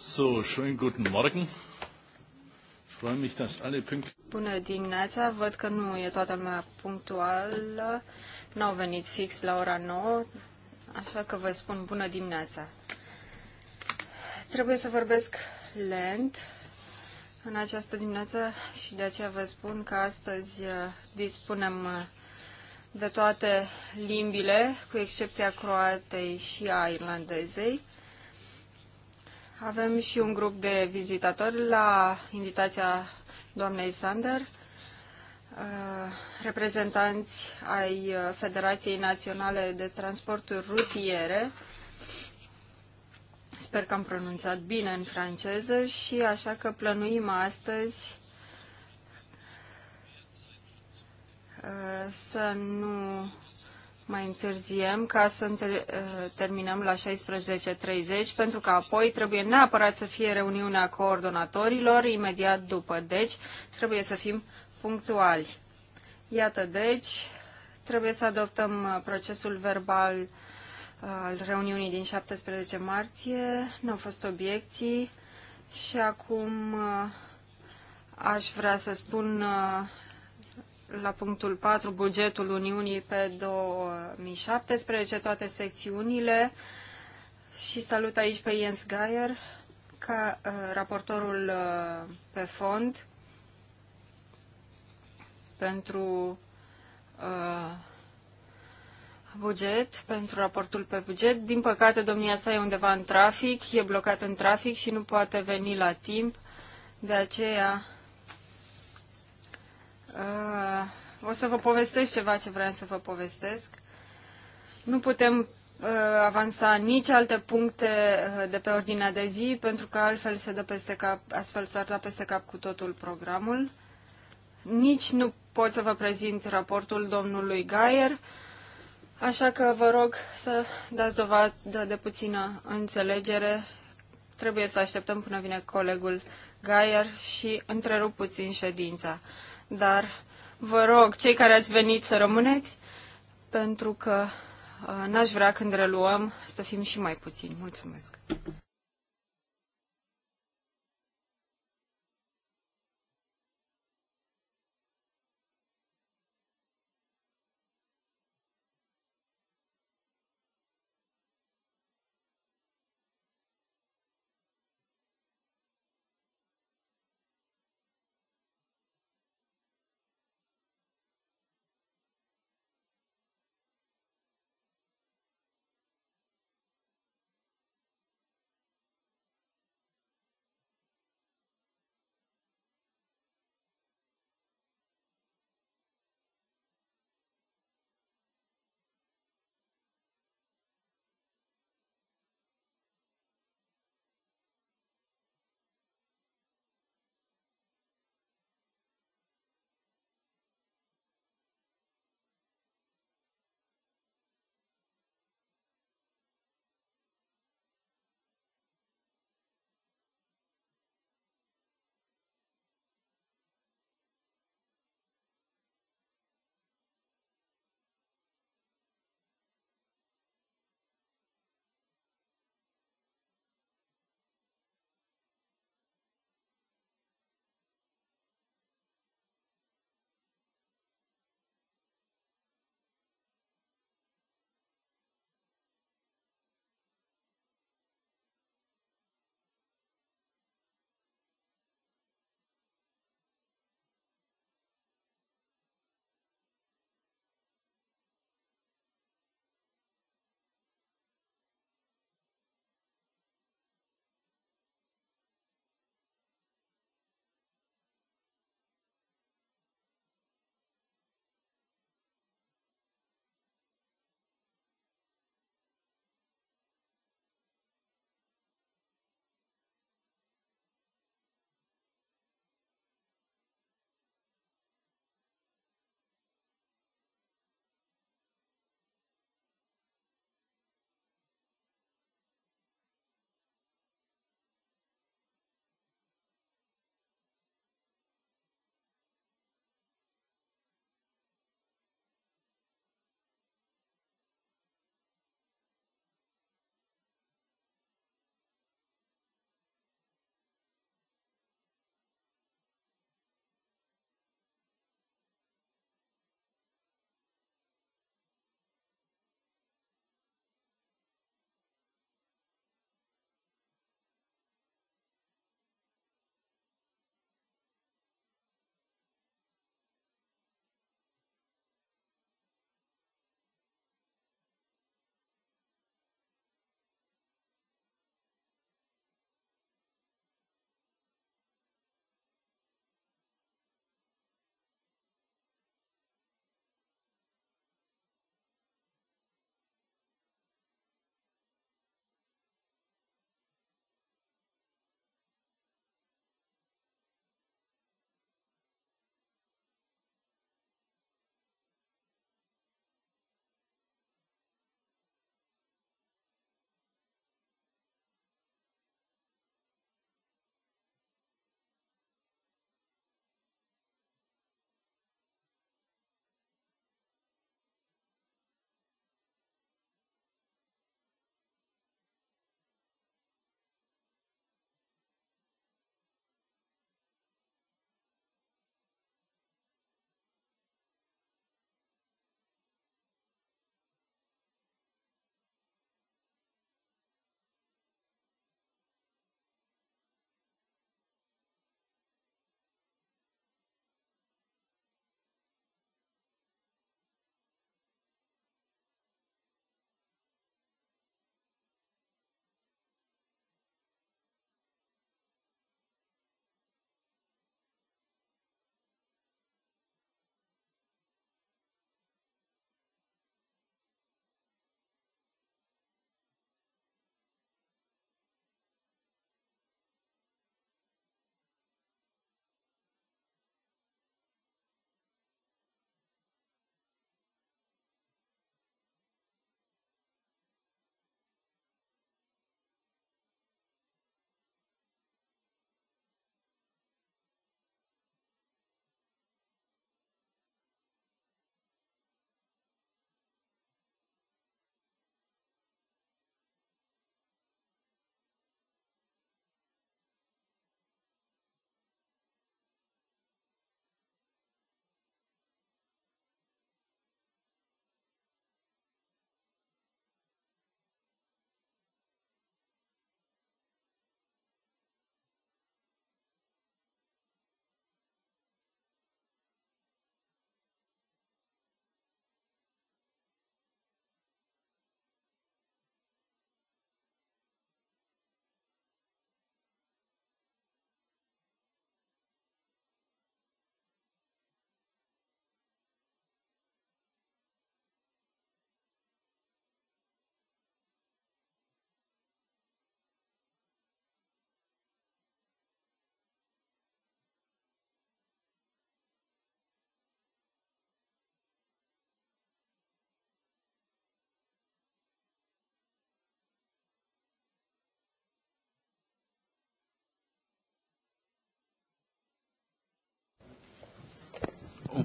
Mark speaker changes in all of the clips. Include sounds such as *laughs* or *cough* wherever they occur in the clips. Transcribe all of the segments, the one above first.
Speaker 1: So, schönen guten Morgen.
Speaker 2: Bună dimineața, văd că nu e toată lumea punctuală, n-au venit fix la ora 9, așa că vă spun bună dimineața. Trebuie să vorbesc lent în această dimineață și de aceea vă spun că astăzi uh, dispunem uh, de toate limbile, cu excepția croatei și a irlandezei. Avem și un grup de vizitatori la invitația doamnei Sander, uh, reprezentanți ai uh, Federației Naționale de Transporturi Rutiere. Sper că am pronunțat bine în franceză și așa că plănuim astăzi uh, să nu mai întârziem ca să eh, terminăm la 16.30, pentru că apoi trebuie neapărat să fie reuniunea coordonatorilor imediat după. Deci, trebuie să fim punctuali. Iată, deci, trebuie să adoptăm eh, procesul verbal eh, al reuniunii din 17 martie. Nu au fost obiecții și acum aș vrea să spun la punctul 4, bugetul Uniunii pe 2017, toate secțiunile și salut aici pe Jens Geier ca uh, raportorul uh, pe fond pentru uh, buget, pentru raportul pe buget. Din păcate, domnia sa e undeva în trafic, e blocat în trafic și nu poate veni la timp. De aceea Uh, o să vă povestesc ceva ce vreau să vă povestesc. Nu putem uh, avansa nici alte puncte uh, de pe ordinea de zi, pentru că altfel se dă peste cap, astfel s-ar da peste cap cu totul programul. Nici nu pot să vă prezint raportul domnului Gaier, așa că vă rog să dați dovadă de puțină înțelegere. Trebuie să așteptăm până vine colegul Gaier și întrerup puțin ședința dar vă rog, cei care ați venit să rămâneți, pentru că uh, n-aș vrea când reluăm să fim și mai puțini. Mulțumesc!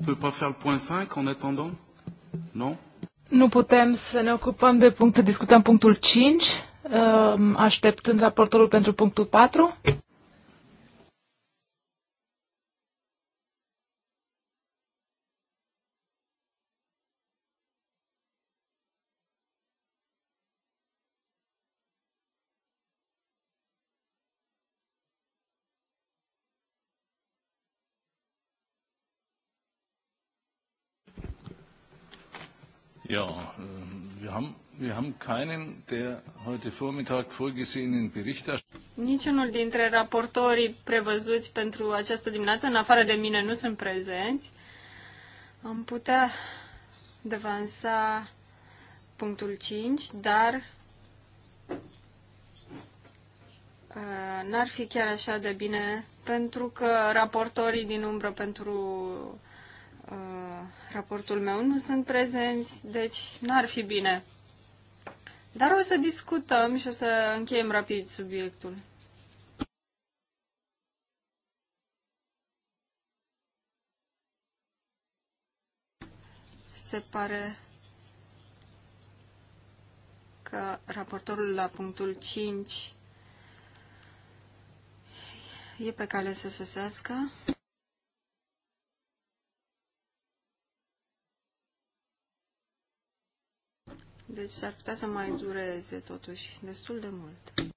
Speaker 1: peut pas faire le point 5 en attendant? Non?
Speaker 3: Nu putem să ne ocupăm de punct, să discutăm punctul 5, ehm, așteptând raportorul pentru punctul 4?
Speaker 1: Ja, ähm, wir haben, wir haben keinen der heute Vormittag vorgesehenen Berichter.
Speaker 2: Niciunul dintre raportorii prevăzuți pentru această dimineață, în afară de mine, nu sunt prezenți. Am putea devansa punctul 5, dar uh, n-ar fi chiar așa de bine, pentru că raportorii din umbră pentru Uh, raportul meu nu sunt prezenți, deci n-ar fi bine. Dar o să discutăm și o să încheiem rapid subiectul. Se pare că raportorul la punctul 5 e pe cale să sosească. Deci s-ar putea să mai dureze totuși destul de mult.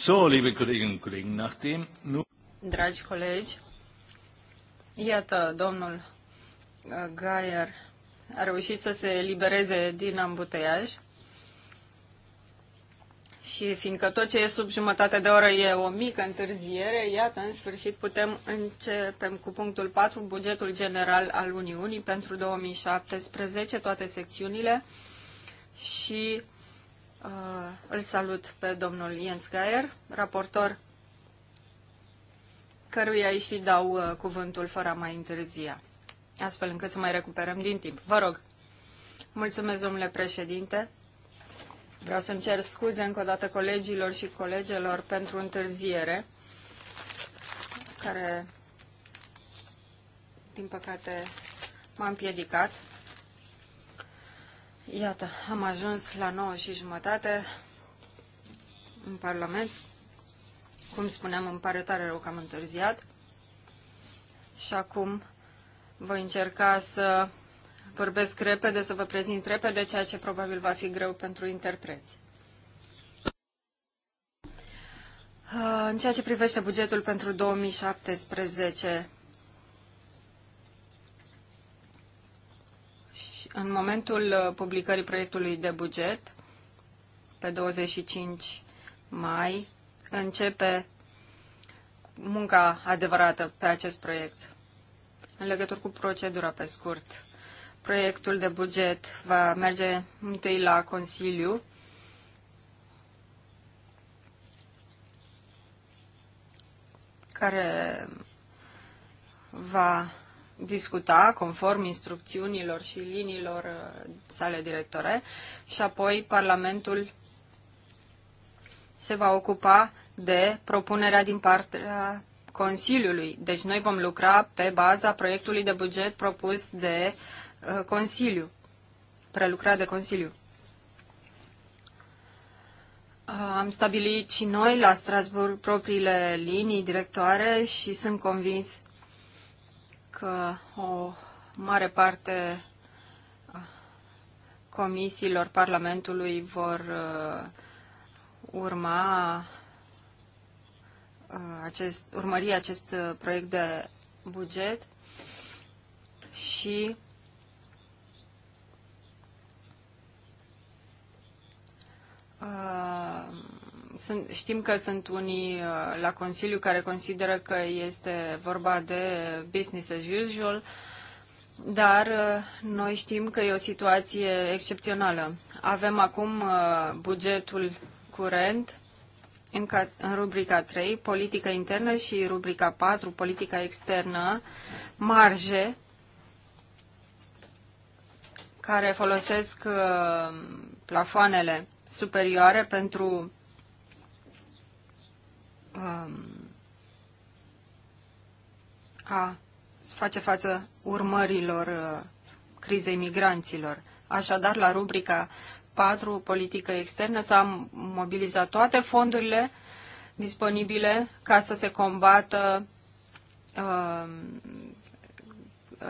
Speaker 1: So, liebe Kolleginnen und Kollegen, nachdem nu...
Speaker 2: Dragi colegi, iată, domnul uh, Gaier a reușit să se elibereze din ambuteiaj și fiindcă tot ce e sub jumătate de oră e o mică întârziere, iată, în sfârșit putem începem cu punctul 4, bugetul general al Uniunii pentru 2017, toate secțiunile și Uh, îl salut pe domnul Jens Geier, raportor căruia îi și dau uh, cuvântul fără a mai întârzia, astfel încât să mai recuperăm din timp. Vă rog. Mulțumesc, domnule președinte. Vreau să-mi cer scuze încă o dată colegilor și colegelor pentru întârziere, care, din păcate, m-a împiedicat. Iată, am ajuns la 9 și jumătate în Parlament. Cum spuneam, îmi pare tare rău că am întârziat. Și acum voi încerca să vorbesc repede, să vă prezint repede, ceea ce probabil va fi greu pentru interpreți. În ceea ce privește bugetul pentru 2017, în momentul uh, publicării proiectului de buget, pe 25 mai, începe munca adevărată pe acest proiect. În legătură cu procedura, pe scurt, proiectul de buget va merge întâi la Consiliu, care va discuta conform instrucțiunilor și liniilor uh, sale directore și apoi Parlamentul se va ocupa de propunerea din partea Consiliului. Deci noi vom lucra pe baza proiectului de buget propus de uh, Consiliu, prelucrat de Consiliu. Uh, am stabilit și noi la Strasburg propriile linii directoare și sunt convins că o mare parte comisiilor Parlamentului vor uh, urma uh, acest, urmări acest uh, proiect de buget și uh, sunt, știm că sunt unii uh, la Consiliu care consideră că este vorba de business as usual, dar uh, noi știm că e o situație excepțională. Avem acum uh, bugetul curent în, ca, în rubrica 3, politică internă și rubrica 4, politica externă, marje care folosesc plafoanele superioare pentru Um, a face față urmărilor uh, crizei migranților. Așadar, la rubrica 4, politică externă, s a mobilizat toate fondurile disponibile ca să se combată uh,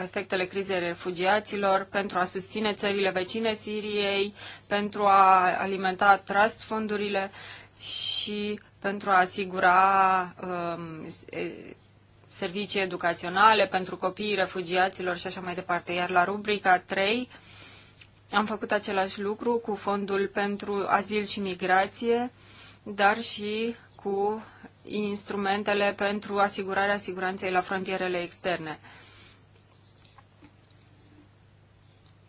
Speaker 2: efectele crizei refugiaților, pentru a susține țările vecine Siriei, pentru a alimenta trust fondurile și pentru a asigura um, servicii educaționale pentru copiii refugiaților și așa mai departe. Iar la rubrica 3 am făcut același lucru cu fondul pentru azil și migrație, dar și cu instrumentele pentru asigurarea siguranței la frontierele externe.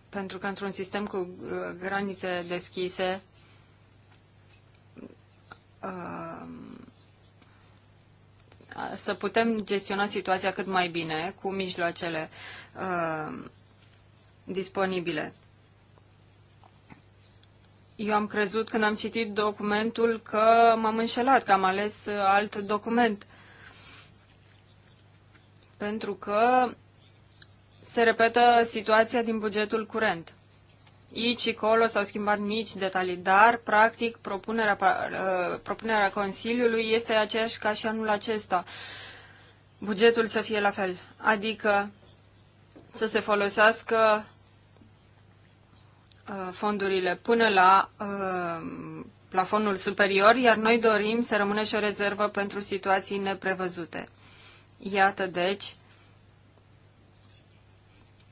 Speaker 2: Pentru că într-un sistem cu uh, granițe deschise, Um, să putem gestiona situația cât mai bine cu mijloacele um, disponibile. Eu am crezut când am citit documentul că m-am înșelat, că am ales alt document. Pentru că se repetă situația din bugetul curent. Ici și colo s-au schimbat mici detalii, dar, practic, propunerea, uh, propunerea Consiliului este aceeași ca și anul acesta. Bugetul să fie la fel, adică să se folosească uh, fondurile până la uh, plafonul superior, iar noi dorim să rămână și o rezervă pentru situații neprevăzute. Iată, deci,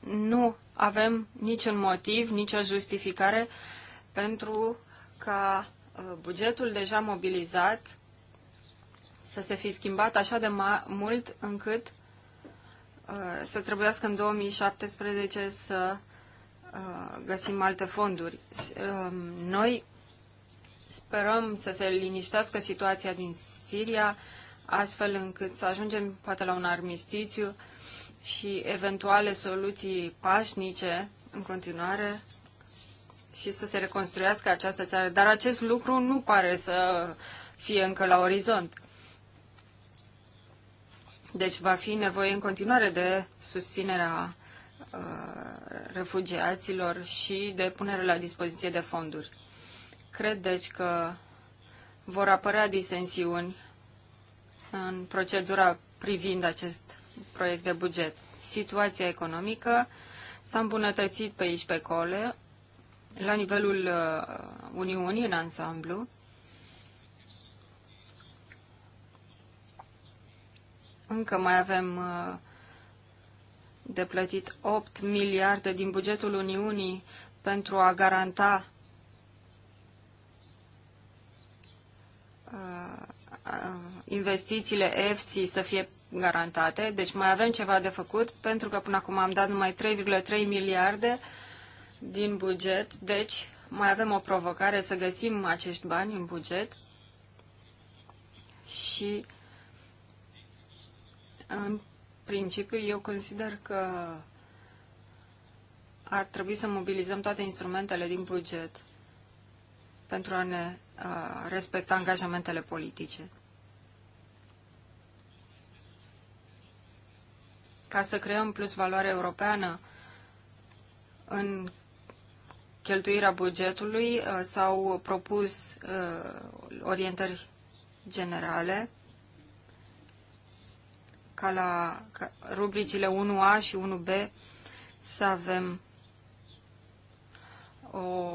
Speaker 2: nu avem niciun motiv, nicio justificare pentru ca uh, bugetul deja mobilizat să se fi schimbat așa de mult încât uh, să trebuiască în 2017 să uh, găsim alte fonduri. Um, noi sperăm să se liniștească situația din Siria, astfel încât să ajungem poate la un armistițiu și eventuale soluții pașnice în continuare și să se reconstruiască această țară. Dar acest lucru nu pare să fie încă la orizont. Deci va fi nevoie în continuare de susținerea uh, refugiaților și de punere la dispoziție de fonduri. Cred deci că vor apărea disensiuni în procedura privind acest proiect de buget. Situația economică s-a îmbunătățit pe aici, pe cole, la nivelul uh, Uniunii, în ansamblu. Încă mai avem uh, de plătit 8 miliarde din bugetul Uniunii pentru a garanta uh, Uh, investițiile EFSI să fie garantate, deci mai avem ceva de făcut, pentru că până acum am dat numai 3,3 miliarde din buget, deci mai avem o provocare să găsim acești bani în buget și în principiu eu consider că ar trebui să mobilizăm toate instrumentele din buget pentru a ne a, uh, respecta angajamentele politice. ca să creăm plus valoare europeană în cheltuirea bugetului, uh, s-au propus uh, orientări generale ca la rubricile 1A și 1B să avem o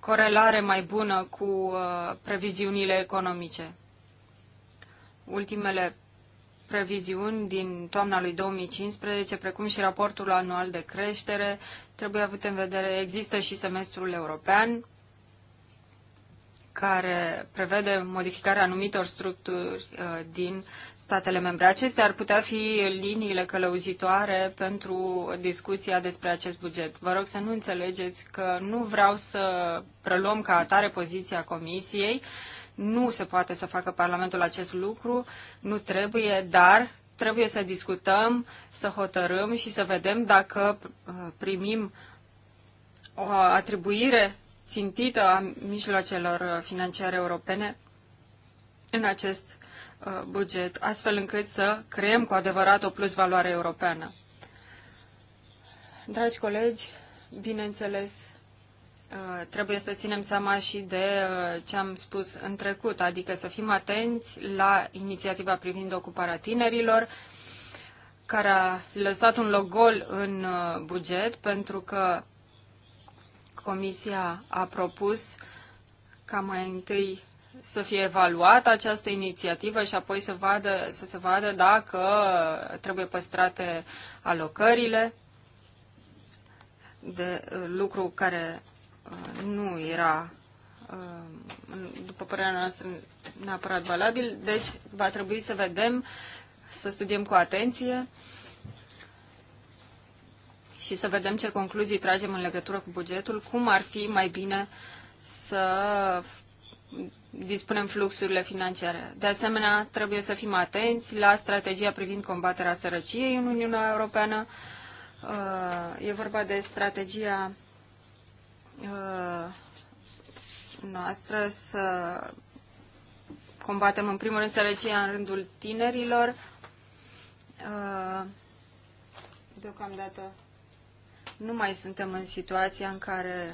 Speaker 2: corelare mai bună cu uh, previziunile economice. Ultimele previziuni din toamna lui 2015, precum și raportul anual de creștere, trebuie avut în vedere, există și semestrul european, care prevede modificarea anumitor structuri uh, din statele membre. Acestea ar putea fi liniile călăuzitoare pentru discuția despre acest buget. Vă rog să nu înțelegeți că nu vreau să preluăm ca atare poziția Comisiei, uh, nu se poate să facă Parlamentul acest lucru, nu trebuie, dar trebuie să discutăm, să hotărâm și să vedem dacă uh, primim o atribuire țintită a mijloacelor financiare europene în acest uh, buget, astfel încât să creăm cu adevărat o plus valoare europeană. Dragi colegi, bineînțeles, Uh, trebuie să ținem seama și de uh, ce am spus în trecut, adică să fim atenți la inițiativa privind ocuparea tinerilor, care a lăsat un loc gol în uh, buget, pentru că Comisia a propus ca mai întâi să fie evaluată această inițiativă și apoi să, vadă, să se vadă dacă trebuie păstrate alocările de lucru care Uh, nu era, uh, după părerea noastră, neapărat valabil, deci va trebui să vedem, să studiem cu atenție și să vedem ce concluzii tragem în legătură cu bugetul, cum ar fi mai bine să dispunem fluxurile financiare. De asemenea, trebuie să fim atenți la strategia privind combaterea sărăciei în Uniunea Europeană. Uh, e vorba de strategia Uh, noastră să combatem în primul rând sărăcia în rândul tinerilor. Uh, deocamdată nu mai suntem în situația în care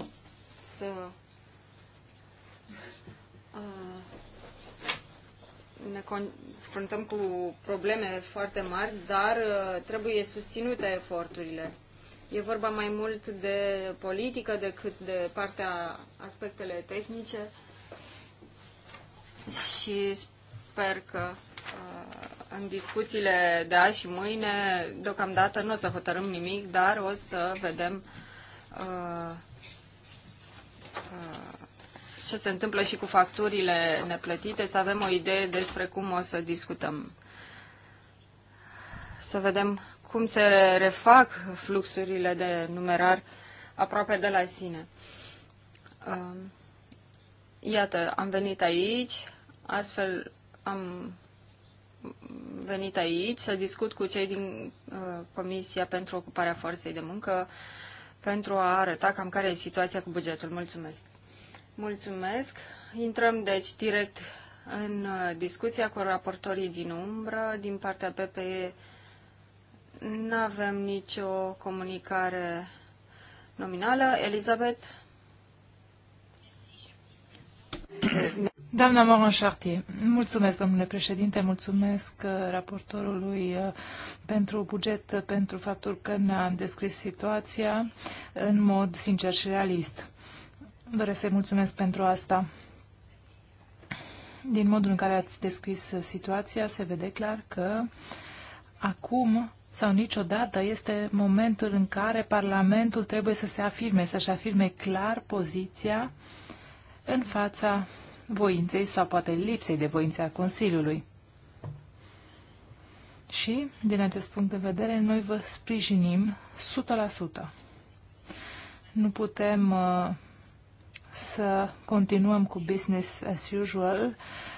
Speaker 2: să uh, ne confruntăm cu probleme foarte mari, dar trebuie susținute eforturile E vorba mai mult de politică decât de partea aspectele tehnice și sper că uh, în discuțiile de azi și mâine, deocamdată nu o să hotărâm nimic, dar o să vedem uh, uh, ce se întâmplă și cu facturile neplătite, să avem o idee despre cum o să discutăm. Să vedem cum se refac fluxurile de numerar aproape de la sine. Um, iată, am venit aici, astfel am venit aici să discut cu cei din uh, Comisia pentru Ocuparea Forței de Muncă pentru a arăta cam care e situația cu bugetul. Mulțumesc! Mulțumesc! Intrăm deci direct în uh, discuția cu raportorii din umbră, din partea PPE nu avem nicio comunicare nominală. Elizabeth?
Speaker 3: Doamna Moran Chartier, mulțumesc, domnule președinte, mulțumesc uh, raportorului uh, pentru buget, uh, pentru faptul că ne-a descris situația în mod sincer și realist. Doresc să-i mulțumesc pentru asta. Din modul în care ați descris situația, se vede clar că acum sau niciodată este momentul în care Parlamentul trebuie să se afirme, să-și afirme clar poziția în fața voinței sau poate lipsei de voință a Consiliului. Și, din acest punct de vedere, noi vă sprijinim 100%. Nu putem uh, să continuăm cu business as usual,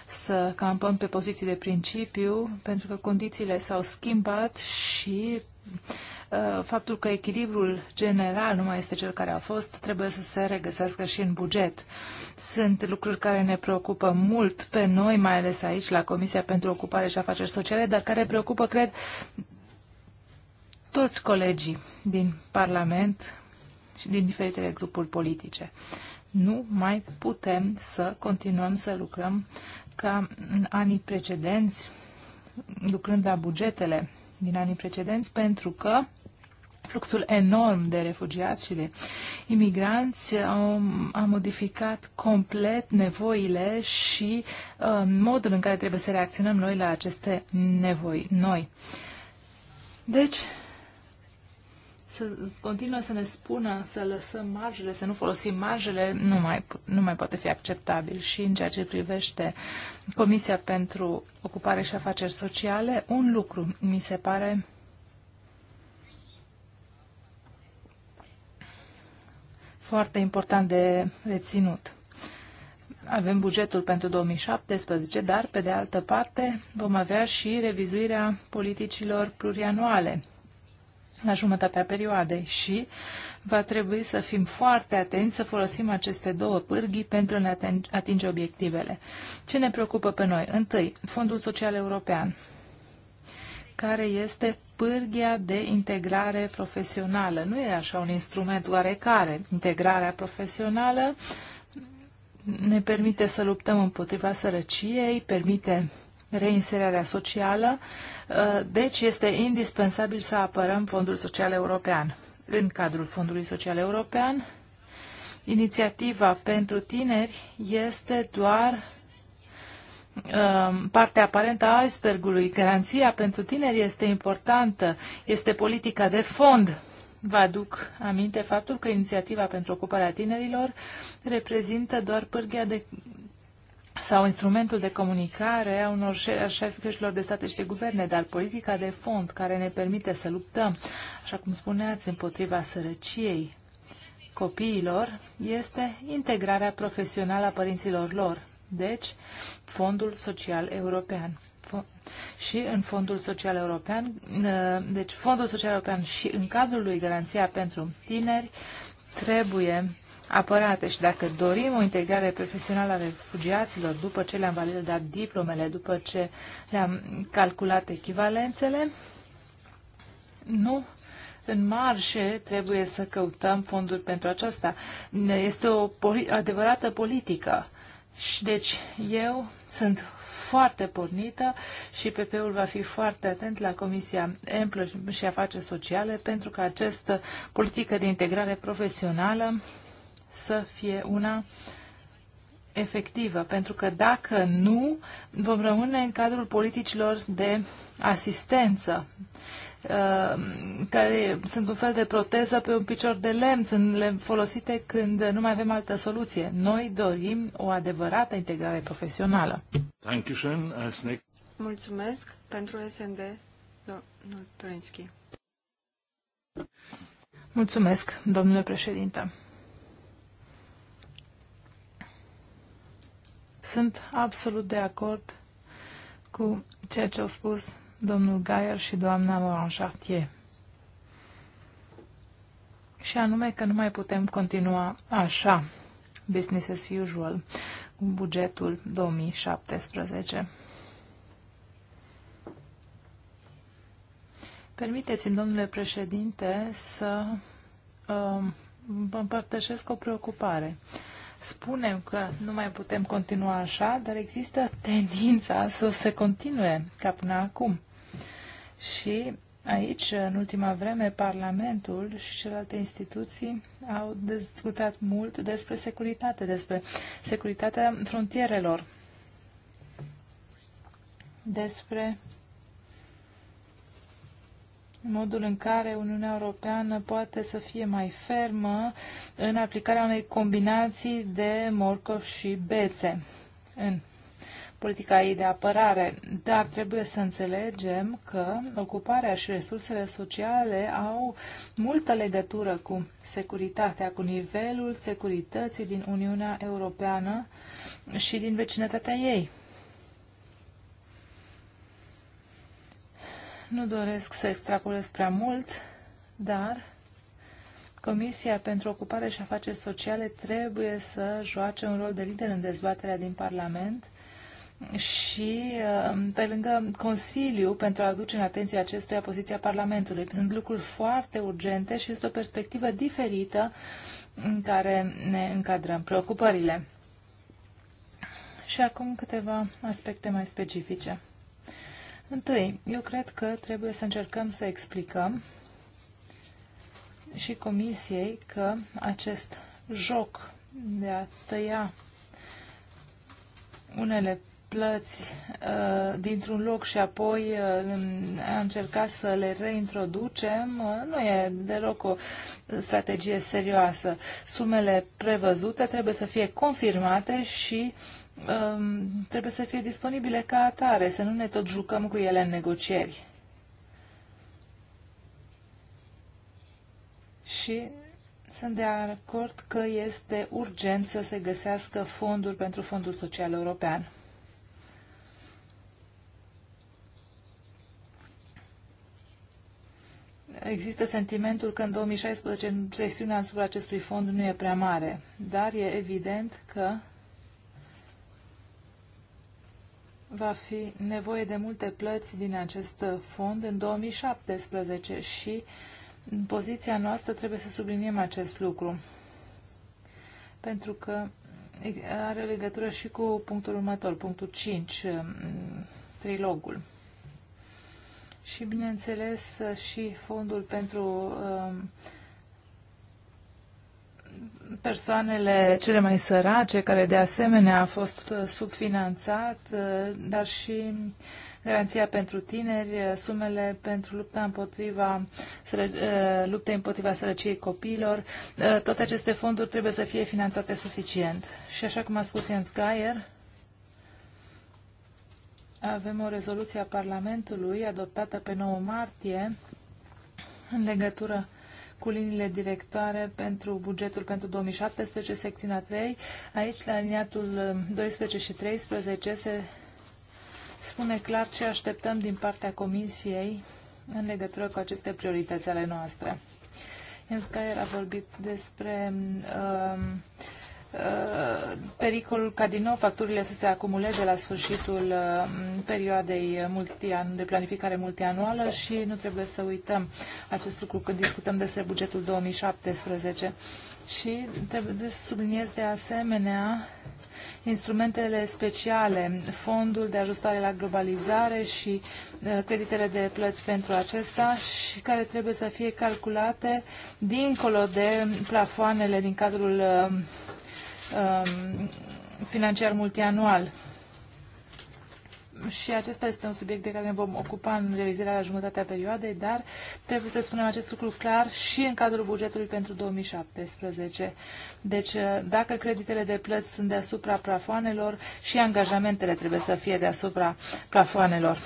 Speaker 3: să campăm pe poziții de principiu, pentru că condițiile s-au schimbat și uh, faptul că echilibrul general nu mai este cel care a fost, trebuie să se regăsească și în buget. Sunt lucruri care ne preocupă mult pe noi, mai ales aici, la Comisia pentru Ocupare și Afaceri Sociale, dar care preocupă, cred, toți colegii din Parlament și din diferitele grupuri politice nu mai putem să continuăm să lucrăm ca în anii precedenți, lucrând la bugetele din anii precedenți, pentru că fluxul enorm de refugiați și de imigranți a modificat complet nevoile și uh, modul în care trebuie să reacționăm noi la aceste nevoi noi. Deci, să continuă să ne spună să lăsăm marjele, să nu folosim marjele, nu mai, nu mai poate fi acceptabil. Și în ceea ce privește Comisia pentru Ocupare și Afaceri Sociale, un lucru mi se pare foarte important de reținut. Avem bugetul pentru 2017, dar, pe de altă parte, vom avea și revizuirea politicilor plurianuale la jumătatea perioadei și va trebui să fim foarte atenți să folosim aceste două pârghii pentru a ne atinge obiectivele. Ce ne preocupă pe noi? Întâi, Fondul Social European, care este pârghia de integrare profesională. Nu e așa un instrument oarecare. Integrarea profesională ne permite să luptăm împotriva sărăciei, permite reinserarea socială, uh, deci este indispensabil să apărăm Fondul Social European. În cadrul Fondului Social European, inițiativa pentru tineri este doar um, partea aparentă a icebergului. Garanția pentru tineri este importantă, este politica de fond. Vă aduc aminte faptul că inițiativa pentru ocuparea tinerilor reprezintă doar pârghia de sau instrumentul de comunicare a unor șefilor de state și de guverne, dar politica de fond care ne permite să luptăm, așa cum spuneați, împotriva sărăciei copiilor, este integrarea profesională a părinților lor, deci Fondul Social European. Și în Fondul Social European, ă, deci Fondul Social European și în cadrul lui Garanția pentru Tineri, trebuie apărate și dacă dorim o integrare profesională a refugiaților după ce le-am validat diplomele, după ce le-am calculat echivalențele, nu în marșe trebuie să căutăm fonduri pentru aceasta. Este o poli- adevărată politică. Și deci eu sunt foarte pornită și PP-ul va fi foarte atent la Comisia Emplă și Afaceri Sociale pentru că această politică de integrare profesională să fie una efectivă, pentru că dacă nu, vom rămâne în cadrul politicilor de asistență uh, care sunt un fel de proteză pe un picior de lemn, sunt folosite când nu mai avem altă soluție. Noi dorim o adevărată integrare profesională.
Speaker 1: Uh,
Speaker 2: Mulțumesc pentru SND, domnul Prinski.
Speaker 3: Mulțumesc, domnule președinte. Sunt absolut de acord cu ceea ce au spus domnul Gaier și doamna Laurent Chartier. Și anume că nu mai putem continua așa, business as usual, cu bugetul 2017. Permiteți-mi, domnule președinte, să uh, vă împărtășesc o preocupare. Uh, spunem că nu mai putem continua așa, dar există tendința să se continue ca până acum. Și aici, în ultima vreme, Parlamentul și celelalte instituții au discutat mult despre securitate, despre securitatea frontierelor, despre modul în care Uniunea Europeană poate să fie mai fermă în aplicarea unei combinații de morcov și bețe în politica ei de apărare, dar trebuie să înțelegem că ocuparea și resursele sociale au multă legătură cu securitatea, cu nivelul securității din Uniunea Europeană și din vecinătatea ei. Nu doresc să extrapolez prea mult, dar Comisia pentru Ocupare și Afaceri Sociale trebuie să joace un rol de lider în dezbaterea din Parlament și um, pe lângă Consiliu pentru a aduce în atenție acestuia poziția Parlamentului. Sunt lucruri foarte urgente și este o perspectivă diferită în care ne încadrăm preocupările. Și acum câteva aspecte mai specifice. Întâi, eu cred că trebuie să încercăm să explicăm și Comisiei că acest joc de a tăia unele plăți uh, dintr-un loc și apoi uh, a încerca să le reintroducem, uh, nu e deloc o strategie serioasă. Sumele prevăzute trebuie să fie confirmate și Um, trebuie să fie disponibile ca atare, să nu ne tot jucăm cu ele în negocieri. Și sunt de acord că este urgent să se găsească fonduri pentru Fondul Social European. Există sentimentul că în 2016 presiunea asupra acestui fond nu e prea mare, dar e evident că va fi nevoie de multe plăți din acest fond în 2017 și în poziția noastră trebuie să subliniem acest lucru. Pentru că are legătură și cu punctul următor, punctul 5, trilogul. Și, bineînțeles, și fondul pentru uh, persoanele cele mai sărace, care de asemenea a fost uh, subfinanțat, uh, dar și garanția pentru tineri, uh, sumele pentru lupta împotriva, lupta împotriva sărăciei copiilor. Toate aceste fonduri trebuie să fie finanțate suficient. Și așa cum a spus Jens Geier, avem o rezoluție a Parlamentului adoptată pe 9 martie în legătură cu liniile directoare pentru bugetul pentru 2017, secțiunea 3. Aici, la liniatul 12 um, și 13, se spune clar ce așteptăm din partea Comisiei în legătură cu aceste priorități ale noastre. Jens Geier a vorbit despre uh, Uh, pericolul ca din nou facturile să se acumuleze la sfârșitul uh, perioadei multian, de planificare multianuală și nu trebuie să uităm acest lucru când discutăm despre bugetul 2017. Și trebuie să subliniez de asemenea instrumentele speciale, fondul de ajustare la globalizare și uh, creditele de plăți pentru acesta și care trebuie să fie calculate dincolo de plafoanele din cadrul um, financiar multianual. Și acesta este un subiect de care ne vom ocupa în revizirea la jumătatea perioadei, dar trebuie să spunem acest lucru clar și în cadrul bugetului pentru 2017. Deci, uh, dacă creditele de plăți sunt deasupra plafoanelor, și angajamentele trebuie să fie deasupra plafoanelor.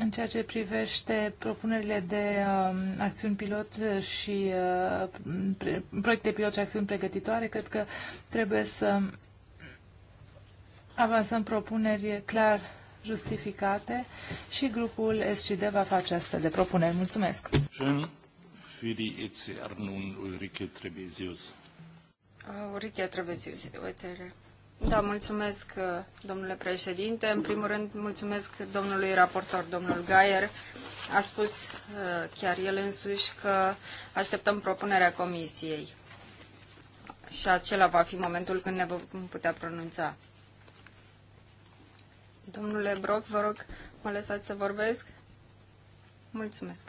Speaker 3: În ceea ce privește propunerile de uh, acțiuni pilot și uh, proiecte pilot și acțiuni pregătitoare, cred că trebuie să avansăm propuneri clar justificate și grupul SCD va face astfel de propuneri. Mulțumesc!
Speaker 1: Ulrike Trebezius.
Speaker 2: Ulrike Trebezius, da, mulțumesc, uh, domnule președinte. În primul rând, mulțumesc domnului raportor, domnul Gaier. A spus uh, chiar el însuși că așteptăm propunerea comisiei. Și acela va fi momentul când ne vom putea pronunța. Domnule Broc, vă rog, mă lăsați să vorbesc? Mulțumesc.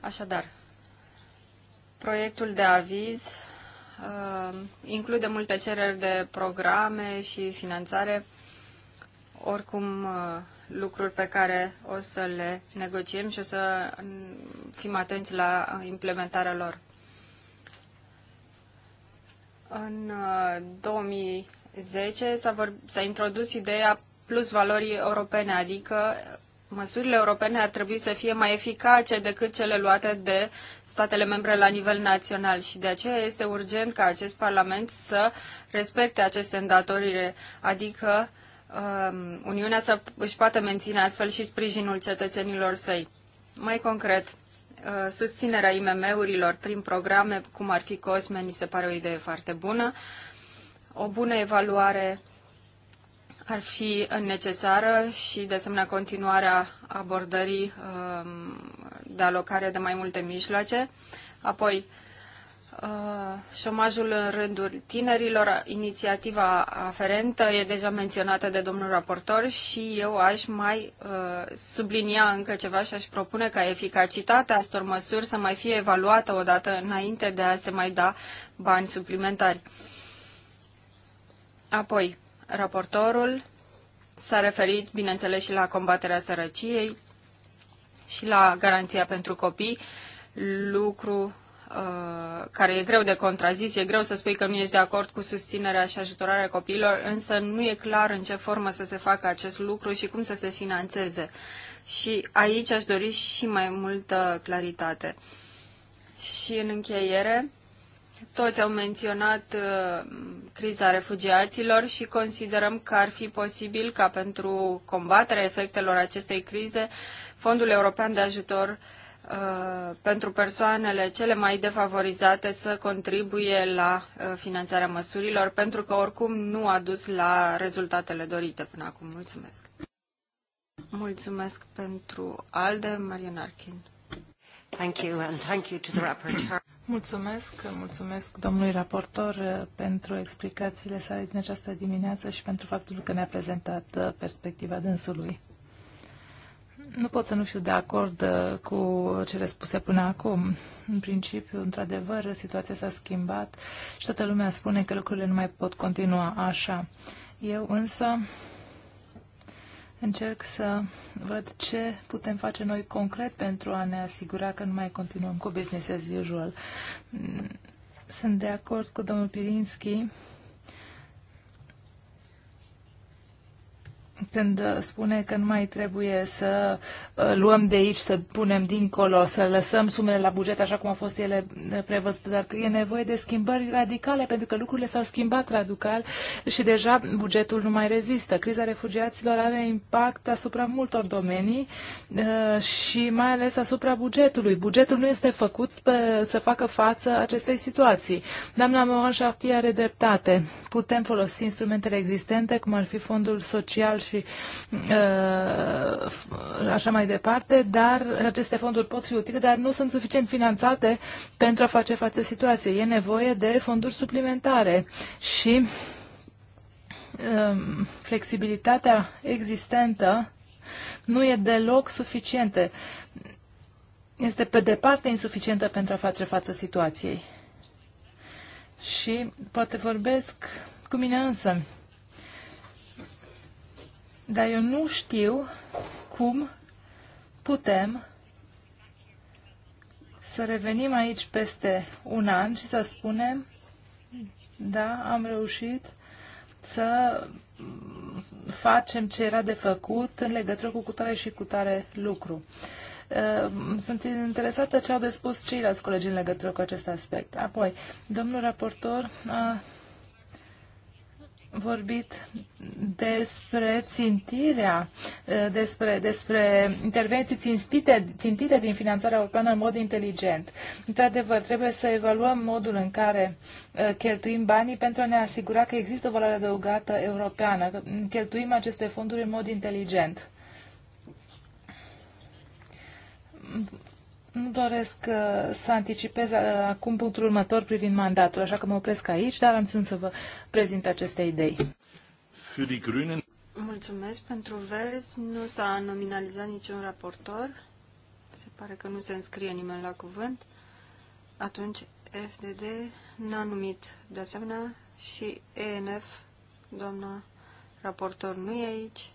Speaker 2: Așadar, proiectul de aviz Uh, include multe cereri de programe și finanțare, oricum uh, lucruri pe care o să le negociem și o să mm, fim atenți la implementarea lor. În 2010 uh, s-a, s-a introdus ideea plus valorii europene, adică măsurile europene ar trebui să fie mai eficace decât cele luate de statele membre la nivel național și de aceea este urgent ca acest Parlament să respecte aceste îndatorire, adică um, Uniunea să își poată menține astfel și sprijinul cetățenilor săi. Mai concret, uh, susținerea IMM-urilor prin programe cum ar fi COSME, mi se pare o idee foarte bună, o bună evaluare ar fi necesară și, de asemenea, continuarea abordării um, de alocare de mai multe mijloace. Apoi, uh, șomajul în rândul tinerilor, inițiativa aferentă e deja menționată de domnul raportor și eu aș mai uh, sublinia încă ceva și aș propune ca eficacitatea acestor măsuri să mai fie evaluată odată înainte de a se mai da bani suplimentari. Apoi, Raportorul s-a referit, bineînțeles, și la combaterea sărăciei și la garanția pentru copii, lucru uh, care e greu de contrazis, e greu să spui că nu ești de acord cu susținerea și ajutorarea copiilor, însă nu e clar în ce formă să se facă acest lucru și cum să se financeze. Și aici aș dori și mai multă claritate. Și în încheiere, toți au menționat uh, criza refugiaților și considerăm că ar fi posibil ca pentru combaterea efectelor acestei crize, Fondul European de Ajutor uh, pentru persoanele cele mai defavorizate să contribuie la uh, finanțarea măsurilor, pentru că oricum nu a dus la rezultatele dorite până acum. Mulțumesc! Mulțumesc pentru ALDE, Marian Arkin. Thank you and thank you to the rapporteur. Mulțumesc, mulțumesc
Speaker 3: domnului raportor uh, pentru explicațiile sale din această dimineață și pentru faptul că ne-a prezentat uh, perspectiva dânsului. Nu pot să nu fiu de acord uh, cu cele spuse până acum. În principiu, într-adevăr, situația s-a schimbat și toată lumea spune că lucrurile nu mai pot continua așa. Eu însă Încerc să văd ce putem face noi concret pentru a ne asigura că nu mai continuăm cu business as usual. Mm, sunt de acord cu domnul Pirinski când uh, spune că nu mai trebuie să uh, luăm de aici, să punem dincolo, să lăsăm sumele la buget așa cum au fost ele uh, prevăzute, dar că e nevoie de schimbări radicale, pentru că lucrurile s-au schimbat radical și deja bugetul nu mai rezistă. Criza refugiaților are impact asupra multor domenii și mai ales asupra bugetului. Bugetul nu este făcut pe, să facă față acestei situații. Doamna Mohan Chartier are dreptate. Putem folosi instrumentele existente, cum ar fi fondul social și și uh, așa mai departe, dar aceste fonduri pot fi utile, dar nu sunt suficient finanțate pentru a face față situației. E nevoie de fonduri suplimentare și um, flexibilitatea existentă nu e deloc suficientă. Este pe departe insuficientă pentru a face față situației. Și poate vorbesc cu mine însă. Dar eu nu știu cum putem să revenim aici peste un an și să spunem, da, am reușit să facem ce era de făcut în legătură cu cutare și cutare lucru. Uh, sunt interesată ce au de spus ceilalți colegi în legătură cu acest aspect. Apoi, domnul raportor a vorbit despre țintirea, despre, despre intervenții țintite, țintite din finanțarea europeană în mod inteligent. Într-adevăr, trebuie să evaluăm modul în care cheltuim banii pentru a ne asigura că există o valoare adăugată europeană, cheltuim aceste fonduri în mod inteligent nu doresc uh, să anticipez uh, acum punctul următor privind mandatul, așa că mă opresc aici, dar am ținut să vă prezint aceste idei.
Speaker 2: Mulțumesc pentru verzi. Nu s-a nominalizat niciun raportor. Se pare că nu se înscrie nimeni la cuvânt. Atunci FDD n-a numit de asemenea și ENF, doamna raportor, nu e aici.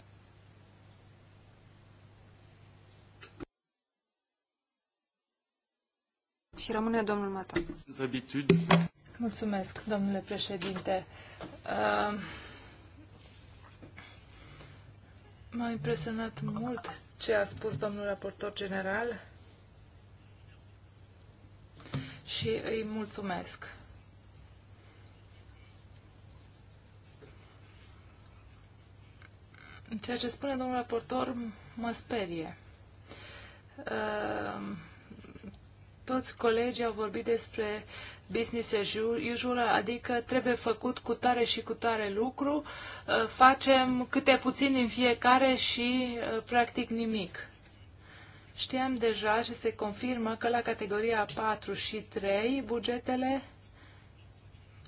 Speaker 3: Și rămâne domnul Mata. Mulțumesc, domnule președinte. Uh, m-a impresionat mult ce a spus domnul raportor general și îi mulțumesc. Ceea ce spune domnul raportor mă sperie. Uh, toți colegii au vorbit despre business as usual, adică trebuie făcut cu tare și cu tare lucru, uh, facem câte puțin în fiecare și uh, practic nimic. Știam deja și se confirmă că la categoria 4 și 3 bugetele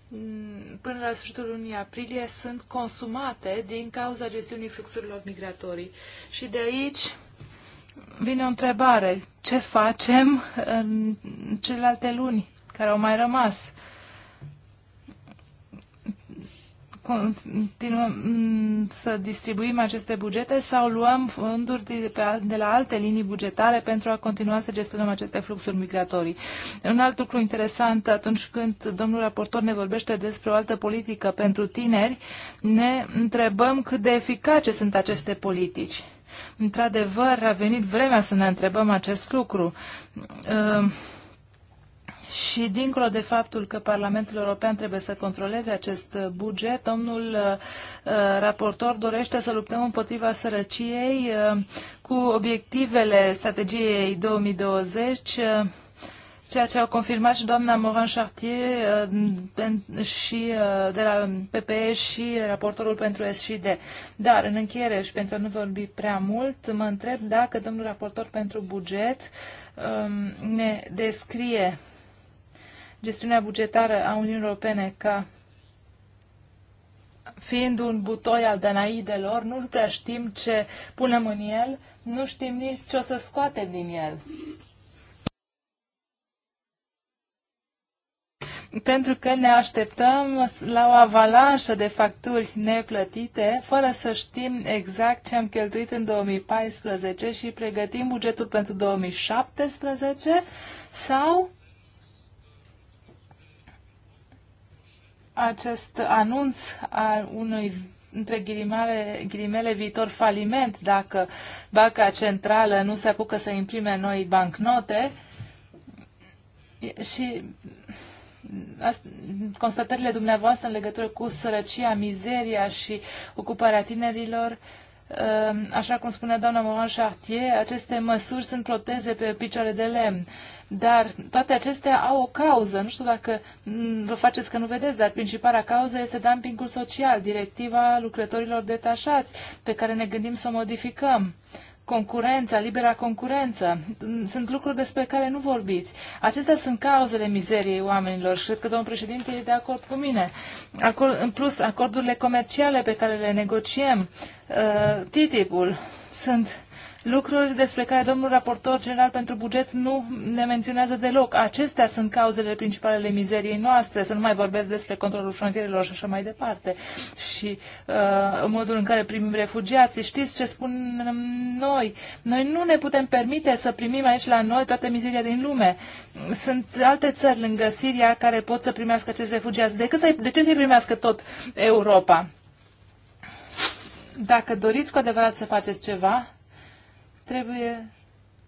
Speaker 3: mm, până la sfârșitul lunii aprilie sunt consumate din cauza gestiunii fluxurilor migratorii. Și de aici vine o întrebare. Ce facem în celelalte luni care au mai rămas? Continuăm mm, să distribuim aceste bugete sau luăm fonduri de la alte linii bugetare pentru a continua să gestionăm aceste fluxuri migratorii. Un alt lucru interesant, atunci când domnul raportor ne vorbește despre o altă politică pentru tineri, ne întrebăm cât de eficace sunt aceste politici Într-adevăr, a venit vremea să ne întrebăm acest lucru. Ehm, și dincolo de faptul că Parlamentul European trebuie să controleze acest buget, domnul eh, eh, raportor dorește să luptăm împotriva sărăciei eh, cu obiectivele strategiei 2020 ceea ce au confirmat și doamna Moran-Chartier uh, și uh, de la PPE și raportorul pentru SCD. Dar, în încheiere și pentru a nu vorbi prea mult, mă întreb dacă domnul raportor pentru buget um, ne descrie gestiunea bugetară a Uniunii Europene ca fiind un butoi al danaidelor, nu prea știm ce punem în el, nu știm nici ce o să scoatem din el. pentru că ne așteptăm la o avalanșă de facturi neplătite, fără să știm exact ce am cheltuit în 2014 și pregătim bugetul pentru 2017 sau acest anunț al unui între ghilimele, ghilimele viitor faliment dacă banca centrală nu se apucă să imprime noi bancnote și constatările dumneavoastră în legătură cu sărăcia, mizeria și ocuparea tinerilor. Uh, așa cum spunea doamna Moran Chartier, aceste măsuri sunt proteze pe picioare de lemn. Dar toate acestea au o cauză. Nu știu dacă mm, vă faceți că nu vedeți, dar principala cauză este dumpingul social, directiva lucrătorilor detașați, pe care ne gândim să o modificăm concurența, libera concurență. Sunt lucruri despre care nu vorbiți. Acestea sunt cauzele mizeriei oamenilor și cred că domnul președinte e de acord cu mine. Acord, în plus, acordurile comerciale pe care le negociem, uh, TTIP-ul, sunt lucruri despre care domnul raportor general pentru buget nu ne menționează deloc. Acestea sunt cauzele principale ale mizeriei noastre, să nu mai vorbesc despre controlul frontierelor și așa mai departe. Și uh, modul în care primim refugiații, știți ce spun noi? Noi nu ne putem permite să primim aici la noi toată mizeria din lume. Sunt alte țări lângă Siria care pot să primească acești refugiați. De, cât să de ce să-i primească tot Europa? Dacă doriți cu adevărat să faceți ceva, trebuie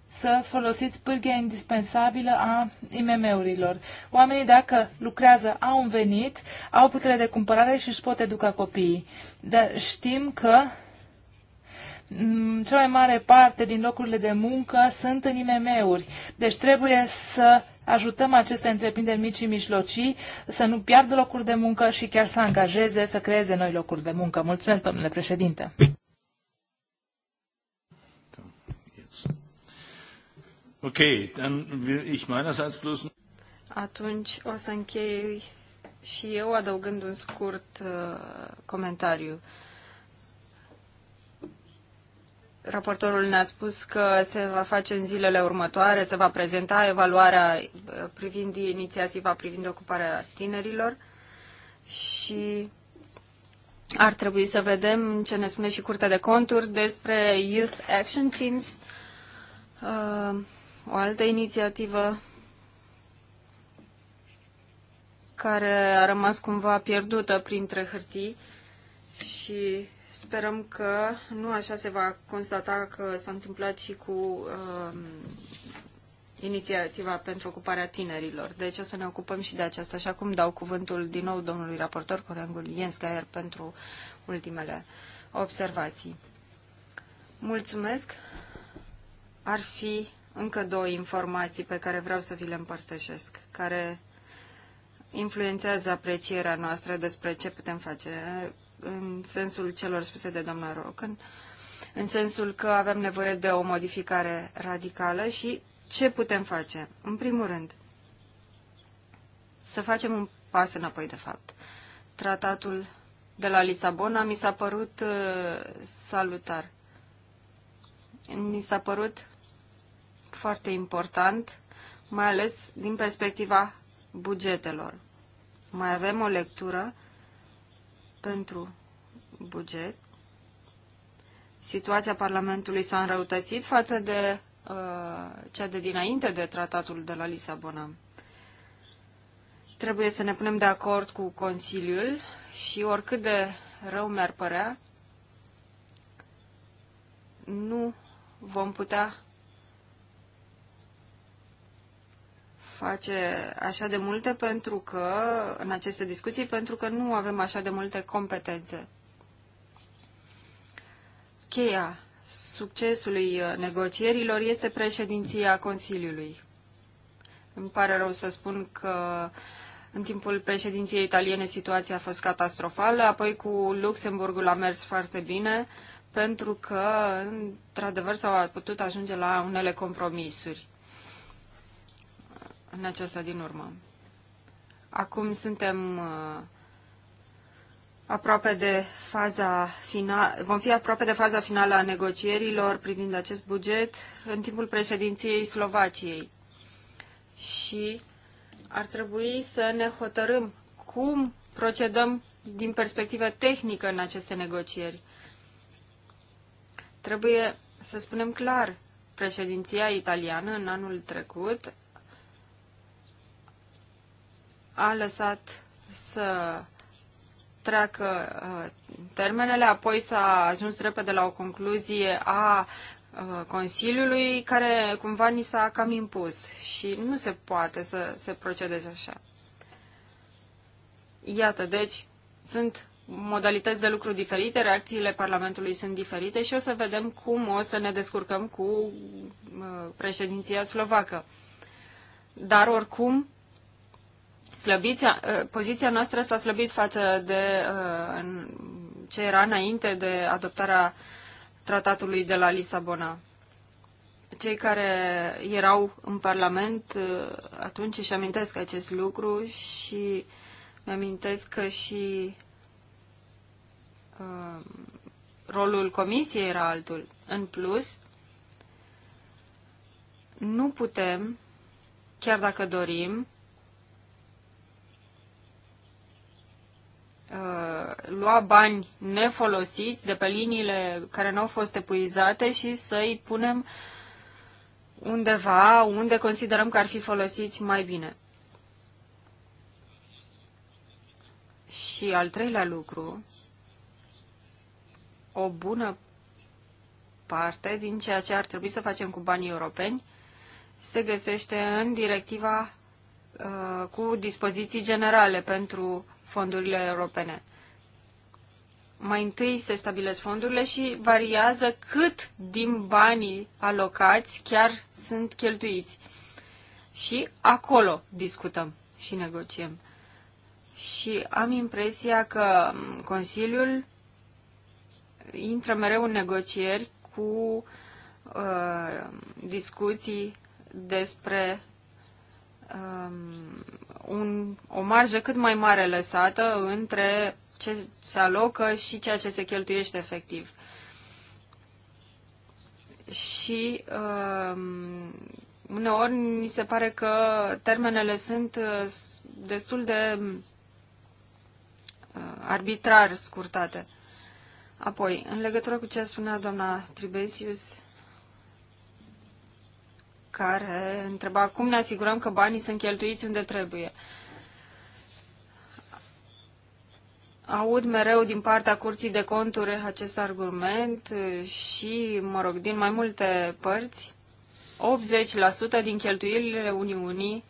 Speaker 3: să folosiți pârghia indispensabilă a IMM-urilor. Oamenii, dacă lucrează, au un venit, au putere de cumpărare și își pot educa copiii. Dar știm că mm, cea mai mare parte din locurile de muncă sunt în IMM-uri. Deci trebuie să ajutăm aceste întreprinderi mici și mijlocii să nu piardă locuri de muncă și chiar să angajeze, să creeze noi locuri de muncă. Mulțumesc, domnule președinte!
Speaker 1: dann will ich meinerseits bloß...
Speaker 2: Atunci o să închei și eu adăugând un scurt uh, comentariu. Raportorul ne-a spus că se va face în zilele următoare, se va prezenta evaluarea uh, privind inițiativa privind ocuparea tinerilor și ar trebui să vedem ce ne spune și Curtea de Conturi despre Youth Action Teams Uh, o altă inițiativă care a rămas cumva pierdută printre hârtii și sperăm că nu așa se va constata că s-a întâmplat și cu uh, inițiativa pentru ocuparea tinerilor. Deci o să ne ocupăm și de aceasta. Și acum dau cuvântul din nou domnului raportor Corengul Jens Gaier pentru ultimele observații. Mulțumesc! ar fi încă două informații pe care vreau să vi le împărtășesc, care influențează aprecierea noastră despre ce putem face în sensul celor spuse de doamna Rocan, în sensul că avem nevoie de o modificare radicală și ce putem face? În primul rând, să facem un pas înapoi, de fapt. Tratatul de la Lisabona mi s-a părut uh, salutar. Mi s-a părut foarte important, mai ales din perspectiva bugetelor. Mai avem o lectură pentru buget. Situația Parlamentului s-a înrăutățit față de uh, cea de dinainte de tratatul de la Lisabona. Trebuie să ne punem de acord cu Consiliul și oricât de rău mi-ar părea, nu vom putea face așa de multe pentru că, în aceste discuții, pentru că nu avem așa de multe competențe. Cheia succesului uh, negocierilor este președinția Consiliului. Îmi pare rău să spun că în timpul președinției italiene situația a fost catastrofală, apoi cu Luxemburgul a mers foarte bine, pentru că, într-adevăr, s-au putut ajunge la unele compromisuri în aceasta din urmă. Acum suntem uh, aproape de faza finală, vom fi aproape de faza finală a negocierilor privind acest buget în timpul președinției Slovaciei. Și ar trebui să ne hotărâm cum procedăm din perspectivă tehnică în aceste negocieri. Trebuie să spunem clar, președinția italiană în anul trecut a lăsat să treacă uh, termenele, apoi s-a ajuns repede la o concluzie a uh, Consiliului, care cumva ni s-a cam impus și nu se poate să se procedeze așa. Iată, deci, sunt modalități de lucru diferite, reacțiile Parlamentului sunt diferite și o să vedem cum o să ne descurcăm cu uh, președinția slovacă. Dar oricum, slăbiția, eh, poziția noastră s-a slăbit față de eh, ce era înainte de adoptarea tratatului de la Lisabona. Cei care erau în Parlament eh, atunci își amintesc acest lucru și mi-amintesc că și rolul comisiei era altul. În plus, nu putem, chiar dacă dorim, Uh, lua bani nefolosiți de pe liniile care nu au fost epuizate și să-i punem undeva unde considerăm că ar fi folosiți mai bine. Și al treilea lucru, o bună parte din ceea ce ar trebui să facem cu banii europeni se găsește în directiva uh, cu dispoziții generale pentru fondurile europene. Mai întâi se stabilesc fondurile și variază cât din banii alocați chiar sunt cheltuiți. Și acolo discutăm și negociem. Și am impresia că Consiliul intră mereu în negocieri cu uh, discuții despre um, un, o marjă cât mai mare lăsată între ce se alocă și ceea ce se cheltuiește efectiv. Și uh, uneori mi se pare că termenele sunt uh, destul de uh, arbitrar scurtate. Apoi, în legătură cu ce spunea doamna Tribesius, care întreba cum ne asigurăm că banii sunt cheltuiți unde trebuie. Aud mereu din partea Curții de Conturi acest argument și, mă rog, din mai multe părți, 80% din cheltuielile Uniunii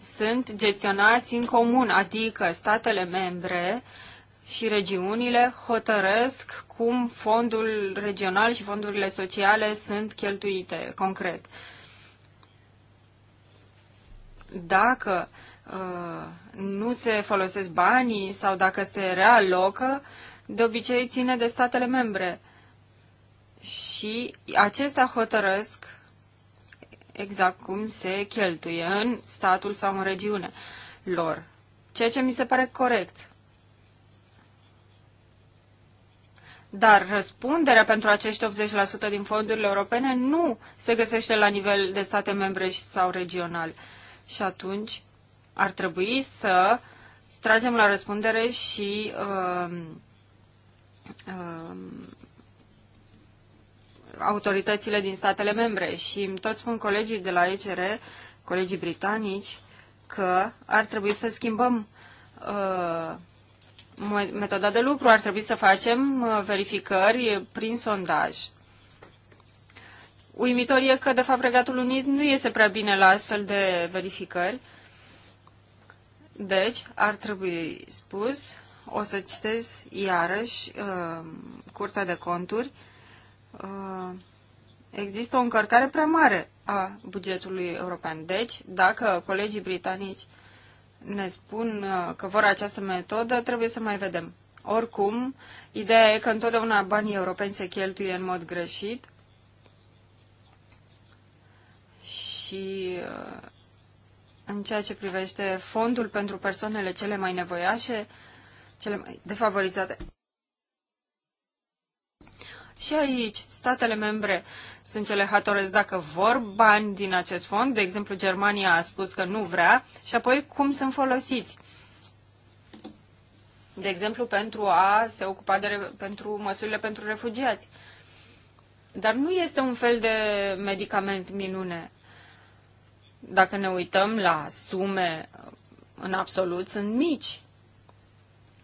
Speaker 2: sunt gestionați în comun, adică statele membre uh, și regiunile hotărăsc cum fondul regional și fondurile sociale sunt cheltuite concret. Dacă uh, nu se folosesc banii sau dacă se realocă, de obicei ține de statele membre. Și acestea hotărăsc exact cum se cheltuie în statul sau în regiune lor. Ceea ce mi se pare corect Dar răspunderea pentru acești 80% din fondurile europene nu se găsește la nivel de state membre sau regional. Și atunci ar trebui să tragem la răspundere și uh, uh, autoritățile din statele membre. Și toți spun colegii de la ECR, colegii britanici, că ar trebui să schimbăm uh, metoda de lucru. Ar trebui să facem uh, verificări prin sondaj. Uimitor e că, de fapt, Regatul Unit nu iese prea bine la astfel de verificări. Deci, ar trebui spus, o să citez iarăși uh, Curtea de Conturi, uh, există o încărcare prea mare a bugetului european. Deci, dacă colegii britanici uh, ne spun uh, că vor această metodă, trebuie să mai vedem. Oricum, ideea e că întotdeauna banii europeni se cheltuie în mod greșit și uh, în ceea ce privește fondul pentru persoanele cele mai nevoiașe, cele mai defavorizate, și aici, statele membre sunt cele hatoresc dacă vor bani din acest fond. De exemplu, Germania a spus că nu vrea și apoi cum sunt folosiți. De exemplu, pentru a se ocupa de pentru măsurile pentru refugiați. Dar nu este un fel de medicament minune. Dacă ne uităm la sume în absolut, sunt mici,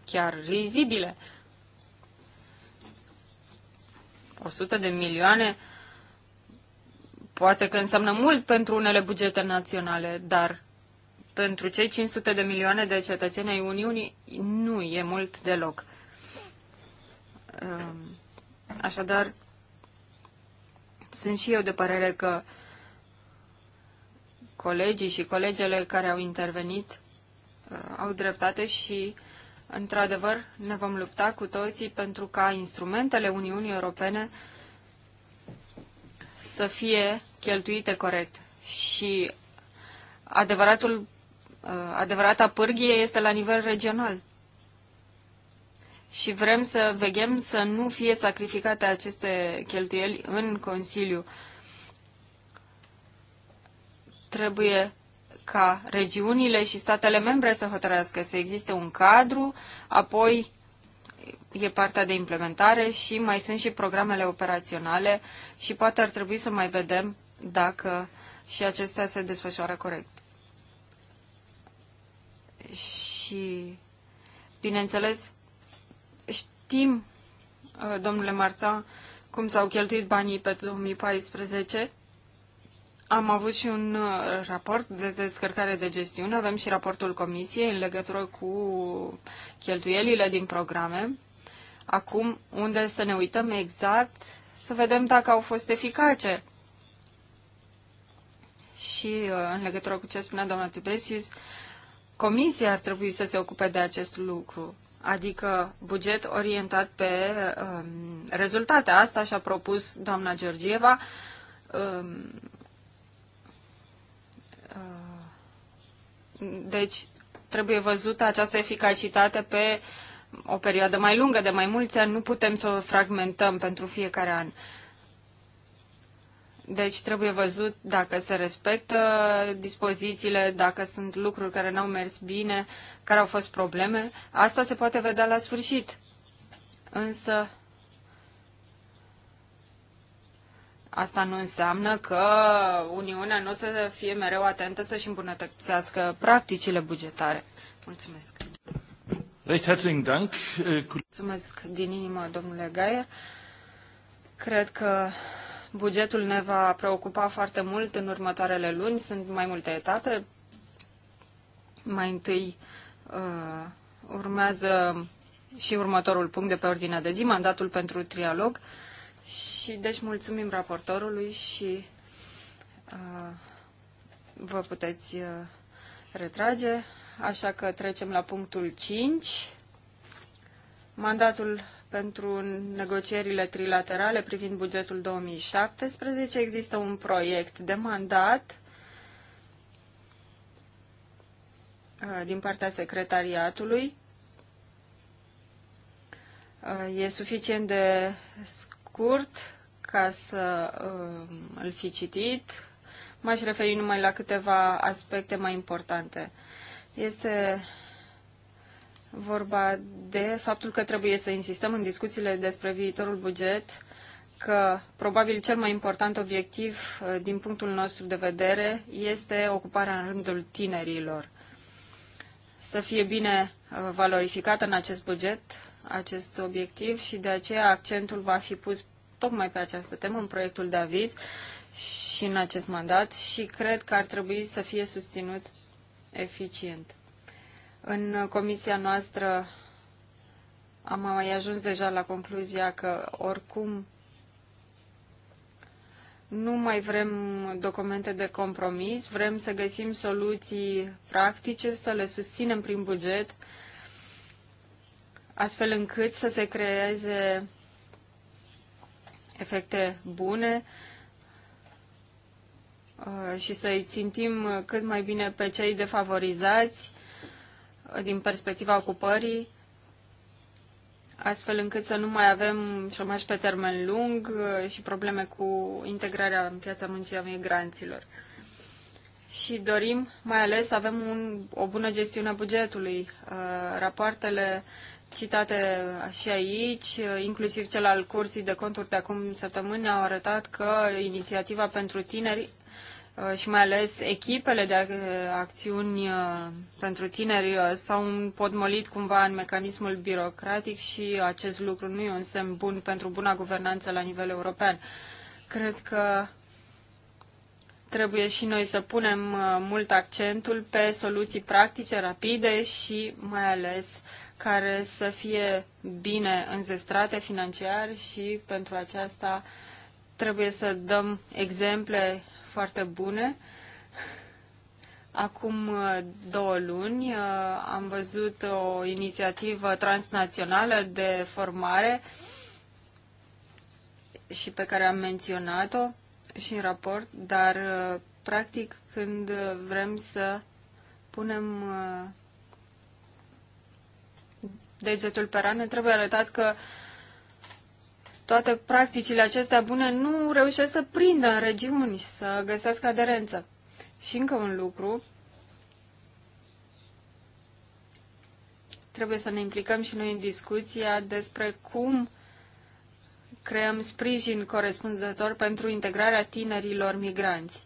Speaker 2: chiar rizibile. 100 de milioane poate că înseamnă mult pentru unele bugete naționale, dar pentru cei 500 de milioane de cetățeni ai Uniunii nu e mult deloc. Um, așadar, sunt și eu de părere că colegii și colegele care au intervenit uh, au dreptate și uh, Într-adevăr, ne vom lupta cu toții pentru ca instrumentele Uniunii Europene să fie cheltuite corect. Și adevăratul, uh, adevărata pârghie este la nivel regional. Și vrem să veghem să nu fie sacrificate aceste cheltuieli în Consiliu. Trebuie ca regiunile și statele membre să hotărească să existe un cadru, apoi e partea de implementare și mai sunt și programele operaționale și poate ar trebui să mai vedem dacă și acestea se desfășoară corect. Și, bineînțeles, știm, uh, domnule Marta, cum s-au cheltuit banii pe 2014 am avut și un uh, raport de descărcare de gestiune, avem și raportul comisiei în legătură cu cheltuielile din programe. Acum, unde să ne uităm exact, să vedem dacă au fost eficace. Și uh, în legătură cu ce spunea doamna Tibesius, comisia ar trebui să se ocupe de acest lucru adică buget orientat pe um, rezultate. Asta și-a propus doamna Georgieva um, Deci trebuie văzută această eficacitate pe o perioadă mai lungă, de mai mulți ani. Nu putem să o fragmentăm pentru fiecare an. Deci trebuie văzut dacă se respectă dispozițiile, dacă sunt lucruri care n-au mers bine, care au fost probleme. Asta se poate vedea la sfârșit. Însă Asta nu înseamnă că Uniunea nu o să fie mereu atentă să-și îmbunătățească practicile bugetare. Mulțumesc!
Speaker 1: Recht herzlichen Dank. Äh,
Speaker 2: Mulțumesc din inimă, domnule Gaier. Cred că bugetul ne va preocupa foarte mult în următoarele luni. Sunt mai multe etape. Mai întâi uh, urmează și următorul punct de pe ordinea de zi, mandatul pentru trialog. Uh, și deci mulțumim raportorului și uh, vă puteți uh, retrage. Așa că trecem la punctul 5. Mandatul pentru negocierile trilaterale privind bugetul 2017 există un proiect de mandat din partea secretariatului. E suficient de scurt, ca să uh, îl fi citit. M-aș referi numai la câteva aspecte mai importante. Este vorba de faptul că trebuie să insistăm în discuțiile despre viitorul buget, că probabil cel mai important obiectiv uh, din punctul nostru de vedere este ocuparea în rândul tinerilor. Să fie bine uh, valorificată în acest buget acest obiectiv și de aceea accentul va fi pus tocmai pe această temă în proiectul de aviz și în acest mandat și cred că ar trebui să fie susținut eficient. În comisia noastră am mai ajuns deja la concluzia că oricum nu mai vrem documente de compromis, vrem să găsim soluții practice, să le susținem prin buget astfel încât să se creeze efecte bune uh, și să-i țintim cât mai bine pe cei defavorizați uh, din perspectiva ocupării, astfel încât să nu mai avem șomaj pe termen lung uh, și probleme cu integrarea în piața muncii a migranților. Și dorim mai ales să avem un, o bună gestiune a bugetului. Rapoartele citate și aici, inclusiv cel al Curții de Conturi de acum săptămâni, au arătat că inițiativa pentru tineri uh, și mai ales echipele de acțiuni uh, pentru tineri uh, s-au împotmolit cumva în mecanismul birocratic și acest lucru nu e un semn bun pentru buna guvernanță la nivel european. Cred că trebuie și noi să punem mult accentul pe soluții practice, rapide și mai ales uh, care să fie bine înzestrate financiar și pentru aceasta trebuie să dăm exemple foarte bune. Acum uh, două luni uh, am văzut o inițiativă transnațională de formare și pe care am menționat-o și în raport, dar uh, practic când vrem să punem degetul pe rană, trebuie arătat că toate practicile acestea bune nu reușesc să prindă în regiuni, să găsească aderență. Și încă un lucru, trebuie să ne implicăm și noi în discuția despre cum creăm sprijin corespunzător pentru integrarea tinerilor migranți.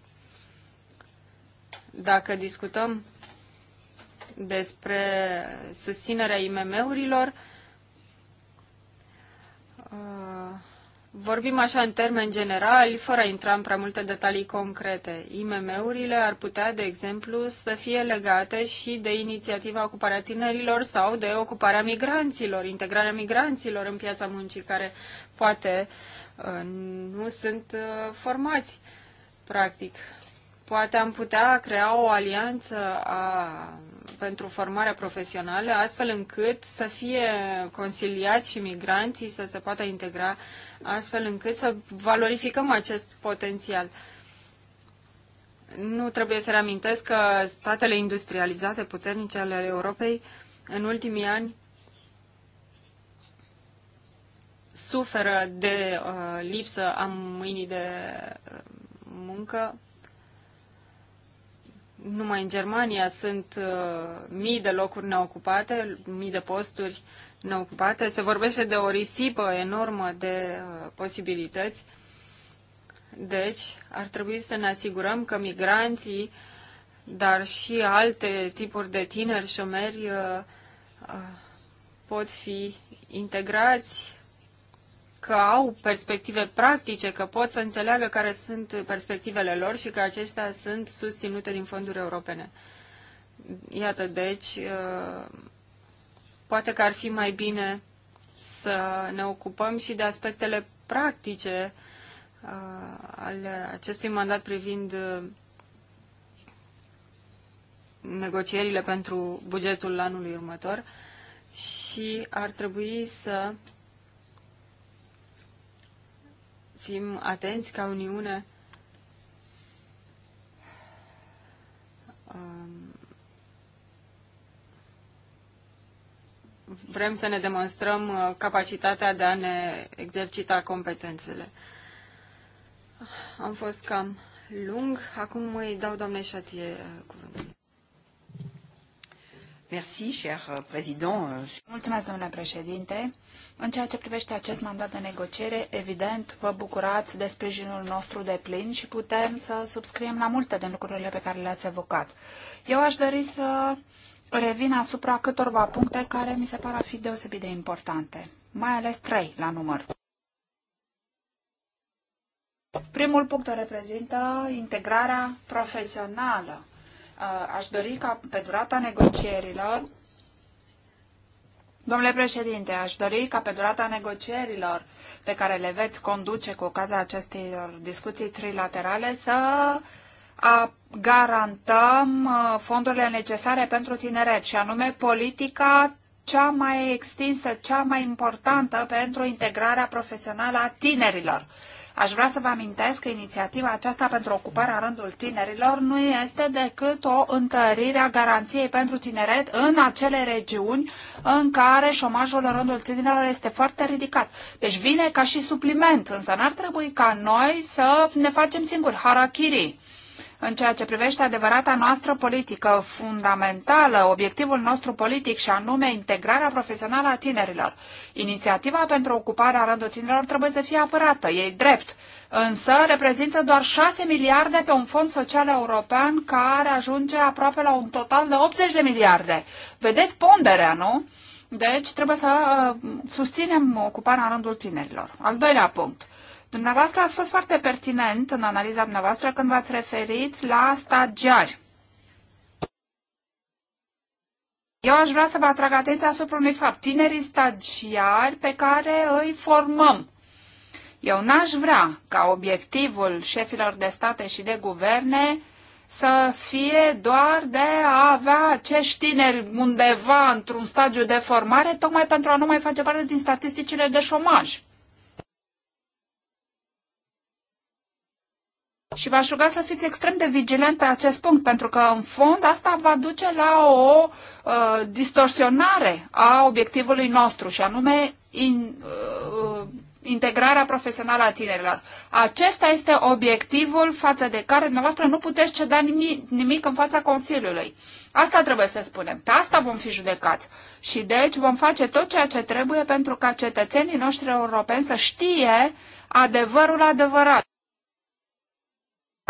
Speaker 2: Dacă discutăm despre susținerea IMM-urilor. Uh, vorbim așa în termeni generali, fără a intra în prea multe detalii concrete. IMM-urile ar putea, de exemplu, să fie legate și de inițiativa ocuparea tinerilor sau de ocuparea migranților, integrarea migranților în piața muncii, care poate uh, nu sunt uh, formați, practic. Poate am putea crea o alianță a pentru formarea profesională, astfel încât să fie consiliați și migranții să se poată integra, astfel încât să valorificăm acest potențial. Nu trebuie să reamintesc că statele industrializate puternice ale Europei în ultimii ani suferă de uh, lipsă a mâinii de uh, muncă numai în Germania sunt uh, mii de locuri neocupate, mii de posturi neocupate. Se vorbește de o risipă enormă de uh, posibilități. Deci, ar trebui să ne asigurăm că migranții, dar și alte tipuri de tineri șomeri uh, uh pot fi integrați că au perspective practice, că pot să înțeleagă care sunt perspectivele lor și că acestea sunt susținute din fonduri europene. Iată, deci, uh, poate că ar fi mai bine să ne ocupăm și de aspectele practice uh, ale acestui mandat privind uh, negocierile pentru bugetul anului următor și ar trebui să fim atenți ca Uniune um, vrem să ne demonstrăm uh, capacitatea de a ne exercita competențele. Am fost cam lung. Acum îi dau doamnei Șatie uh, cuvântul. Merci, cher uh, président. Mulțumesc, domnule
Speaker 4: președinte. În ceea ce privește acest mandat de negociere, evident, vă bucurați de sprijinul nostru de plin și putem să subscriem la multe din lucrurile pe care le-ați evocat. Eu aș dori să revin asupra câtorva puncte care mi se par a fi deosebit de importante, mai ales trei la număr. Primul punct reprezintă integrarea profesională. Uh, aș dori ca pe durata negocierilor Domnule președinte, aș dori ca pe durata negocierilor pe care le veți conduce cu ocazia acestei discuții trilaterale să garantăm uh, fondurile necesare pentru tineret și anume politica cea mai extinsă, cea mai importantă pentru integrarea profesională a tinerilor. Aș vrea să vă amintesc că inițiativa aceasta pentru ocuparea rândul tinerilor nu este decât o întărire a garanției pentru tineret în acele regiuni în care șomajul în rândul tinerilor este foarte ridicat. Deci vine ca și supliment, însă n-ar trebui ca noi să ne facem singuri harakiri în ceea ce privește adevărata noastră politică fundamentală, obiectivul nostru politic și anume integrarea profesională a tinerilor. Inițiativa pentru ocuparea rândul tinerilor trebuie să fie apărată, ei drept, însă reprezintă doar 6 miliarde pe un fond social european care ajunge aproape la un total de 80 de miliarde. Vedeți ponderea, nu? Deci trebuie să uh, susținem ocuparea rândul tinerilor. Al doilea punct Dumneavoastră ați fost foarte pertinent în analiza dumneavoastră când v-ați referit la stagiari. Eu aș vrea să vă atrag atenția asupra unui fapt. Tinerii stagiari pe care îi formăm. Eu n-aș vrea ca obiectivul șefilor de state și de guverne să fie doar de a avea acești tineri undeva într-un stagiu de formare, tocmai pentru a nu mai face parte din statisticile de șomaj. Și v-aș ruga să fiți extrem de vigilent pe acest punct, pentru că, în fond, asta va duce la o uh, distorsionare a obiectivului nostru, și anume in, uh, integrarea profesională a tinerilor. Acesta este obiectivul față de care dumneavoastră nu puteți ceda nimic, nimic în fața Consiliului. Asta trebuie să spunem. Pe asta vom fi judecați. Și deci vom face tot ceea ce trebuie pentru ca cetățenii noștri europeni să știe adevărul adevărat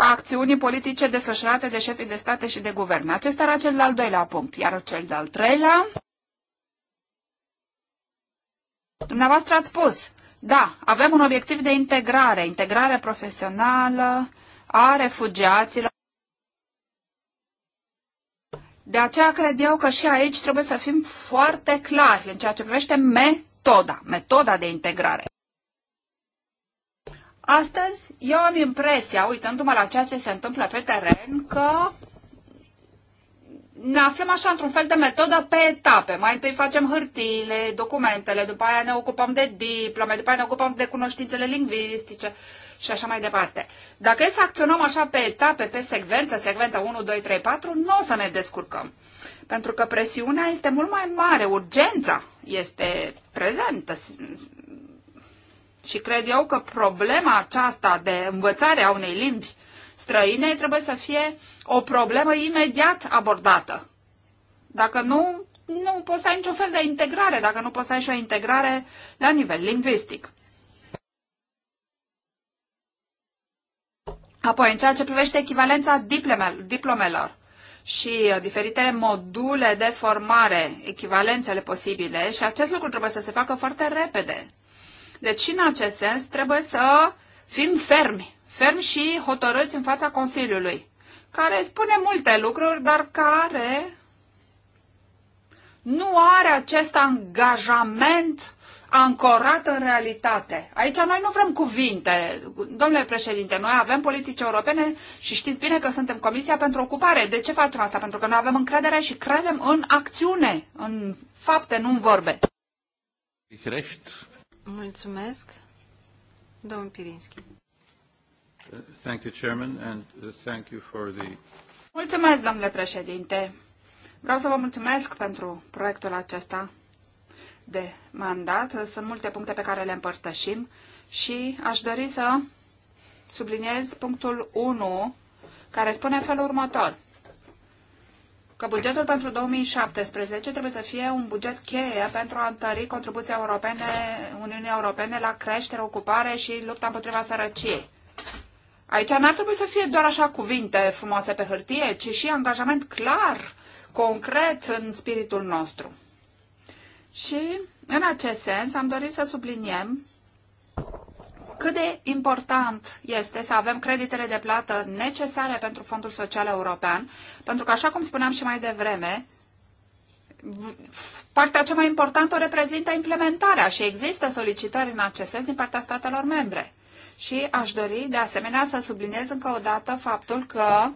Speaker 4: acțiunii politice desfășurate de șefii de state și de guvern. Acesta era cel de-al doilea punct, iar cel de-al treilea... Dumneavoastră ați spus, da, avem un obiectiv de integrare, integrare profesională a refugiaților. De aceea cred eu că și aici trebuie să fim foarte clari în ceea ce privește metoda, metoda de integrare. Astăzi eu am impresia, uitându-mă la ceea ce se întâmplă pe teren, că ne aflăm așa într-un fel de metodă pe etape. Mai întâi facem hârtiile, documentele, după aia ne ocupăm de diplome, după aia ne ocupăm de cunoștințele lingvistice și așa mai departe. Dacă e să acționăm așa pe etape, pe secvență, secvența 1, 2, 3, 4, nu o să ne descurcăm. Pentru că presiunea este mult mai mare, urgența este prezentă, și cred eu că problema aceasta de învățare a unei limbi străine trebuie să fie o problemă imediat abordată. Dacă nu, nu poți să ai niciun fel de integrare, dacă nu poți să ai și o integrare la nivel lingvistic. Apoi, în ceea ce privește echivalența diplomelor și uh, diferitele module de formare, echivalențele posibile, și acest lucru trebuie să se facă foarte repede. Deci, și în acest sens, trebuie să fim fermi, fermi și hotărâți în fața Consiliului, care spune multe lucruri, dar care nu are acest angajament ancorat în realitate. Aici noi nu vrem cuvinte. Domnule președinte, noi avem politici europene și știți bine că suntem Comisia pentru Ocupare. De ce facem asta? Pentru că noi avem încredere și credem în acțiune, în fapte, nu în vorbe.
Speaker 2: Mulțumesc. Domnul Pirinski.
Speaker 1: Thank you, Chairman, and uh, thank you for the...
Speaker 2: Mulțumesc, domnule președinte.
Speaker 4: Vreau să vă mulțumesc pentru proiectul acesta de mandat. Sunt multe puncte pe care le împărtășim și aș dori să subliniez punctul 1 care spune felul următor – că bugetul pentru 2017 trebuie să fie un buget cheie pentru a întări contribuția europene, Uniunii Europene la creștere, ocupare și lupta împotriva sărăciei. Aici n-ar trebui să fie doar așa cuvinte frumoase pe hârtie, ci și angajament clar, concret în spiritul nostru. Și, în acest sens, am dorit să subliniem cât de important este să avem creditele de plată necesare pentru Fondul Social European, pentru că, așa cum spuneam și mai devreme, partea cea mai importantă o reprezintă implementarea și există solicitări în acest sens din partea statelor membre. Și aș dori, de asemenea, să subliniez încă o dată faptul că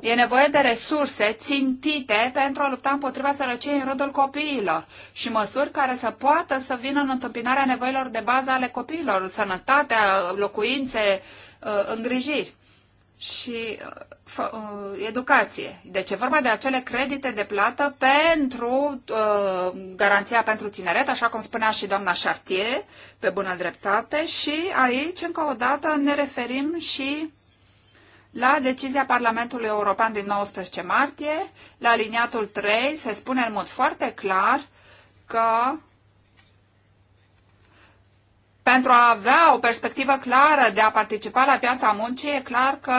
Speaker 4: E nevoie de resurse țintite pentru a lupta împotriva sărăciei în rândul copiilor și măsuri care să poată să vină în întâmpinarea nevoilor de bază ale copiilor, sănătatea, locuințe, uh, îngrijiri și uh, uh, educație. Deci e vorba de acele credite de plată pentru uh, garanția pentru tineret, așa cum spunea și doamna Chartier, pe bună dreptate, și aici încă o dată ne referim și la decizia Parlamentului European din 19 martie, la aliniatul 3, se spune în mod foarte clar că pentru a avea o perspectivă clară de a participa la piața muncii, e clar că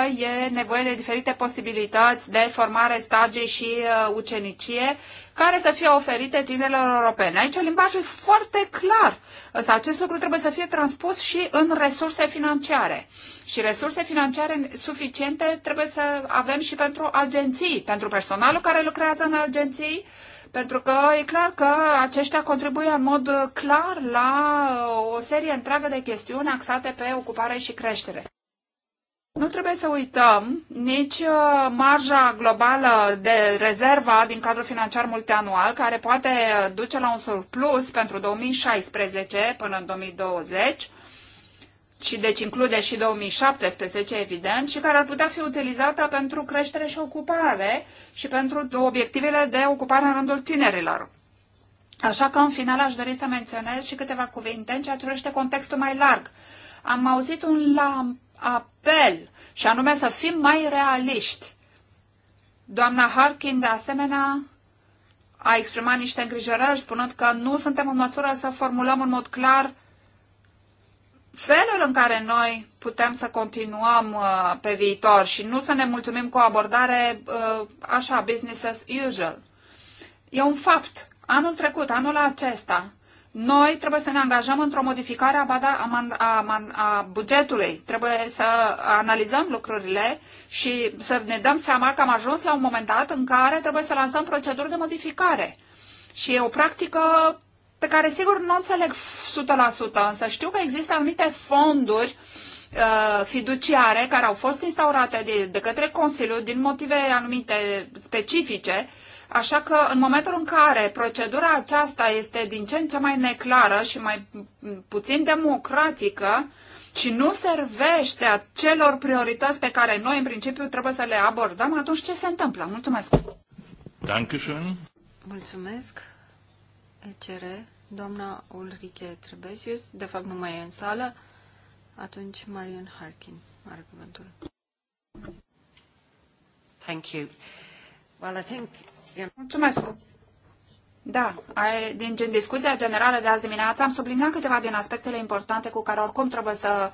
Speaker 4: e nevoie de diferite posibilități de formare, stagii și uh, ucenicie care să fie oferite tinerilor europene. Aici limbajul e foarte clar, însă acest lucru trebuie să fie transpus și în resurse financiare. Și resurse financiare suficiente trebuie să avem și pentru agenții, pentru personalul care lucrează în agenții, uh, pentru că e clar că aceștia contribuie în mod clar la o serie întreagă de chestiuni axate pe ocupare și creștere. Nu trebuie să uităm nici uh, marja globală de rezerva din cadrul financiar multianual, care poate uh, duce la un surplus pentru 2016 până în 2020, și deci include și 2017, evident, și care ar putea fi utilizată pentru creștere și ocupare și pentru obiectivele de ocupare în rândul tinerilor. Așa că, în final, aș dori să menționez și câteva cuvinte în ceea ce privește contextul mai larg. Am auzit un apel, și anume să fim mai realiști. Doamna Harkin, de asemenea, a exprimat niște îngrijorări, spunând că nu suntem în măsură să formulăm în mod clar felul în care noi putem să continuăm uh, pe viitor și nu să ne mulțumim cu o abordare uh, așa, business as usual. E un fapt. Anul trecut, anul acesta, noi trebuie să ne angajăm într-o modificare a, a, a, a bugetului. Trebuie să analizăm lucrurile și să ne dăm seama că am ajuns la un moment dat în care trebuie să lansăm proceduri de modificare. Și e o practică pe care sigur nu înțeleg 100%, însă știu că există anumite fonduri uh, fiduciare care au fost instaurate de, de către Consiliu din motive anumite specifice, așa că în momentul în care procedura aceasta este din ce în ce mai neclară și mai puțin democratică și nu servește celor priorități pe care noi în principiu trebuie să le abordăm, atunci ce se întâmplă? Mulțumesc!
Speaker 1: schön.
Speaker 2: Mulțumesc! ECR, doamna Ulrike Trebesius, de fapt nu mai e în sală, atunci Marian Harkin are cuvântul. Thank you. Well, I think...
Speaker 4: Mulțumesc. Da, din discuția generală de azi dimineață am subliniat câteva din aspectele importante cu care oricum trebuie să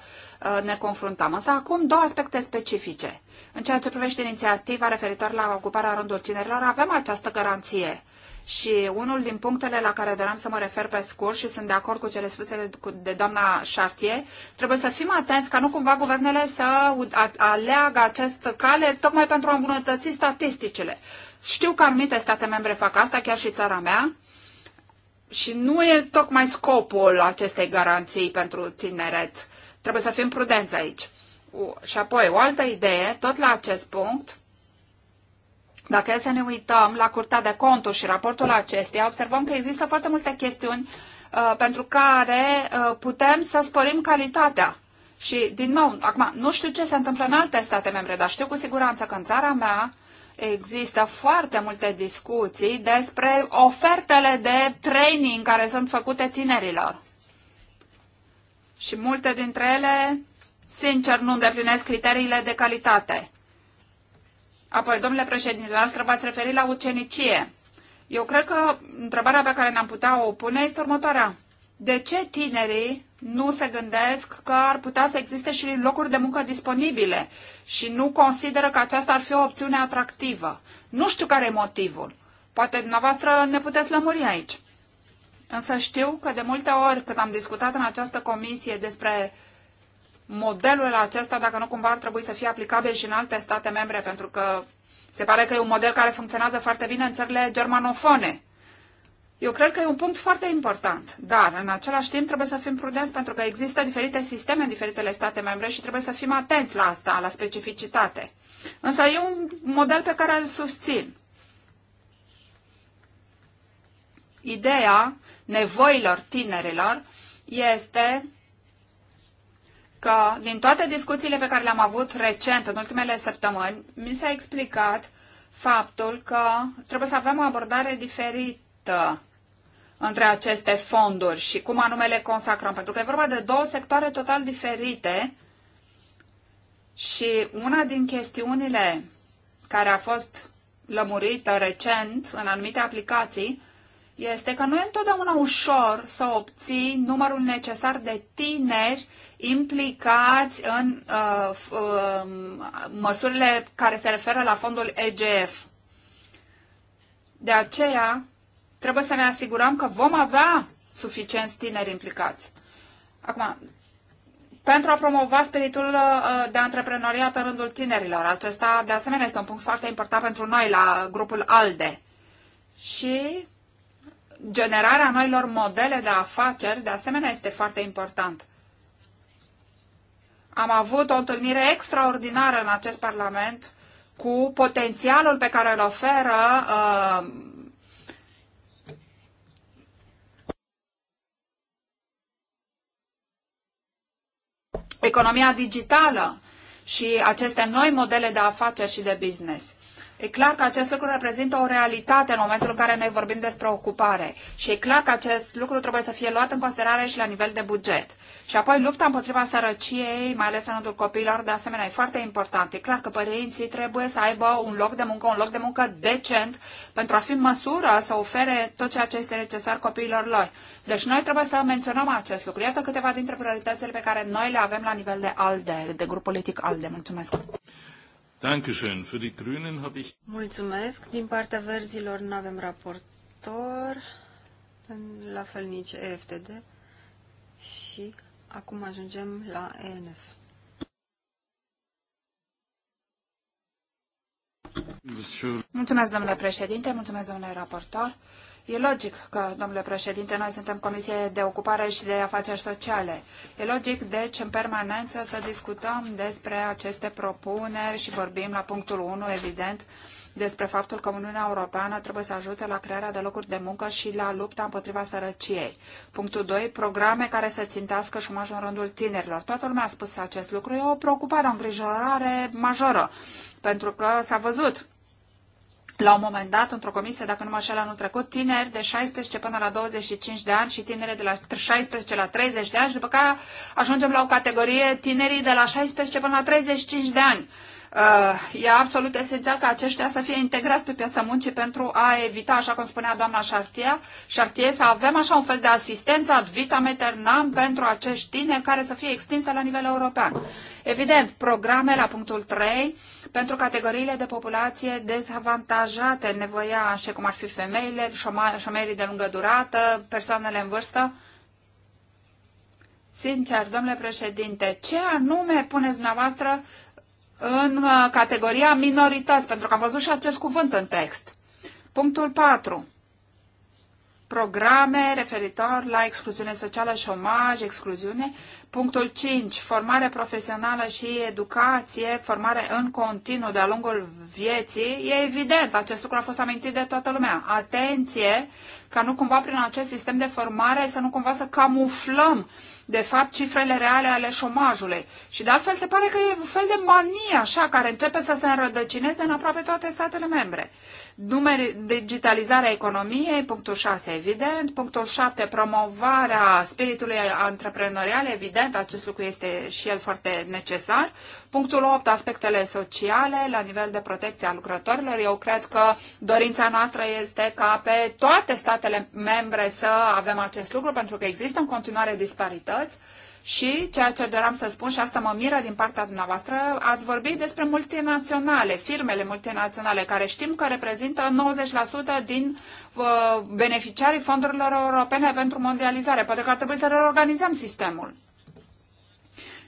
Speaker 4: ne confruntăm. Însă acum două aspecte specifice. În ceea ce privește inițiativa referitor la ocuparea rândul tinerilor, avem această garanție și unul din punctele la care doream să mă refer pe scurt și sunt de acord cu cele spuse de doamna Chartier, trebuie să fim atenți ca nu cumva guvernele să aleagă această cale tocmai pentru a îmbunătăți statisticile. Știu că anumite state membre fac asta, chiar și țara mea, și nu e tocmai scopul acestei garanții pentru tineret. Trebuie să fim prudenți aici. Și apoi, o altă idee, tot la acest punct, dacă e să ne uităm la Curtea de Conturi și raportul acesteia, observăm că există foarte multe chestiuni uh, pentru care uh, putem să sporim calitatea. Și, din nou, acum, nu știu ce se întâmplă în alte state membre, dar știu cu siguranță că în țara mea există foarte multe discuții despre ofertele de training care sunt făcute tinerilor. Și multe dintre ele, sincer, nu îndeplinesc criteriile de calitate. Apoi, domnule președinte, noastră v-ați referit la ucenicie. Eu cred că întrebarea pe care ne-am putea o pune este următoarea. De ce tinerii nu se gândesc că ar putea să existe și locuri de muncă disponibile și nu consideră că aceasta ar fi o opțiune atractivă? Nu știu care e motivul. Poate dumneavoastră ne puteți lămuri aici. Însă știu că de multe ori când am discutat în această comisie despre uh, modelul acesta, dacă nu cumva ar trebui să fie aplicabil și în alte state membre, pentru că se pare că e un model care funcționează foarte bine în țările germanofone. Eu cred că e un punct foarte important, dar în același timp trebuie să fim prudenți pentru că există diferite sisteme în diferitele state membre și trebuie să fim atenți la asta, la specificitate. Însă e un model pe care îl susțin. Ideea nevoilor tinerilor este că din toate discuțiile pe care le-am avut recent, în ultimele săptămâni, mi s-a explicat faptul că trebuie să avem o abordare diferită între aceste fonduri și cum anume le consacrăm, pentru că e vorba de două sectoare total diferite și una din chestiunile care a fost lămurită recent în anumite aplicații este că nu e întotdeauna ușor să obții numărul necesar de tineri implicați în uh, uh, măsurile care se referă la fondul EGF. De aceea, trebuie să ne asigurăm că vom avea suficienți tineri implicați. Acum, pentru a promova spiritul uh, de antreprenoriat în rândul tinerilor. Acesta, de asemenea, este un punct foarte important pentru noi la grupul ALDE. Și generarea noilor modele de afaceri, de asemenea, este foarte important. Am avut o întâlnire extraordinară în acest Parlament cu potențialul pe care îl oferă uh, economia digitală și aceste noi modele de afaceri și de business. E clar că acest lucru reprezintă o realitate în momentul în care noi vorbim despre ocupare și e clar că acest lucru trebuie să fie luat în considerare și la nivel de buget. Și apoi lupta împotriva sărăciei, mai ales în rândul copiilor, de asemenea, e foarte important. E clar că părinții trebuie să aibă un loc de muncă, un loc de muncă decent pentru a fi în măsură să ofere tot ceea ce este necesar copiilor lor. Deci noi trebuie să menționăm acest lucru. Iată câteva dintre prioritățile pe care noi le avem la nivel de ALDE, de grup politic ALDE.
Speaker 2: Mulțumesc!
Speaker 1: Dankeschön. Für die Grünen habe ich...
Speaker 2: Mulțumesc. Din partea verzilor nu avem raportor, la fel nici EFTD și acum ajungem la ENF.
Speaker 4: Mulțumesc, domnule președinte, mulțumesc, domnule raportor. E logic că, domnule președinte, noi suntem Comisie de Ocupare și de Afaceri Sociale. E logic, deci, în permanență să discutăm despre aceste propuneri și vorbim la punctul 1, evident, despre faptul că Uniunea Europeană trebuie să ajute la crearea de locuri de muncă și la lupta împotriva sărăciei. Punctul 2. Programe care să țintească șomajul în rândul tinerilor. Toată lumea a spus acest lucru. E o preocupare, o îngrijorare majoră, pentru că s-a văzut la un moment dat, într-o comisie, dacă nu mă șel anul trecut, tineri de 16 până la 25 de ani și tineri de la 16 la 30 de ani și după care ajungem la o categorie tinerii de la 16 până la 35 de ani. Uh, e absolut esențial ca aceștia să fie integrați pe piața muncii pentru a evita, așa cum spunea doamna Chartier, Chartier să avem așa un fel de asistență ad vitam aeternam pentru acești tineri care să fie extinse la nivel european. Evident, programe la punctul 3 pentru categoriile de populație dezavantajate, nevoia, așa cum ar fi femeile, șomerii de lungă durată, persoanele în vârstă, Sincer, domnule președinte, ce anume puneți dumneavoastră în uh, categoria minorități, pentru că am văzut și acest cuvânt în text. Punctul 4. Programe referitor la excluziune socială, șomaj, excluziune, Punctul 5. Formare profesională și educație, formare în continuu de-a lungul vieții. E evident, acest lucru a fost amintit de toată lumea. Atenție ca nu cumva prin acest sistem de formare să nu cumva să camuflăm de fapt cifrele reale ale șomajului. Și de altfel se pare că e un fel de manie așa care începe să se înrădăcineze în aproape toate statele membre. Numeri, digitalizarea economiei, punctul 6 evident, punctul 7 promovarea spiritului antreprenorial evident, evident, acest lucru este și el foarte necesar. Punctul 8, aspectele sociale la nivel de protecție a lucrătorilor. Eu cred că dorința noastră este ca pe toate statele membre să avem acest lucru, pentru că există în continuare disparități. Și ceea ce doream să spun, și asta mă miră din partea dumneavoastră, ați vorbit despre multinaționale, firmele multinaționale, care știm că reprezintă 90% din uh, beneficiarii fondurilor europene pentru mondializare. Poate că ar trebui să reorganizăm sistemul.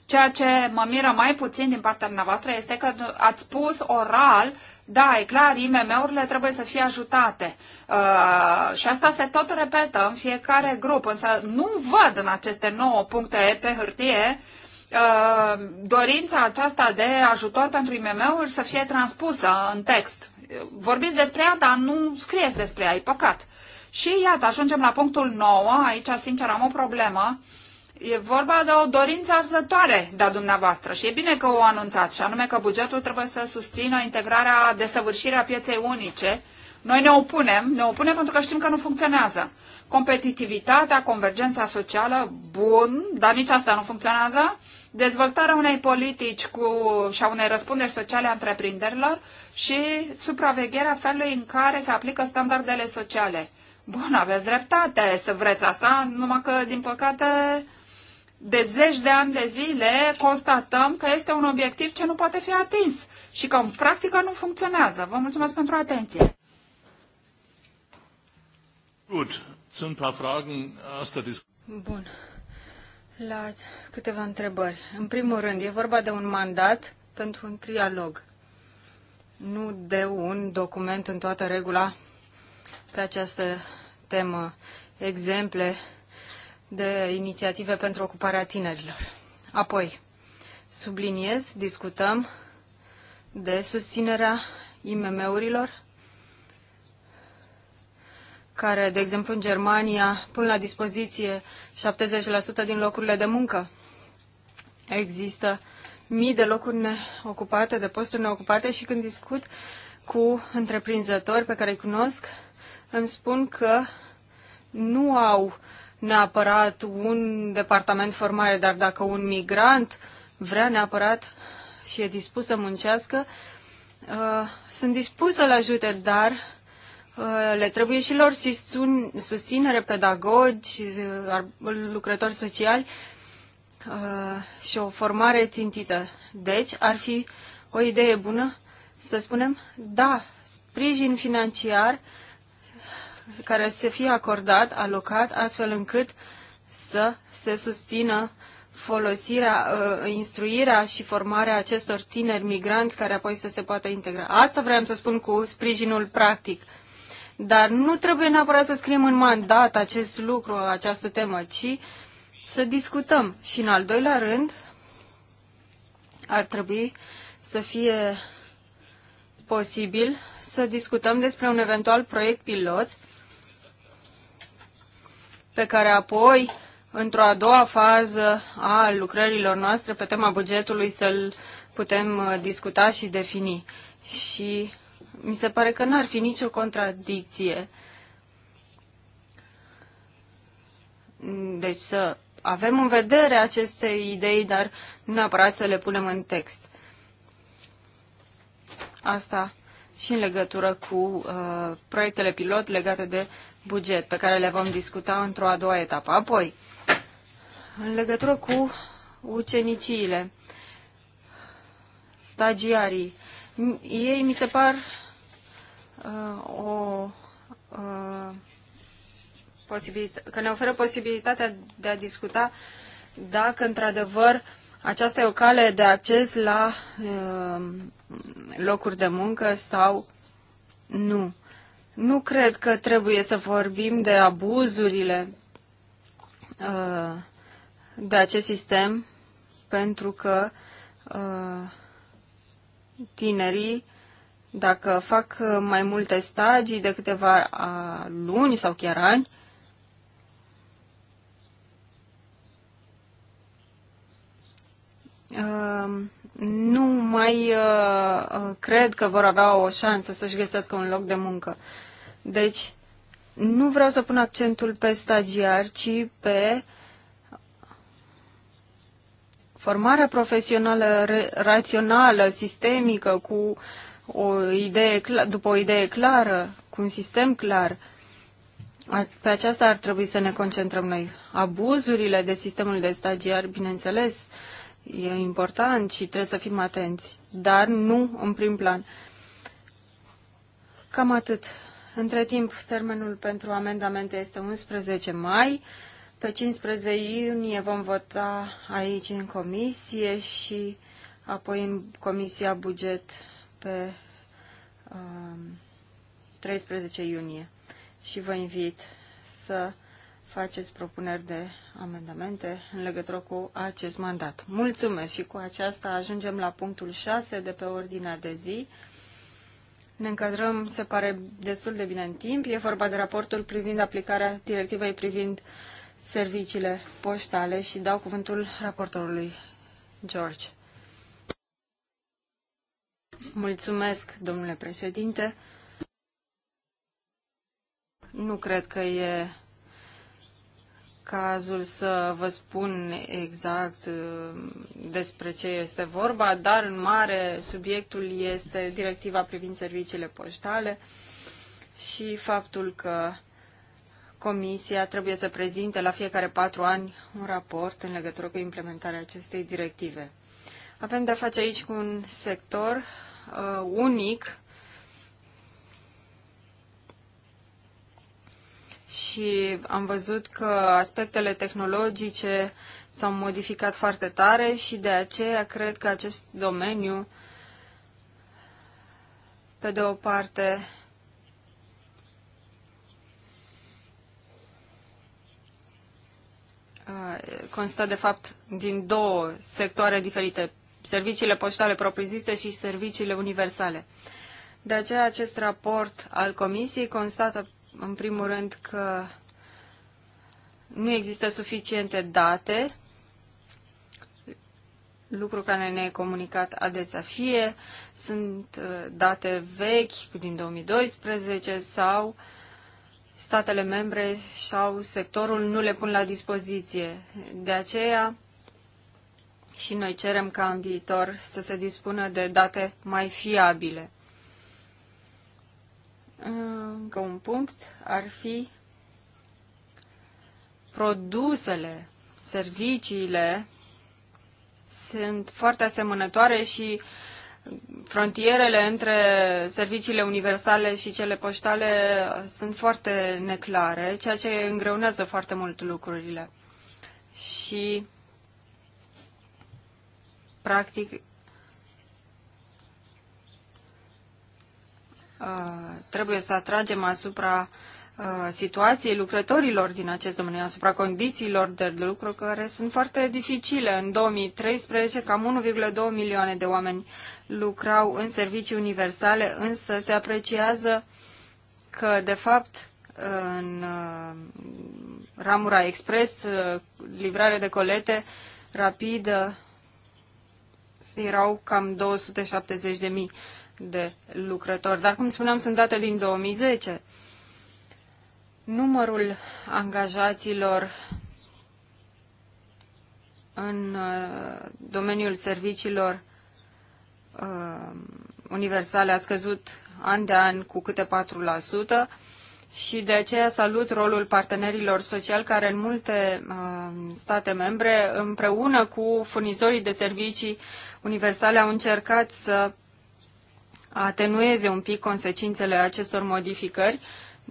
Speaker 4: Ceea ce mă miră mai puțin din partea dumneavoastră este că ați spus oral, da, e clar, IMM-urile trebuie să fie ajutate. Uh, și asta se tot repetă în fiecare grup, însă nu văd în aceste nouă puncte pe hârtie uh, dorința aceasta de ajutor pentru IMM-uri să fie transpusă în text. Vorbiți despre ea, dar nu scrieți despre ea, e păcat. Și iată, ajungem la punctul 9, aici sincer am o problemă. Uh, E vorba de o dorință arzătoare de-a dumneavoastră și e bine că o anunțați, și anume că bugetul trebuie să susțină integrarea, desăvârșirea pieței unice. Noi ne opunem, ne opunem pentru că știm că nu funcționează. Competitivitatea, convergența socială, bun, dar nici asta nu funcționează. Dezvoltarea unei politici cu, și a unei răspunderi sociale a întreprinderilor și supravegherea felului în care se aplică standardele sociale. Bun, aveți dreptate să vreți asta, numai că, din păcate, de zeci de ani de zile constatăm că este un obiectiv ce nu poate fi atins și că în practică nu funcționează. Vă mulțumesc pentru atenție.
Speaker 2: Bun. La câteva întrebări. În primul rând, e vorba de un mandat pentru un trialog, nu de un document în toată regula pe această temă. Exemple de inițiative pentru ocuparea tinerilor. Apoi, subliniez, discutăm de susținerea IMM-urilor, care, de exemplu, în Germania pun la dispoziție 70% din locurile de muncă. Există mii de locuri neocupate, de posturi neocupate și când discut cu întreprinzători pe care îi cunosc, îmi spun că nu au neapărat un departament formare, dar dacă un migrant vrea neapărat și e dispus să muncească, uh, sunt dispus să-l ajute, dar uh, le trebuie și lor susținere, pedagogi, uh, lucrători sociali uh, și o formare țintită. Deci ar fi o idee bună să spunem, da, sprijin financiar uh, care să fie acordat, alocat, astfel încât să se susțină folosirea, uh, instruirea și formarea acestor tineri migranți care apoi să se poată integra. Asta vreau să spun cu sprijinul practic. Dar nu trebuie neapărat să scriem în mandat acest lucru, această temă, ci să discutăm. Și în al doilea rând, ar trebui să fie posibil să discutăm despre un eventual proiect pilot pe care apoi, într-o a doua fază a lucrărilor noastre pe tema bugetului, să-l putem uh, discuta și defini. Și mi se pare că n-ar fi nicio contradicție. Deci să avem în vedere aceste idei, dar nu neapărat să le punem în text. Asta și în legătură cu uh, proiectele pilot legate de buget, pe care le vom discuta într-o a doua etapă. Apoi, în legătură cu uceniciile, stagiarii, ei mi se par uh, o uh, că ne oferă posibilitatea de a discuta dacă într-adevăr aceasta e o cale de acces la uh, locuri de muncă sau nu. Nu cred că trebuie să vorbim de abuzurile uh, de acest sistem, pentru că uh, tinerii, dacă fac uh, mai multe stagii de câteva luni sau chiar ani, nu mai cred că vor avea o șansă să-și găsească un loc de muncă. Deci, nu vreau să pun accentul pe stagiar, ci pe formarea profesională rațională, sistemică, cu o idee, după o idee clară, cu un sistem clar. Pe aceasta ar trebui să ne concentrăm noi. Abuzurile de sistemul de stagiar, bineînțeles, e important și trebuie să fim atenți, dar nu în prim plan. Cam atât între timp, termenul pentru amendamente este 11 mai. Pe 15 iunie vom vota aici în comisie și apoi în Comisia Buget pe uh, um, 13 iunie. Și vă invit să faceți propuneri de amendamente în legătură cu acest mandat. Mulțumesc și cu aceasta ajungem la punctul 6 de pe ordinea de zi. Ne încadrăm, se pare, destul de bine în timp. E vorba de raportul privind aplicarea directivei privind serviciile poștale și dau cuvântul raportorului George. Mulțumesc, domnule președinte. Nu cred că e cazul să vă spun exact uh, despre ce este vorba, dar în mare subiectul este directiva privind serviciile poștale și faptul că Comisia trebuie să prezinte la fiecare patru ani un raport în legătură cu implementarea acestei directive. Avem de-a face aici cu un sector uh, unic și am văzut că aspectele tehnologice s-au modificat foarte tare și de aceea cred că acest domeniu, pe de o parte, constă de fapt din două sectoare diferite, serviciile poștale propriu-zise și serviciile universale. De aceea acest raport al Comisiei constată în primul rând că nu există suficiente date, lucru care ne-e comunicat adesea fie, sunt uh, date vechi din 2012 sau statele membre sau sectorul nu le pun la dispoziție. De aceea și noi cerem ca în viitor să se dispună de date mai fiabile. Încă un punct ar fi produsele, serviciile sunt foarte asemănătoare și frontierele între serviciile universale și cele poștale sunt foarte neclare, ceea ce îngreunează foarte mult lucrurile. Și practic Uh, trebuie să atragem asupra uh, situației lucrătorilor din acest domeniu, asupra condițiilor de lucru care sunt foarte dificile. În 2013, cam 1,2 milioane de oameni lucrau în servicii universale, însă se apreciază că, de fapt, în uh, ramura expres, livrare de colete rapidă, erau cam 270 de mii de lucrători. Dar, cum spuneam, sunt date din 2010. Numărul angajaților în uh, domeniul serviciilor uh, universale a scăzut an de an cu câte 4% și de aceea salut rolul partenerilor sociali care în multe uh, state membre împreună cu furnizorii de servicii universale au încercat să atenueze un pic consecințele acestor modificări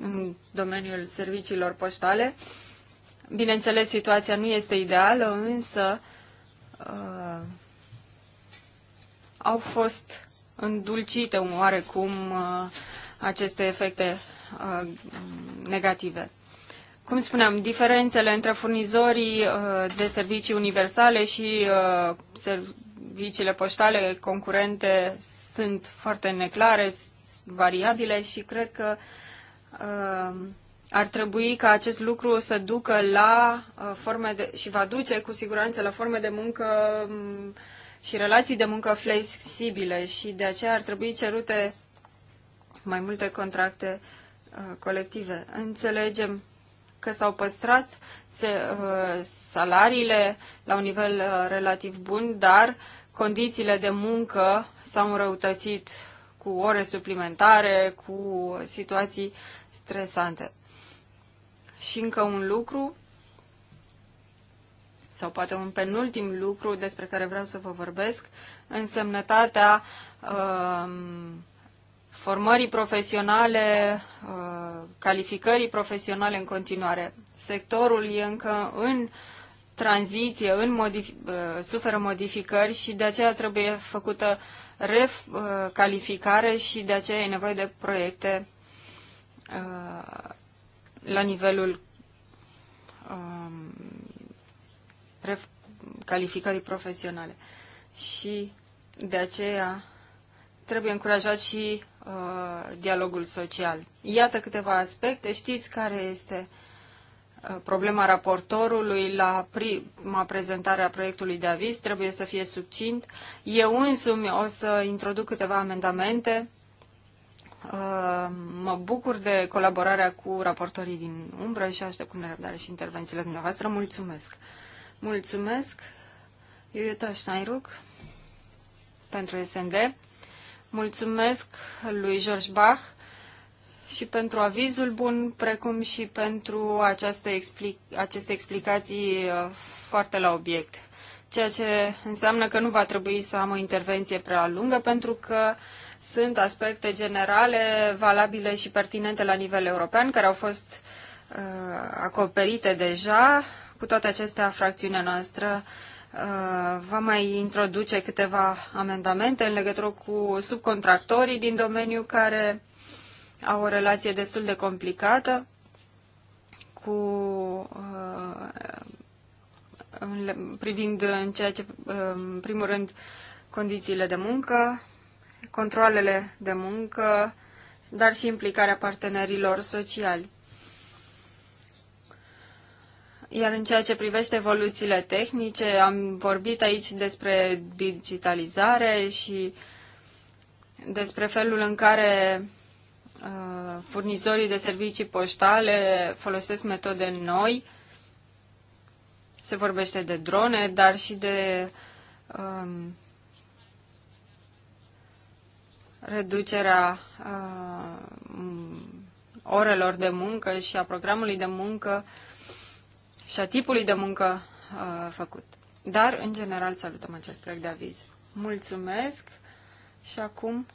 Speaker 2: în domeniul serviciilor poștale. Bineînțeles, situația nu este ideală, însă uh, au fost îndulcite oarecum uh, aceste efecte uh, negative. Cum spuneam, diferențele între furnizorii uh, de servicii universale și uh, serviciile poștale concurente sunt foarte neclare, variabile și cred că uh, ar trebui ca acest lucru să ducă la uh, forme de, și va duce cu siguranță la forme de muncă mm, și relații de muncă flexibile și de aceea ar trebui cerute mai multe contracte uh, colective. Înțelegem că s-au păstrat se, salariile la un nivel relativ bun, dar Condițiile de muncă s-au înrăutățit cu ore suplimentare, cu situații stresante. Și încă un lucru, sau poate un penultim lucru despre care vreau să vă vorbesc, însemnătatea uh, formării profesionale, uh, calificării profesionale în continuare. Sectorul e încă în uh, tranziție în modif- uh, suferă modificări și de aceea trebuie făcută recalificare uh, și de aceea e nevoie de proiecte uh, la nivelul um, calificării profesionale. Și de aceea trebuie încurajat și uh, dialogul social. Iată câteva aspecte. Știți care este uh, Uh, problema raportorului la prima prezentare a proiectului de aviz trebuie să fie subțint. Eu însumi o să introduc câteva amendamente. Uh, mă bucur de colaborarea cu raportorii din umbră și aștept cu nerăbdare și intervențiile dumneavoastră. Mulțumesc! Mulțumesc, Iuta Steinruck, pentru SND. Mulțumesc lui George Bach și pentru avizul bun, precum și pentru această expli- aceste explicații uh, foarte la obiect. Ceea ce înseamnă că nu va trebui să am o intervenție prea lungă, pentru că sunt aspecte generale, valabile și pertinente la nivel european, care au fost uh, acoperite deja. Cu toate acestea, fracțiunea noastră uh, va mai introduce câteva amendamente în legătură cu subcontractorii din domeniu care au o relație destul de complicată cu uh, privind în ceea ce, uh, în primul rând, condițiile de muncă, controlele de muncă, dar și implicarea partenerilor sociali. Iar în ceea ce privește evoluțiile tehnice, am vorbit aici despre digitalizare și despre felul în care Uh, furnizorii de servicii poștale folosesc metode noi. Se vorbește de drone, dar și de um, reducerea um, orelor de muncă și a programului de muncă și a tipului de muncă uh, făcut. Dar, în general, salutăm acest proiect de aviz. Mulțumesc și acum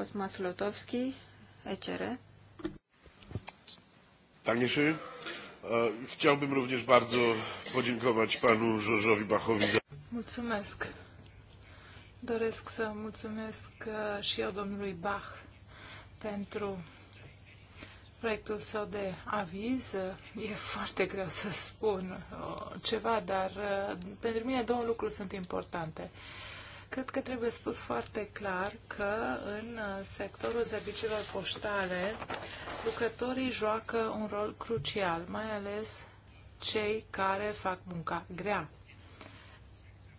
Speaker 2: Cosmas Lotovski, ECR.
Speaker 1: Tanieszy. Chciałbym również bardzo podziękować panu Żorzowi Bachowi za...
Speaker 3: Mulțumesc. Doresc să mulțumesc și eu domnului Bach pentru proiectul său de aviz. E foarte greu să spun ceva, dar pentru mine două lucruri sunt importante. Cred că trebuie spus foarte clar că în sectorul serviciilor poștale lucrătorii joacă un rol crucial, mai ales cei care fac munca grea.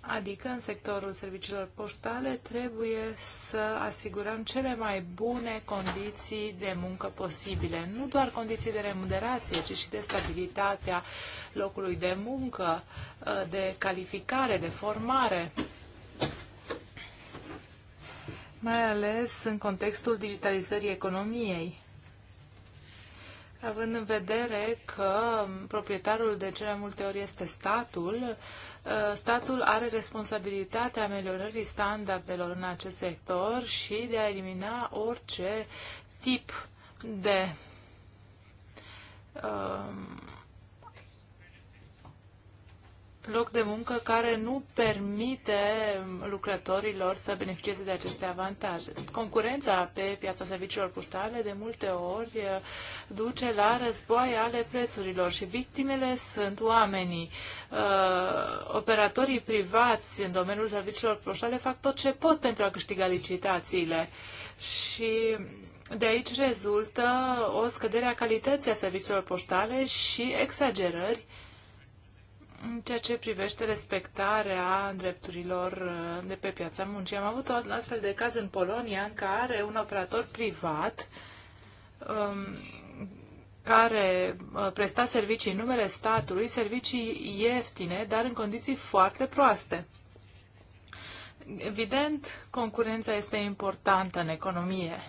Speaker 3: Adică în sectorul serviciilor poștale trebuie să asigurăm cele mai bune condiții de muncă posibile. Nu doar condiții de remunerație, ci și de stabilitatea locului de muncă, de calificare, de formare mai ales în contextul digitalizării economiei. Având în vedere că proprietarul de cele multe ori este statul, ă, statul are responsabilitatea ameliorării standardelor în acest sector și de a elimina orice tip de um, loc de muncă care nu permite lucrătorilor să beneficieze de aceste avantaje. Concurența pe piața serviciilor purtale de multe ori eh, duce la războaie ale prețurilor și victimele sunt oamenii. Eh, operatorii privați în domeniul serviciilor purtale fac tot ce pot pentru a câștiga licitațiile și de aici rezultă o scădere a calității a serviciilor poștale și exagerări în ceea ce privește respectarea drepturilor uh, de pe piața muncii. Am avut un astfel de caz în Polonia în care un operator privat um, care uh, presta servicii în numele statului, servicii ieftine, dar în condiții foarte proaste. Evident, concurența este importantă în economie,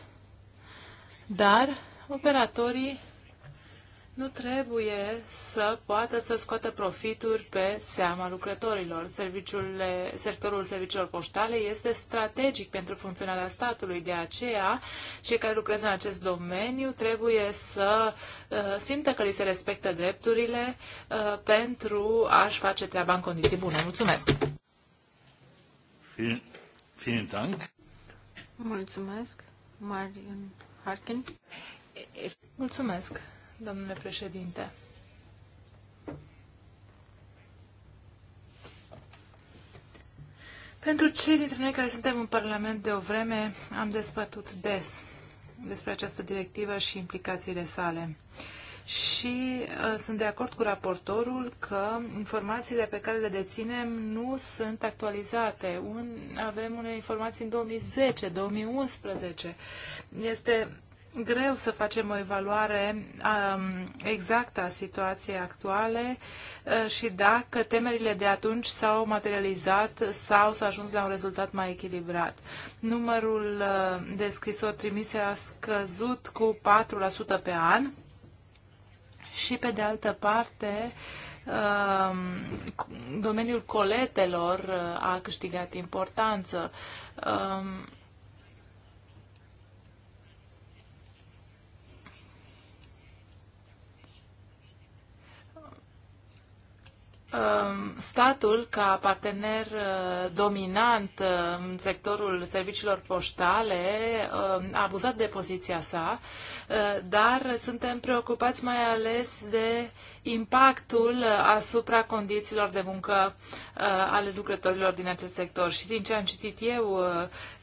Speaker 3: dar operatorii nu trebuie să poată să scoată profituri pe seama lucrătorilor. Serviciul, sectorul serviciilor poștale este strategic pentru funcționarea statului, de aceea cei care lucrează în acest domeniu trebuie să uh, simtă că li se respectă drepturile uh, pentru a-și face treaba în condiții bune. Mulțumesc!
Speaker 1: Fin, tank.
Speaker 2: Mulțumesc, Marian Harkin.
Speaker 3: Mulțumesc domnule președinte. Pentru cei dintre noi care suntem în Parlament de o vreme, am despătut des despre această directivă și implicațiile sale. Și uh, sunt de acord cu raportorul că informațiile pe care le deținem nu sunt actualizate. Un, avem unele informații în 2010, 2011. Este greu să facem o evaluare um, exactă a situației actuale uh, și dacă temerile de atunci s-au materializat sau s-a ajuns la un rezultat mai echilibrat. Numărul uh, de scrisori trimise a scăzut cu 4% pe an și, pe de altă parte, uh, domeniul coletelor uh, a câștigat importanță. Uh, Um, statul ca partener uh, dominant uh, în sectorul serviciilor poștale um, a abuzat de poziția sa, uh, dar suntem preocupați mai ales de impactul asupra condițiilor de muncă ale lucrătorilor din acest sector. Și din ce am citit eu,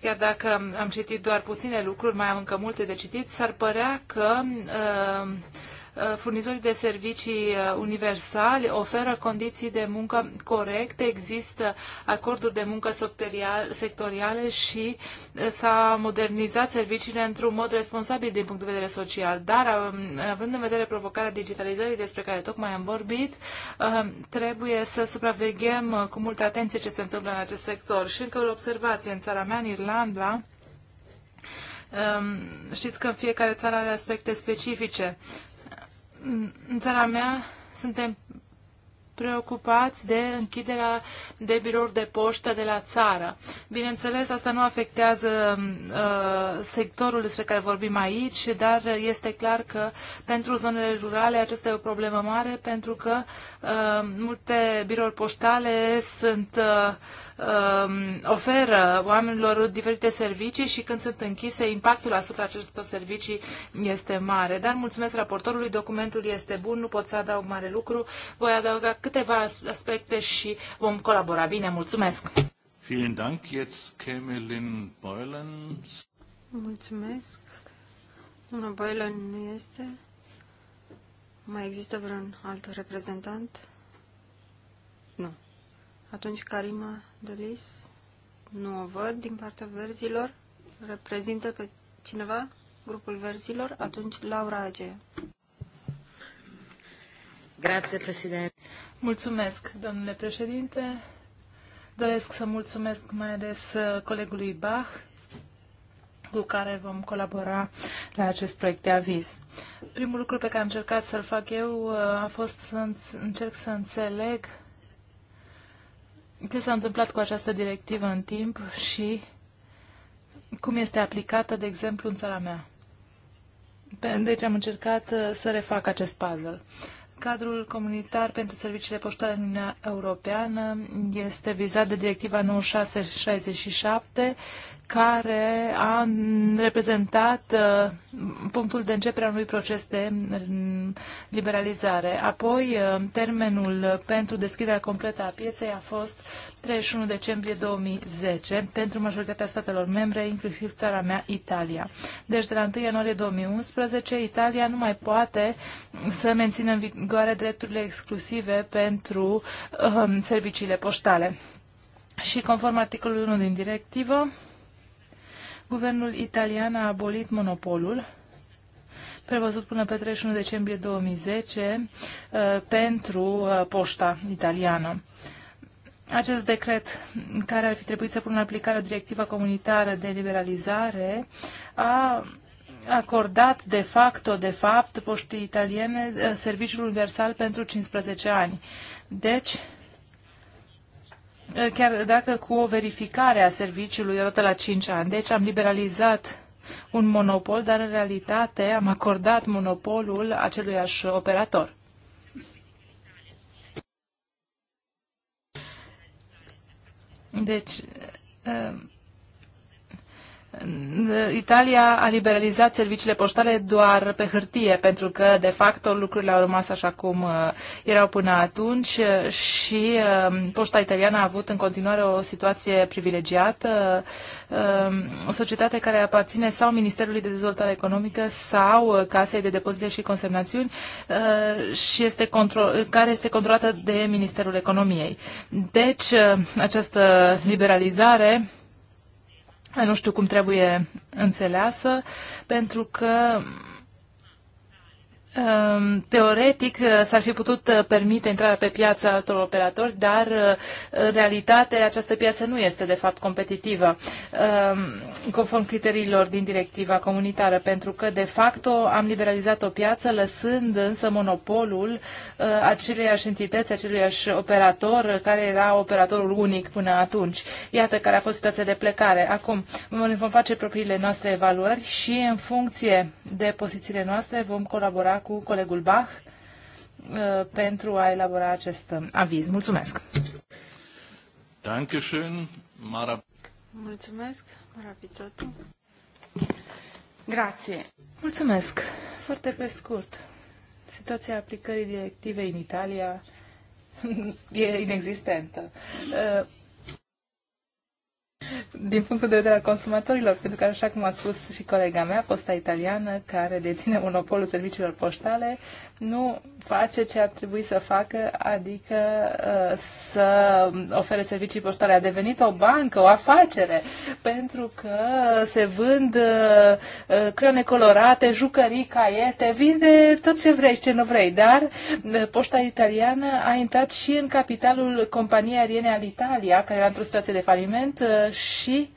Speaker 3: chiar dacă am citit doar puține lucruri, mai am încă multe de citit, s-ar părea că Uh, furnizorii de servicii uh, universali oferă condiții de muncă corecte, există acorduri de muncă sectoriale și uh, s-a modernizat serviciile într-un mod responsabil din punct de vedere social. Dar, având în vedere provocarea digitalizării despre care tocmai am vorbit, trebuie să supraveghem cu multă atenție ce se întâmplă în acest sector. Și încă o observație, în țara mea, în Irlanda, um, Știți că în fiecare țară are aspecte specifice în țara mea suntem preocupați de închiderea de birouri de poștă de la țară. Bineînțeles, asta nu afectează uh, sectorul despre care vorbim aici, dar este clar că pentru zonele rurale aceasta e o problemă mare, pentru că Uh, multe birouri poștale sunt, uh, um, oferă oamenilor diferite servicii și când sunt închise, impactul asupra acestor servicii este mare. Dar mulțumesc raportorului, documentul este bun, nu pot să adaug mare lucru. Voi adăuga câteva aspecte și vom colabora bine. Mulțumesc!
Speaker 1: Vielen Dank. Jetzt käme Lynn Boylan.
Speaker 2: Mulțumesc. Doamna Boylan nu este. Mai există vreun alt reprezentant? Nu. Atunci Karima Delis nu o văd din partea verzilor. Reprezintă pe cineva grupul verzilor? Atunci Laura Age.
Speaker 3: Grazie, președinte. Mulțumesc, domnule președinte. Doresc să mulțumesc mai ales colegului Bach cu care vom colabora la acest proiect de aviz. Primul lucru pe care am încercat să-l fac eu uh, a fost să încerc să înțeleg ce s-a întâmplat cu această directivă în timp și cum este aplicată, de exemplu, în țara mea. Deci am încercat uh, să refac acest puzzle. Cadrul comunitar pentru serviciile poștale în Uniunea Europeană este vizat de directiva 9667 care a reprezentat uh, punctul de începere a unui proces de mm, liberalizare. Apoi, uh, termenul pentru deschiderea completă a pieței a fost 31 decembrie 2010 pentru majoritatea statelor membre, inclusiv țara mea, Italia. Deci, de la 1 ianuarie 2011, Italia nu mai poate să mențină în vigoare drepturile exclusive pentru uh, serviciile poștale. Și conform articolului 1 din directivă, Guvernul italian a abolit monopolul prevăzut până pe 31 decembrie 2010 uh, pentru uh, poșta italiană. Acest decret, care ar fi trebuit să pună în aplicare o directivă comunitară de liberalizare, a acordat de facto, de fapt, poștii italiene uh, serviciul universal pentru 15 ani. Deci, Eh, chiar dacă cu o verificare a serviciului odată la 5 ani. Deci am liberalizat un monopol, dar în realitate am acordat monopolul aceluiași operator. Deci, eh, Italia a liberalizat serviciile poștale doar pe hârtie, pentru că, de fapt, lucrurile au rămas așa cum uh, erau până atunci și um, poșta italiană a avut în continuare o situație privilegiată, um, o societate care aparține sau Ministerului de Dezvoltare Economică sau Casei de Depozite și Consemnațiuni uh, și este care este controlată de Ministerul Economiei. Deci, uh, această liberalizare nu știu cum trebuie înțeleasă, pentru că Ehm, teoretic eh, s-ar fi putut eh, permite intrarea pe piață altor operatori, dar eh, în realitate această piață nu este de fapt competitivă ehm, conform criteriilor din directiva comunitară, pentru că de fapt am liberalizat o piață lăsând însă monopolul aceleiași entități, aceluiași operator care era operatorul unic până atunci. Iată care a fost situația de plecare. Acum ne vom face propriile noastre evaluări și în funcție de pozițiile noastre vom colabora cu cu colegul Bach uh, pentru a elabora acest uh, aviz. Mulțumesc!
Speaker 1: Dankeschön, Mara.
Speaker 2: Mulțumesc,
Speaker 3: Mara Pizzotto. Grație. Mulțumesc. Foarte pe scurt. Situația aplicării directivei în Italia *laughs* e inexistentă. Uh, din punctul de vedere al consumatorilor, pentru că, așa cum a spus și colega mea, posta italiană, care deține monopolul serviciilor poștale, nu face ce ar trebui să facă, adică uh, să ofere servicii poștale. A devenit o bancă, o afacere, pentru că se vând uh, uh, creone colorate, jucării, caiete, vinde tot ce vrei și ce nu vrei, dar poșta italiană a intrat și în capitalul companiei aeriene al Italia, care era într-o situație de faliment și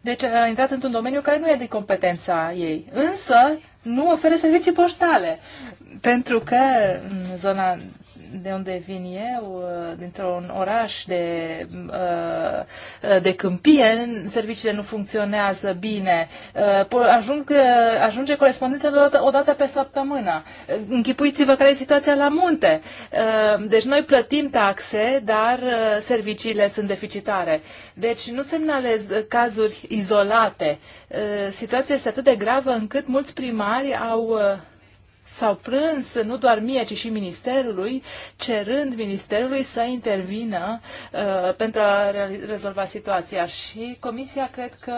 Speaker 3: deci a intrat într-un domeniu care nu e de competența ei, însă nu oferă servicii poștale, pentru că în zona de unde vin eu, uh, dintr-un oraș de, uh, uh, de câmpie, serviciile nu funcționează bine. Ajung, ajunge corespondența o dată pe săptămână. Închipuiți-vă care e situația la munte. Deci noi plătim taxe, dar serviciile sunt deficitare. Deci nu semnalez cazuri izolate. Situația este atât de gravă încât mulți primari au s-au nu doar mie, ci și Ministerului, cerând Ministerului să intervină uh, pentru a re- rezolva situația. Și Comisia cred că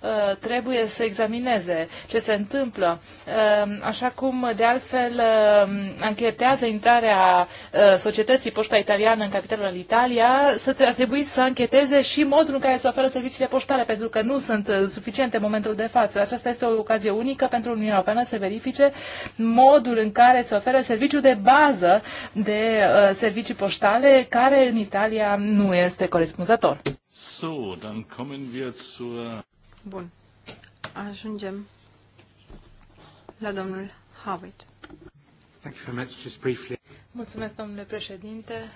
Speaker 3: uh, trebuie să examineze ce se întâmplă. Uh, așa cum, de altfel, uh, anchetează intrarea uh, societății Poșta Italiană în capitalul Italia, să ar trebui să ancheteze și modul în care se oferă serviciile poștale, pentru că nu sunt uh, suficiente în momentul de față. Aceasta este o ocazie unică pentru Uniunea Europeană să verifice modul modul în care se oferă serviciu de bază de uh, servicii poștale, care în Italia nu este corespunzător.
Speaker 1: So, dann kommen wir zur...
Speaker 2: Bun. Ajungem la domnul Howitt.
Speaker 1: Thank you very much. Just briefly.
Speaker 2: Mulțumesc, domnule președinte.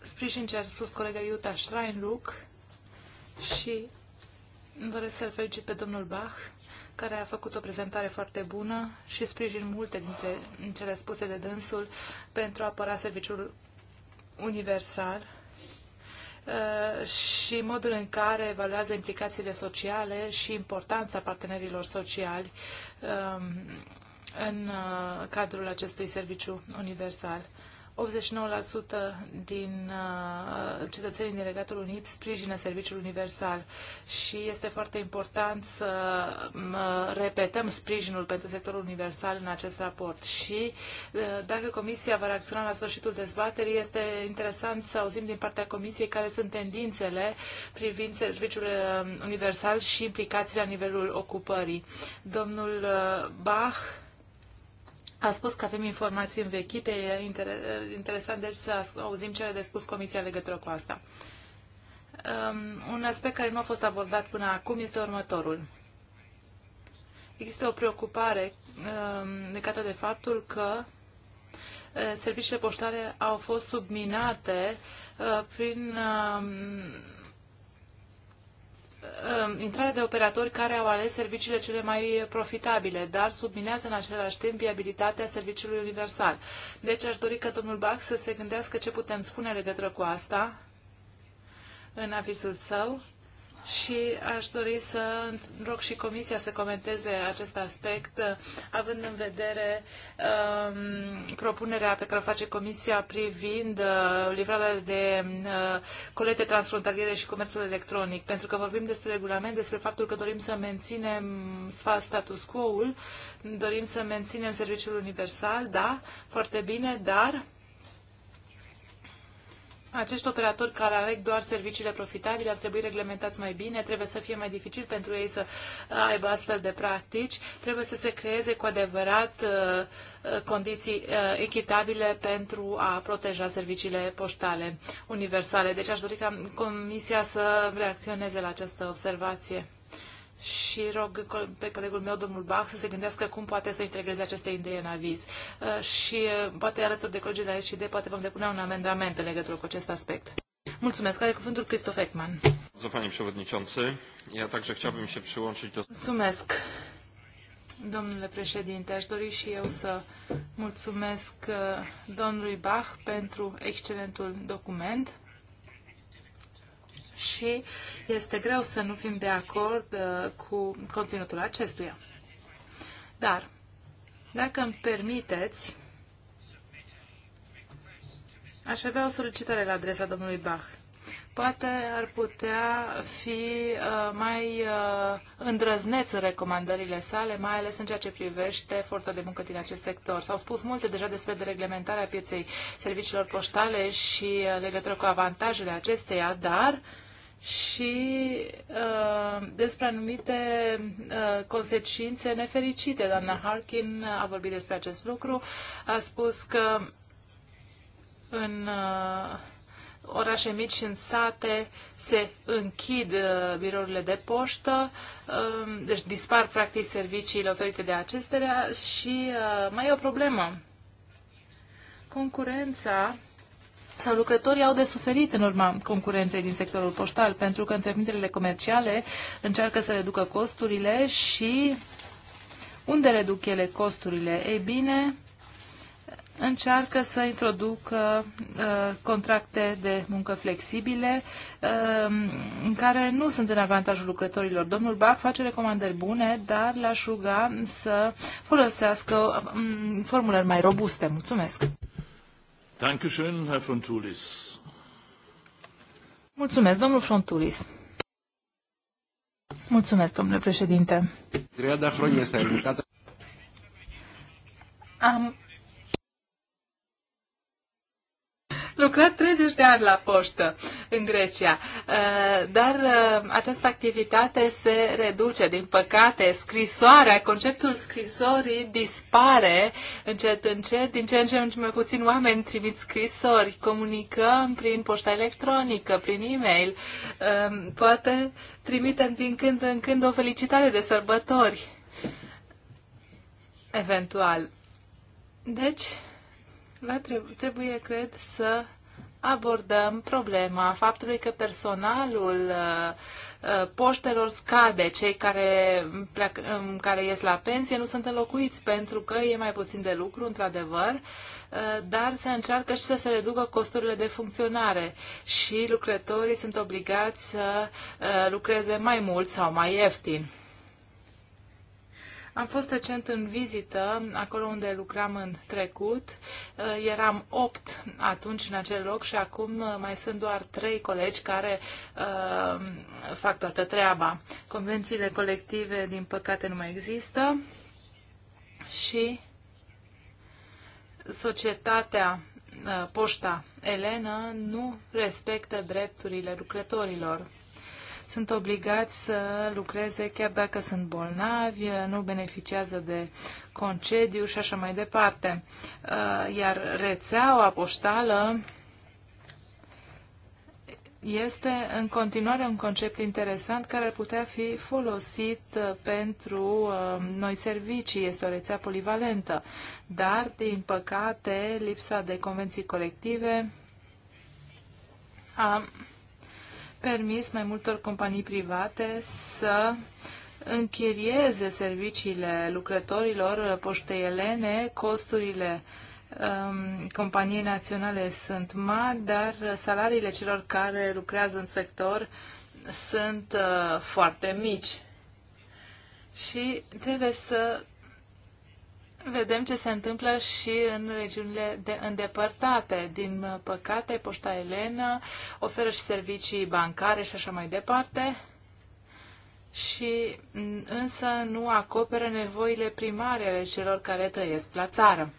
Speaker 3: Sprijin ce a spus colega Iuta Schreinluck și doresc să-l felicit pe domnul Bach care a făcut o prezentare foarte bună și sprijin multe dintre cele spuse de dânsul pentru a apăra serviciul universal uh, și modul în care evaluează implicațiile sociale și importanța partenerilor sociali um, în uh, cadrul acestui serviciu universal. 89% din uh, cetățenii din Regatul Unit sprijină serviciul universal și este foarte important să uh, repetăm sprijinul pentru sectorul universal în acest raport. Și uh, dacă Comisia va reacționa la sfârșitul dezbaterii, este interesant să auzim din partea Comisiei care sunt tendințele privind serviciul universal și implicațiile la nivelul ocupării. Domnul Bach a spus că avem informații învechite, e interesant deci să auzim ce are de spus Comisia legătură cu asta. Um, un aspect care nu a fost abordat până acum este următorul. Există o preocupare um, legată de faptul că uh, serviciile poștale au fost subminate uh, prin uh, Um, intrare de operatori care au ales serviciile cele mai profitabile, dar subminează în același timp viabilitatea serviciului universal. Deci aș dori ca domnul Bach să se gândească ce putem spune legătură cu asta în avizul său și aș dori să rog și Comisia să comenteze acest aspect, având în vedere um, propunerea pe care o face Comisia privind uh, livrarea de uh, colete transfrontaliere și comerțul electronic, pentru că vorbim despre regulament, despre faptul că dorim să menținem status quo-ul, dorim să menținem serviciul universal, da, foarte bine, dar acești operatori care aleg doar serviciile profitabile ar trebui reglementați mai bine, trebuie să fie mai dificil pentru ei să aibă astfel de practici, trebuie să se creeze cu adevărat uh, uh, condiții uh, echitabile pentru a proteja serviciile poștale universale. Deci aș dori ca Comisia să reacționeze la această observație și rog pe colegul meu, domnul Bach, să se gândească cum poate să integreze aceste idei în aviz. Uh, și uh, poate alături de colegii de la SCD, poate vom depune un amendament în legătură cu acest aspect. Mulțumesc. Are cuvântul Christoph Ekman.
Speaker 1: Mulțumesc.
Speaker 3: Domnule președinte, aș dori și eu să mulțumesc uh, domnului Bach pentru excelentul document și este greu să nu fim de acord uh, cu conținutul acestuia. Dar, dacă îmi permiteți, aș avea o solicitare la adresa domnului Bach poate ar putea fi uh, mai uh, îndrăzneț în recomandările sale, mai ales în ceea ce privește forța de muncă din acest sector. S-au spus multe deja despre dereglementarea pieței serviciilor poștale și legătură cu avantajele acesteia, dar și uh, despre anumite uh, consecințe nefericite. Doamna Harkin a vorbit despre acest lucru, a spus că în uh, orașe mici și în sate se închid uh, birourile de poștă, uh, deci dispar practic serviciile oferite de acestea și uh, mai e o problemă. Concurența sau lucrătorii au de suferit în urma concurenței din sectorul poștal, pentru că întreprinderile comerciale încearcă să reducă costurile și unde reduc ele costurile? Ei bine, încearcă să introducă uh, contracte de muncă flexibile uh, care nu sunt în avantajul lucrătorilor. Domnul Bach face recomandări bune, dar l-aș ruga să folosească um, formulări mai robuste. Mulțumesc!
Speaker 1: Dankeschön, Herr Frontulis.
Speaker 3: Mulțumesc, domnul Frontulis. Mulțumesc, domnule președinte.
Speaker 1: 30 de
Speaker 3: Am lucrat 30 de ani la poștă în Grecia. Uh, dar uh, această activitate se reduce. Din păcate, scrisoarea, conceptul scrisorii dispare încet, încet. Din ce în ce mai puțin oameni trimit scrisori. Comunicăm prin poșta electronică, prin e-mail. Um, poate trimitem din când în când o felicitare de sărbători. Eventual. Deci, va trebui, trebuie, cred, să abordăm problema faptului că personalul uh, uh, poștelor scade, cei care, pleacă, um, care ies la pensie nu sunt înlocuiți pentru că e mai puțin de lucru, într-adevăr, uh, dar se încearcă și să se reducă costurile de funcționare și lucrătorii sunt obligați să lucreze mai mult sau mai ieftin. Am fost recent în vizită, acolo unde lucram în trecut. Uh, eram opt atunci în acel loc și acum uh, mai sunt doar trei colegi care uh, fac toată treaba. Convențiile colective, din păcate, nu mai există și societatea uh, Poșta Elena nu respectă drepturile lucrătorilor sunt obligați să lucreze chiar dacă sunt bolnavi, nu beneficiază de concediu și așa mai departe. Uh, iar rețeaua poștală este în continuare un concept interesant care ar putea fi folosit uh, pentru uh, noi servicii. Este o rețea polivalentă, dar, din păcate, lipsa de convenții colective a permis mai multor companii private să închirieze serviciile lucrătorilor poștei elene, costurile um, companiei naționale sunt mari, dar salariile celor care lucrează în sector sunt uh, foarte mici. Și trebuie să vedem ce se întâmplă și în regiunile de îndepărtate. Din păcate, Poșta Elena oferă și servicii bancare și așa mai departe, și mm, însă nu acoperă nevoile primare ale celor care trăiesc la țară.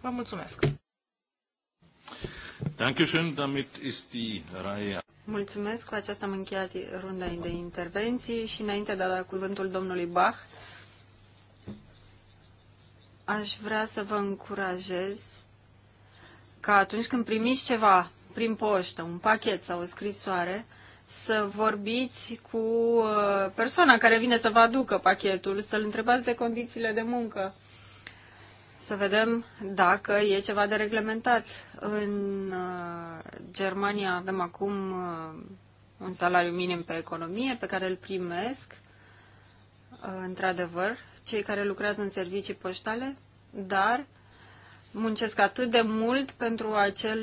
Speaker 2: Vă mulțumesc! Mulțumesc, cu aceasta am încheiat runda de intervenții și înainte de a da cuvântul domnului Bach, aș vrea să vă încurajez ca atunci când primiți ceva prin poștă, un pachet sau o scrisoare, să vorbiți cu uh, persoana care vine să vă aducă pachetul, să-l întrebați de condițiile de muncă, să vedem dacă e ceva de reglementat. În uh, Germania avem acum uh, un salariu minim pe economie pe care îl primesc, într-adevăr, cei care lucrează în servicii poștale, dar muncesc atât de mult pentru acel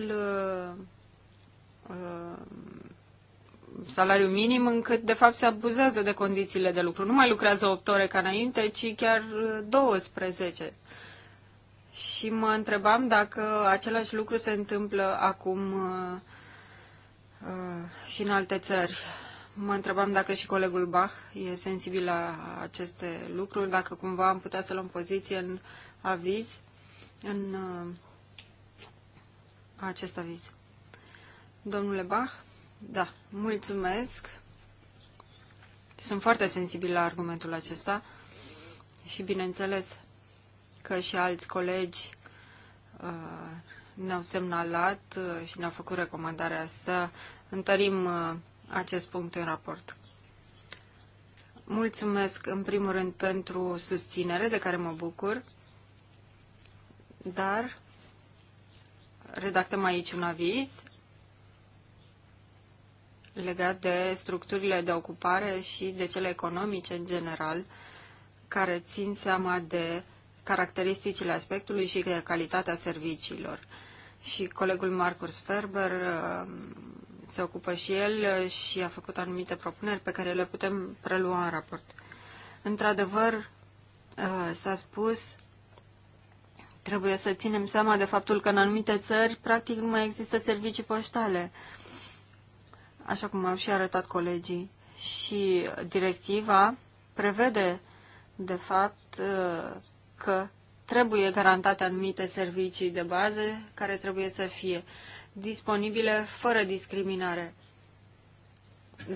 Speaker 2: uh, uh, salariu minim, încât de fapt se abuzează de condițiile de lucru. Nu mai lucrează 8 ore ca înainte, ci chiar 12. Uh, și mă întrebam dacă același lucru se întâmplă acum uh, uh și în alte țări. Mă întrebam dacă și colegul Bach e sensibil la aceste lucruri, dacă cumva am putea să luăm poziție în aviz, în uh, acest aviz. Domnule Bach, da, mulțumesc. Sunt foarte sensibil la argumentul acesta și bineînțeles că și alți colegi uh, ne-au semnalat uh, și ne-au făcut recomandarea să întărim uh, acest punct în raport. Mulțumesc, în primul rând, pentru susținere, de care mă bucur, dar redactăm aici un aviz legat de structurile de ocupare și de cele economice în general, care țin seama de caracteristicile aspectului și de calitatea serviciilor. Și colegul Marcus Ferber se ocupă și el și a făcut anumite propuneri pe care le putem prelua în raport. Într-adevăr, uh, s-a spus, trebuie să ținem seama de faptul că în anumite țări practic nu mai există servicii poștale, așa cum au și arătat colegii. Și directiva prevede, de fapt, uh, că trebuie garantate anumite servicii de bază care trebuie să fie uh, disponibile fără discriminare.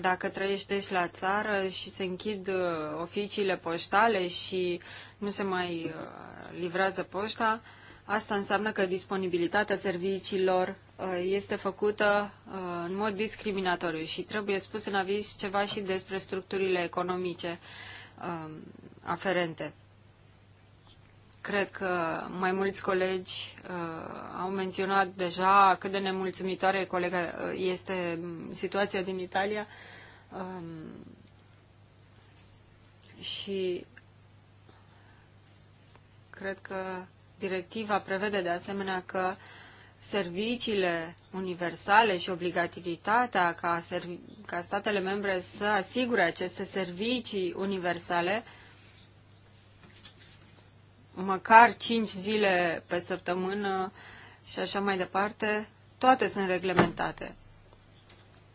Speaker 2: Dacă trăiești deci la țară și se închid uh, oficiile poștale și nu se mai uh, livrează poșta, asta înseamnă că disponibilitatea serviciilor uh, este făcută în mod discriminatoriu și trebuie spus în aviz ceva și despre structurile economice aferente. Cred că mai mulți colegi uh, au menționat deja cât de nemulțumitoare colega uh, este mm, situația din Italia um, și cred că directiva prevede de asemenea că serviciile universale și obligativitatea ca, ca statele membre să asigure aceste servicii universale uh, măcar 5 zile pe săptămână și așa mai departe, toate sunt reglementate.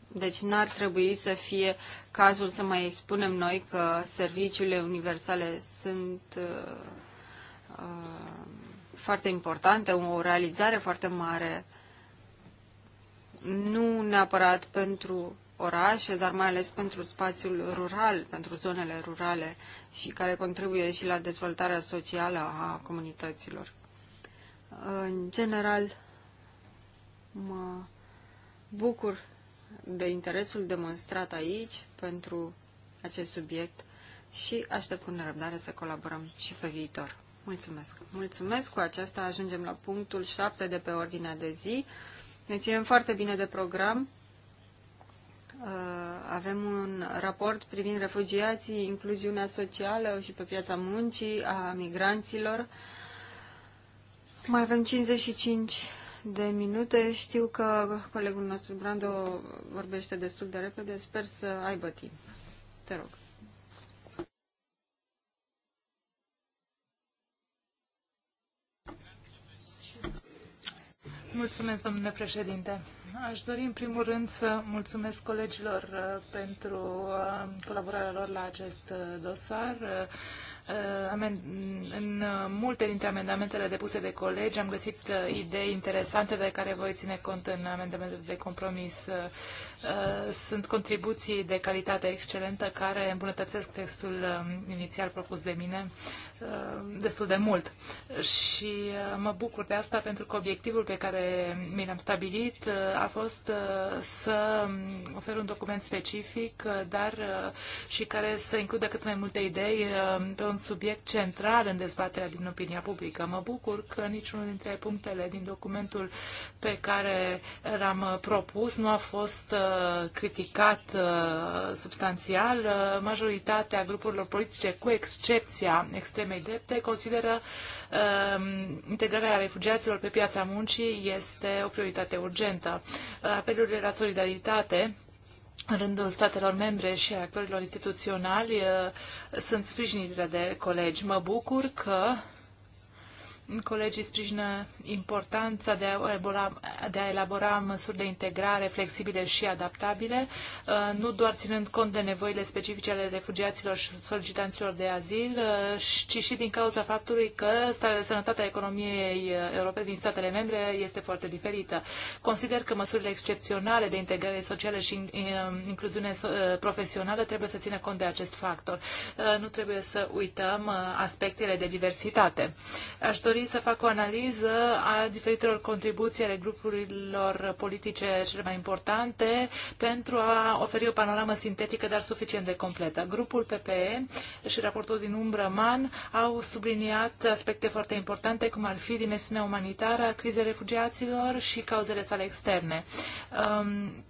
Speaker 2: Deci n-ar trebui să fie cazul să mai spunem noi că serviciile universale sunt uh, uh, foarte importante, o realizare foarte mare, nu neapărat pentru orașe, dar mai ales pentru spațiul rural, pentru zonele rurale și care contribuie și la dezvoltarea socială a comunităților. În general, mă bucur de interesul demonstrat aici pentru acest subiect și aștept cu nerăbdare să colaborăm și pe viitor. Mulțumesc! Mulțumesc! Cu aceasta ajungem la punctul 7 de pe ordinea de zi. Ne ținem foarte bine de program Uh, avem un raport privind refugiații, incluziunea socială și pe piața muncii a migranților. Mai avem 55 de minute. Știu că colegul nostru Brando vorbește destul de repede. Sper să aibă timp. Te rog.
Speaker 3: Mulțumesc, domnule președinte. Aș dori în primul rând să mulțumesc colegilor uh, pentru uh, colaborarea lor la acest uh, dosar. În multe dintre amendamentele depuse de colegi am găsit idei interesante de care voi ține cont în amendamentele de compromis. Sunt contribuții de calitate excelentă care îmbunătățesc textul inițial propus de mine destul de mult. Și mă bucur de asta pentru că obiectivul pe care mi l-am stabilit a fost uh, să um, ofer un document specific, uh, dar uh, și care să includă cât mai multe idei pe un subiect central în dezbaterea din opinia publică. Mă bucur că niciunul dintre punctele din documentul pe care l-am propus nu a fost criticat substanțial. Majoritatea grupurilor politice, cu excepția extremei drepte, consideră um, integrarea refugiaților pe piața muncii este o prioritate urgentă apelurile la solidaritate în rândul statelor membre și actorilor instituționali uh, sunt sprijinite de colegi. Mă bucur că Colegii sprijină importanța de a, elabora, de a elabora măsuri de integrare flexibile și adaptabile, uh, nu doar ținând cont de nevoile specifice ale refugiaților și solicitanților de azil, uh, ci și din cauza faptului că starea de sănătate a economiei uh, europene din statele membre este foarte diferită. Consider că măsurile excepționale de integrare socială și incluziune profesională trebuie să țină cont de acest factor. Nu trebuie să uităm aspectele de diversitate. Aș dori dori să fac o analiză a diferitelor contribuții ale grupurilor politice cele mai importante pentru a oferi o panoramă sintetică, dar suficient de completă. Grupul PPE și raportul din umbră MAN au subliniat aspecte foarte importante, cum ar fi dimensiunea umanitară a crizei refugiaților și cauzele sale externe. Um,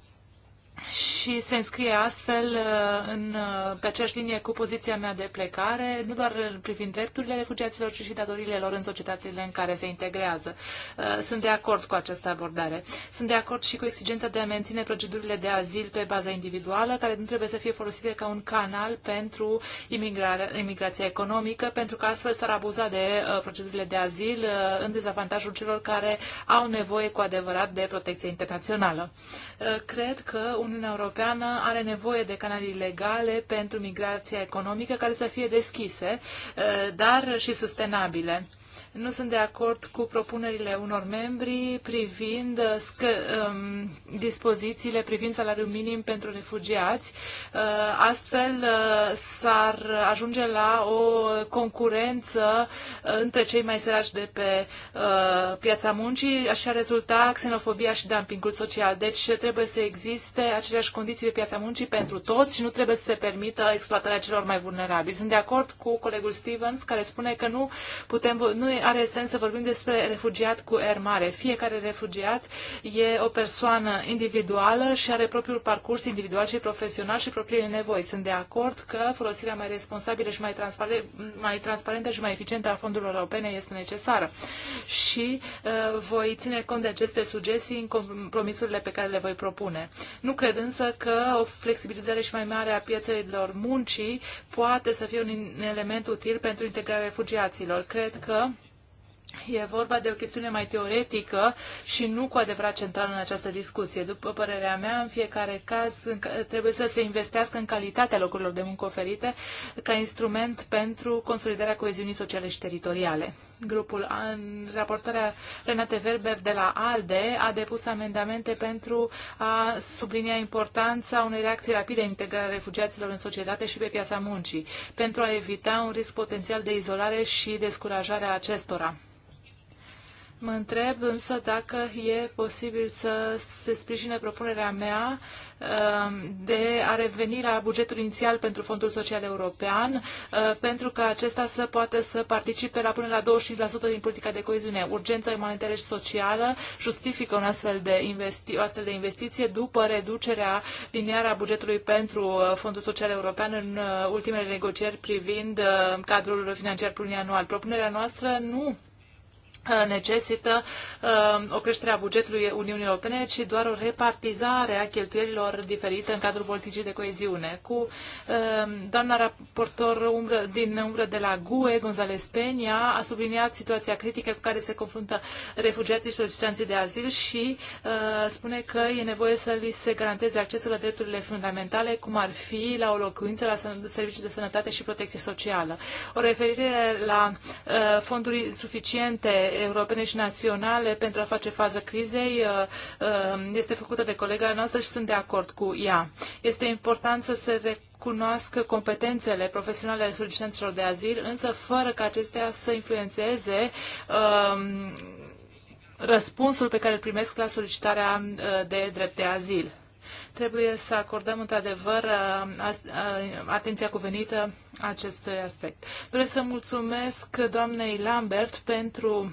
Speaker 3: și se înscrie astfel uh, în, uh, pe aceeași linie cu poziția mea de plecare, nu doar privind drepturile refugiaților, ci și datorile lor în societățile în care se integrează. Uh, sunt de acord cu această abordare. Sunt de acord și cu exigența de a menține procedurile de azil pe baza individuală, care nu trebuie să fie folosite ca un canal pentru imigrația economică, pentru că astfel s-ar abuza de procedurile de azil în dezavantajul celor care au nevoie cu adevărat de protecție internațională. Cred că un Uniunea Europeană are nevoie de canalii legale pentru migrația economică care să fie deschise, eh, dar și sustenabile. Nu sunt de acord cu propunerile unor membri privind uh, scă, um, dispozițiile privind salariul minim pentru refugiați. Uh, astfel uh, s-ar ajunge la o concurență uh, între cei mai săraci de pe uh, piața muncii așa ar rezulta xenofobia și dumpingul social. Deci trebuie să existe aceleași condiții pe piața muncii pentru toți și nu trebuie să se permită exploatarea celor mai vulnerabili. Sunt de acord cu colegul Stevens care spune că nu putem, nu e are sens să vorbim despre refugiat cu R mare. Fiecare refugiat e o persoană individuală și are propriul parcurs individual și profesional și propriile nevoi. Sunt de acord că folosirea mai responsabilă și mai, transpar- mai transparentă și mai eficientă a fondurilor europene este necesară. Și uh, voi ține cont de aceste sugestii în compromisurile pe care le voi propune. Nu cred însă că o flexibilizare și mai mare a piețelor muncii poate să fie un element util pentru integrarea refugiaților. Cred că E vorba de o chestiune mai teoretică și nu cu adevărat centrală în această discuție. După părerea mea, în fiecare caz trebuie să se investească în calitatea locurilor de muncă oferite ca instrument pentru consolidarea coeziunii sociale și teritoriale. Grupul în raportarea Renate Verber de la ALDE a depus amendamente pentru a sublinia importanța unei reacții rapide în integrarea refugiaților în societate și pe piața muncii, pentru a evita un risc potențial de izolare și descurajarea acestora. Mă întreb însă dacă e posibil să se sprijine propunerea mea um, de a reveni la bugetul inițial pentru Fondul Social European, uh, pentru că acesta să poată să participe la până la 25% din politica de coeziune. Urgența umanitară și socială justifică un astfel de investi- o astfel de investiție după reducerea lineară a bugetului pentru uh, Fondul Social European în uh, ultimele negocieri privind cadrul financiar plurianual. Propunerea noastră nu Uh, necesită uh, o creștere a bugetului Uniunii Europene, ci doar o repartizare a cheltuielilor diferite în cadrul politicii de coeziune. Cu uh, doamna raportor umbră, din umbră de la GUE, González Peña, a subliniat situația critică cu care se confruntă refugiații și solicitanții de azil și uh, spune că e nevoie să li se garanteze accesul la drepturile fundamentale, cum ar fi la o locuință, la servicii de sănătate și protecție socială. O referire la uh, fonduri suficiente europene și naționale pentru a face fază crizei uh, uh, este făcută de colega noastră și sunt de acord cu ea. Este important să se recunoască cunoască competențele profesionale ale solicitanților de azil, însă fără ca acestea să influențeze um, răspunsul pe care îl primesc la solicitarea uh, de drept de azil. Trebuie să acordăm într-adevăr atenția cuvenită acestui aspect. Doresc să mulțumesc doamnei Lambert pentru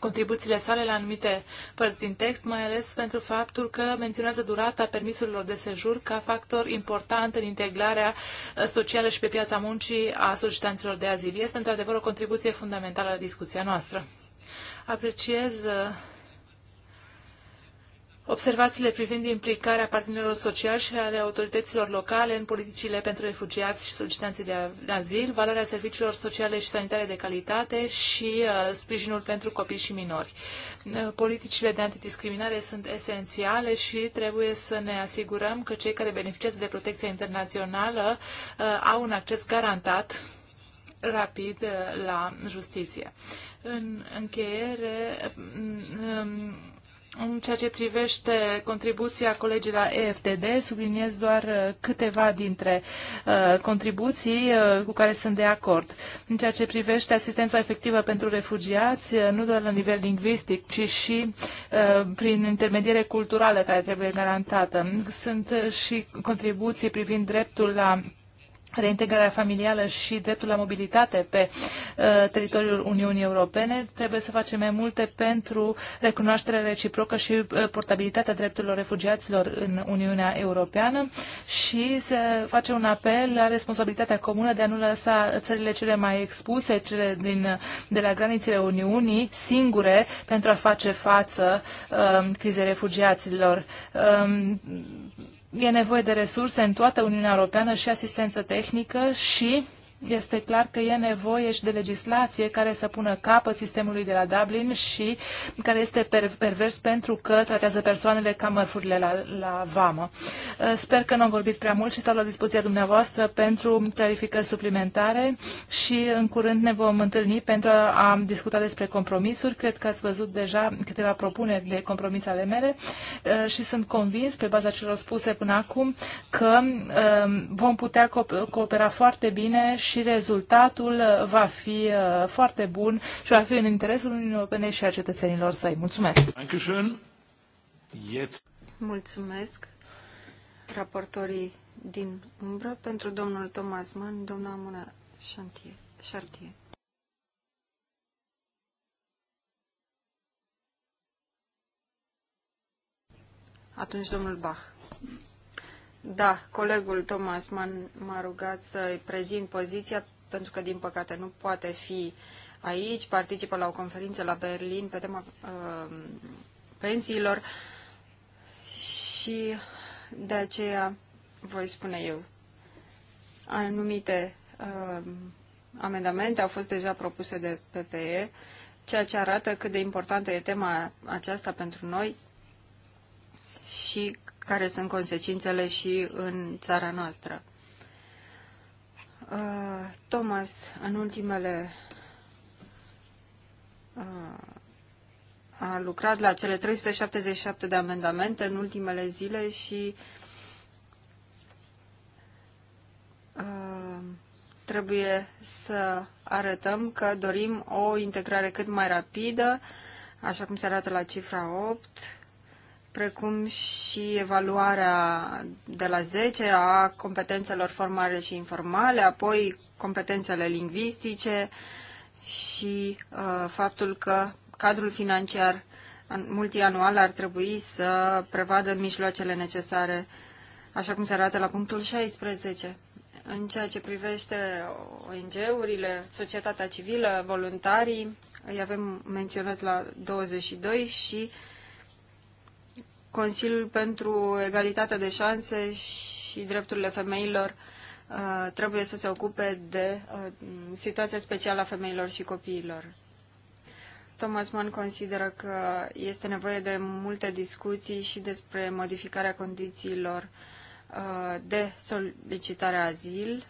Speaker 3: contribuțiile sale la anumite părți din text, mai ales pentru faptul că menționează durata permisurilor de sejur ca factor important în integrarea socială și pe piața muncii a solicitanților de azil. Este într-adevăr o contribuție fundamentală la discuția noastră. Apreciez observațiile privind implicarea partenerilor sociali și ale autorităților locale în politicile pentru refugiați și solicitanții de azil, valoarea serviciilor sociale și sanitare de calitate și uh, sprijinul pentru copii și minori. Uh, politicile de antidiscriminare sunt esențiale și trebuie să ne asigurăm că cei care beneficiază de protecția internațională uh, au un acces garantat rapid uh, la justiție. În încheiere, mm, mm, în ceea ce privește contribuția colegii la EFTD, subliniez doar uh, câteva dintre uh, contribuții uh, cu care sunt de acord. În ceea ce privește asistența efectivă pentru refugiați, nu doar la nivel lingvistic, ci și prin intermediere culturală care trebuie garantată. Sunt și contribuții privind dreptul la reintegrarea familială și dreptul la mobilitate pe uh, teritoriul Uniunii Europene. Trebuie să facem mai multe pentru recunoașterea reciprocă și uh, portabilitatea drepturilor refugiaților în Uniunea Europeană și să face un apel la responsabilitatea comună de a nu lăsa țările cele mai expuse, cele din, de la granițele Uniunii, singure pentru a face față uh, crizei refugiaților. Uh, e nevoie de resurse în toată Uniunea Europeană și asistență tehnică și este clar că e nevoie și de legislație care să pună capăt sistemului de la Dublin și care este pervers pentru că tratează persoanele ca mărfurile la, la vamă. Uh, sper că nu am vorbit prea mult și stau la dispoziția dumneavoastră pentru clarificări suplimentare și în curând ne vom întâlni pentru a discuta despre compromisuri. Cred că ați văzut deja câteva propuneri de compromis ale mele uh, și sunt convins, pe baza celor spuse până acum, că uh, vom putea coopera foarte bine și rezultatul va fi uh, foarte bun și va fi în interesul Uniunii Europene și a cetățenilor săi. Mulțumesc!
Speaker 2: Mulțumesc raportorii din umbră pentru domnul Thomas Mann, doamna Mona Chartier. Atunci domnul Bach. Da, colegul Thomas m-a rugat să-i prezint poziția pentru că, din păcate, nu poate fi aici. Participă la o conferință la Berlin pe tema uh, pensiilor și de aceea voi spune eu. Anumite uh, amendamente au fost deja propuse de PPE, ceea ce arată cât de importantă e tema aceasta pentru noi și care sunt consecințele și în țara noastră. Uh, Thomas, în ultimele uh, a lucrat la cele 377 de amendamente în ultimele zile și uh, trebuie să arătăm că dorim o integrare cât mai rapidă, așa cum se arată la cifra 8, precum și evaluarea de la 10 a competențelor formale și informale, apoi competențele lingvistice și uh, faptul că cadrul financiar multianual ar trebui să prevadă mijloacele necesare, așa cum se arată la punctul 16. În ceea ce privește ONG-urile, societatea civilă, voluntarii, îi avem menționat la 22 și uh, Consiliul pentru Egalitatea de Șanse și Drepturile Femeilor uh, trebuie să se ocupe de uh, situația specială a femeilor și copiilor. Thomas Mann consideră că este nevoie de multe discuții și despre modificarea condițiilor uh, de solicitare a azil,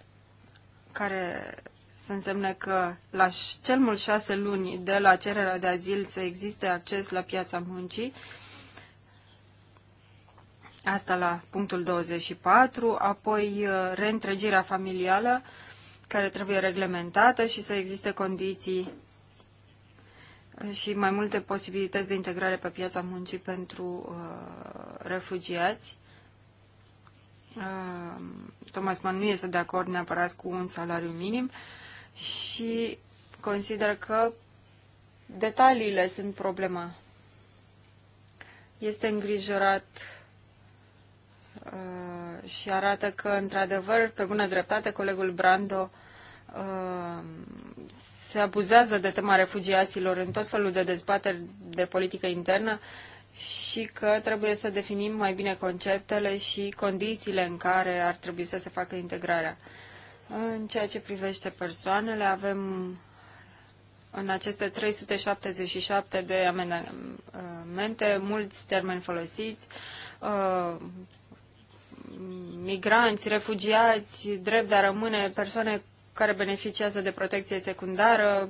Speaker 2: care să însemne că la cel mult șase luni de la cererea de azil să existe acces la piața muncii Asta la punctul 24, apoi uh, reîntregirea familială care trebuie reglementată și să existe condiții uh, și mai multe posibilități de integrare pe piața muncii pentru uh, refugiați. Uh, Thomas Mann nu este de acord neapărat cu un salariu minim și consider că detaliile sunt problema. Este îngrijorat Uh, și arată că, într-adevăr, pe bună dreptate, colegul Brando uh, se abuzează de tema refugiaților în tot felul de dezbateri de politică internă și că trebuie să definim mai bine conceptele și condițiile în care ar trebui să se facă integrarea. În ceea ce privește persoanele, avem în aceste 377 de amendamente mulți termeni folosiți, uh, migranți, refugiați, drept de a rămâne persoane care beneficiază de protecție secundară,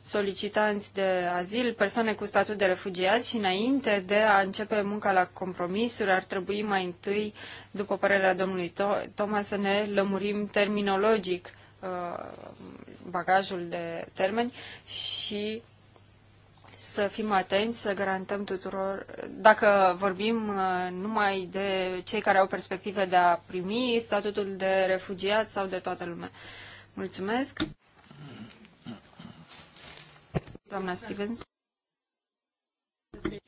Speaker 2: solicitanți de azil, persoane cu statut de refugiați și înainte de a începe munca la compromisuri, ar trebui mai întâi, după părerea domnului Toma, să ne lămurim terminologic uh, bagajul de termeni și să fim atenți, să garantăm tuturor, dacă vorbim uh, numai de cei care au perspective de a primi statutul de refugiat sau de toată lumea. Mulțumesc. Doamna Stevens.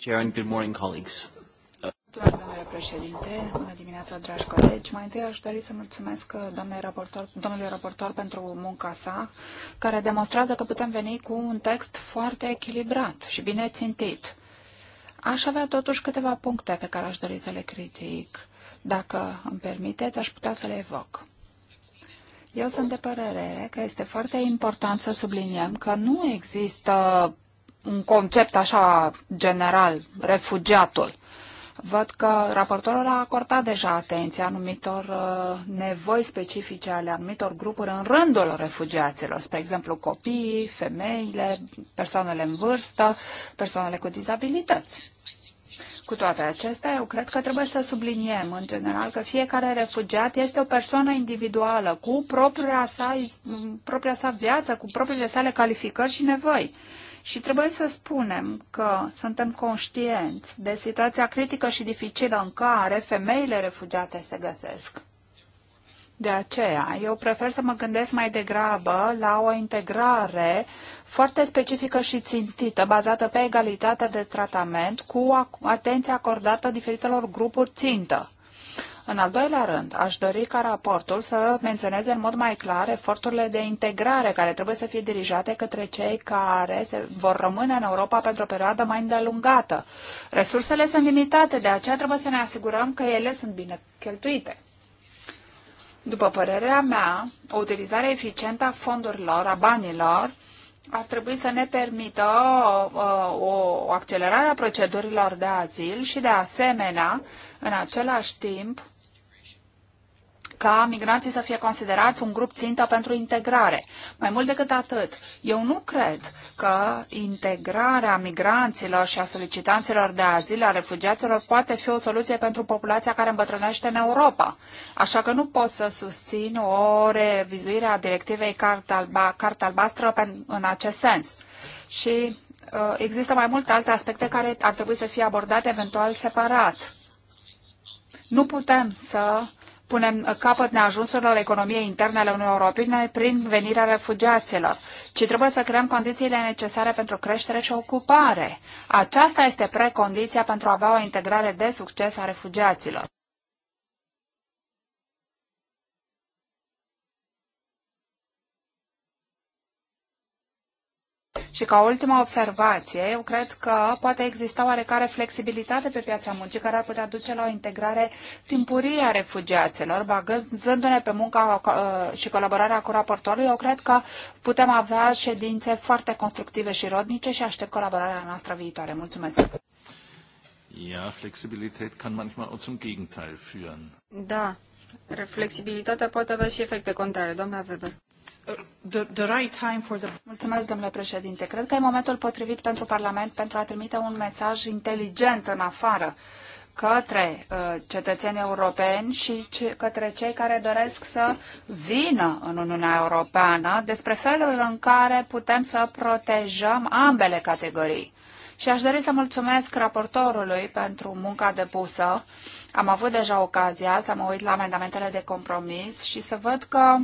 Speaker 3: Chair and good morning, colleagues.
Speaker 4: Bună dimineața, dragi colegi. Mai întâi aș dori să mulțumesc doamnei raportor, domnului raportor pentru munca sa, care demonstrează că putem veni cu un text foarte echilibrat și bine țintit. Aș avea totuși câteva puncte pe care aș dori să le critic. Dacă îmi permiteți, aș putea să le evoc. Eu sunt de părere că este foarte important să subliniem că nu există un concept așa general, refugiatul. Văd că raportorul a acordat deja atenție anumitor uh, nevoi specifice ale anumitor grupuri în rândul refugiaților, spre exemplu copiii, femeile, persoanele în vârstă, persoanele cu dizabilități. Cu toate acestea, eu cred că trebuie să subliniem, în general, că fiecare refugiat este o persoană individuală, cu propria sa, propria sa viață, cu propriile sale calificări și nevoi. Și trebuie să spunem că suntem conștienți de situația critică și dificilă în care femeile refugiate se găsesc. De aceea, eu prefer să mă gândesc mai degrabă la o integrare foarte specifică și țintită, bazată pe egalitatea de tratament, cu atenție acordată diferitelor grupuri țintă. În al doilea rând, aș dori ca raportul să menționeze în mod mai clar eforturile de integrare care trebuie să fie dirijate către cei care se vor rămâne în Europa pentru o perioadă mai îndelungată. Resursele sunt limitate, de aceea trebuie să ne asigurăm că ele sunt bine cheltuite. După părerea mea, o utilizare eficientă a fondurilor, a banilor, ar trebui să ne permită uh, o accelerare a procedurilor de azil și, de asemenea, în același timp, ca migranții să fie considerați un grup țintă pentru integrare. Mai mult decât atât, eu nu cred că integrarea migranților și a solicitanților de azil, a refugiaților, poate fi o soluție pentru populația care îmbătrânește în Europa. Așa că nu pot să susțin o revizuire a directivei Carta, alba, Albastră în acest sens. Și uh, există mai multe alte aspecte care ar trebui să fie abordate eventual separat. Nu putem să punem capăt neajunsurilor economiei interne ale Uniunii Europene prin venirea refugiaților, ci trebuie să creăm condițiile necesare pentru creștere și ocupare. Aceasta este precondiția pentru a avea o integrare de succes a refugiaților. Și ca ultima observație, eu cred că poate exista oarecare flexibilitate pe piața muncii care ar putea duce la o integrare timpurie a refugiaților, bagându-ne pe munca uh, și colaborarea cu raportorul, eu cred că putem avea ședințe foarte constructive și rodnice și aștept
Speaker 2: colaborarea noastră viitoare. Mulțumesc!
Speaker 1: Ja, Flexibilität kann manchmal auch zum Gegenteil führen.
Speaker 2: Da, flexibilitatea poate avea și efecte contrare. Doamna Weber the, the right time for the... Mulțumesc, domnule președinte. Cred că e momentul potrivit pentru
Speaker 4: Parlament pentru a trimite un mesaj inteligent în afară către uh, cetățenii europeni și ce, către cei care doresc să vină în Uniunea Europeană despre felul în care putem să protejăm ambele categorii. Și aș dori să mulțumesc raportorului pentru munca depusă. Am avut deja ocazia să mă uit la amendamentele de compromis și să văd că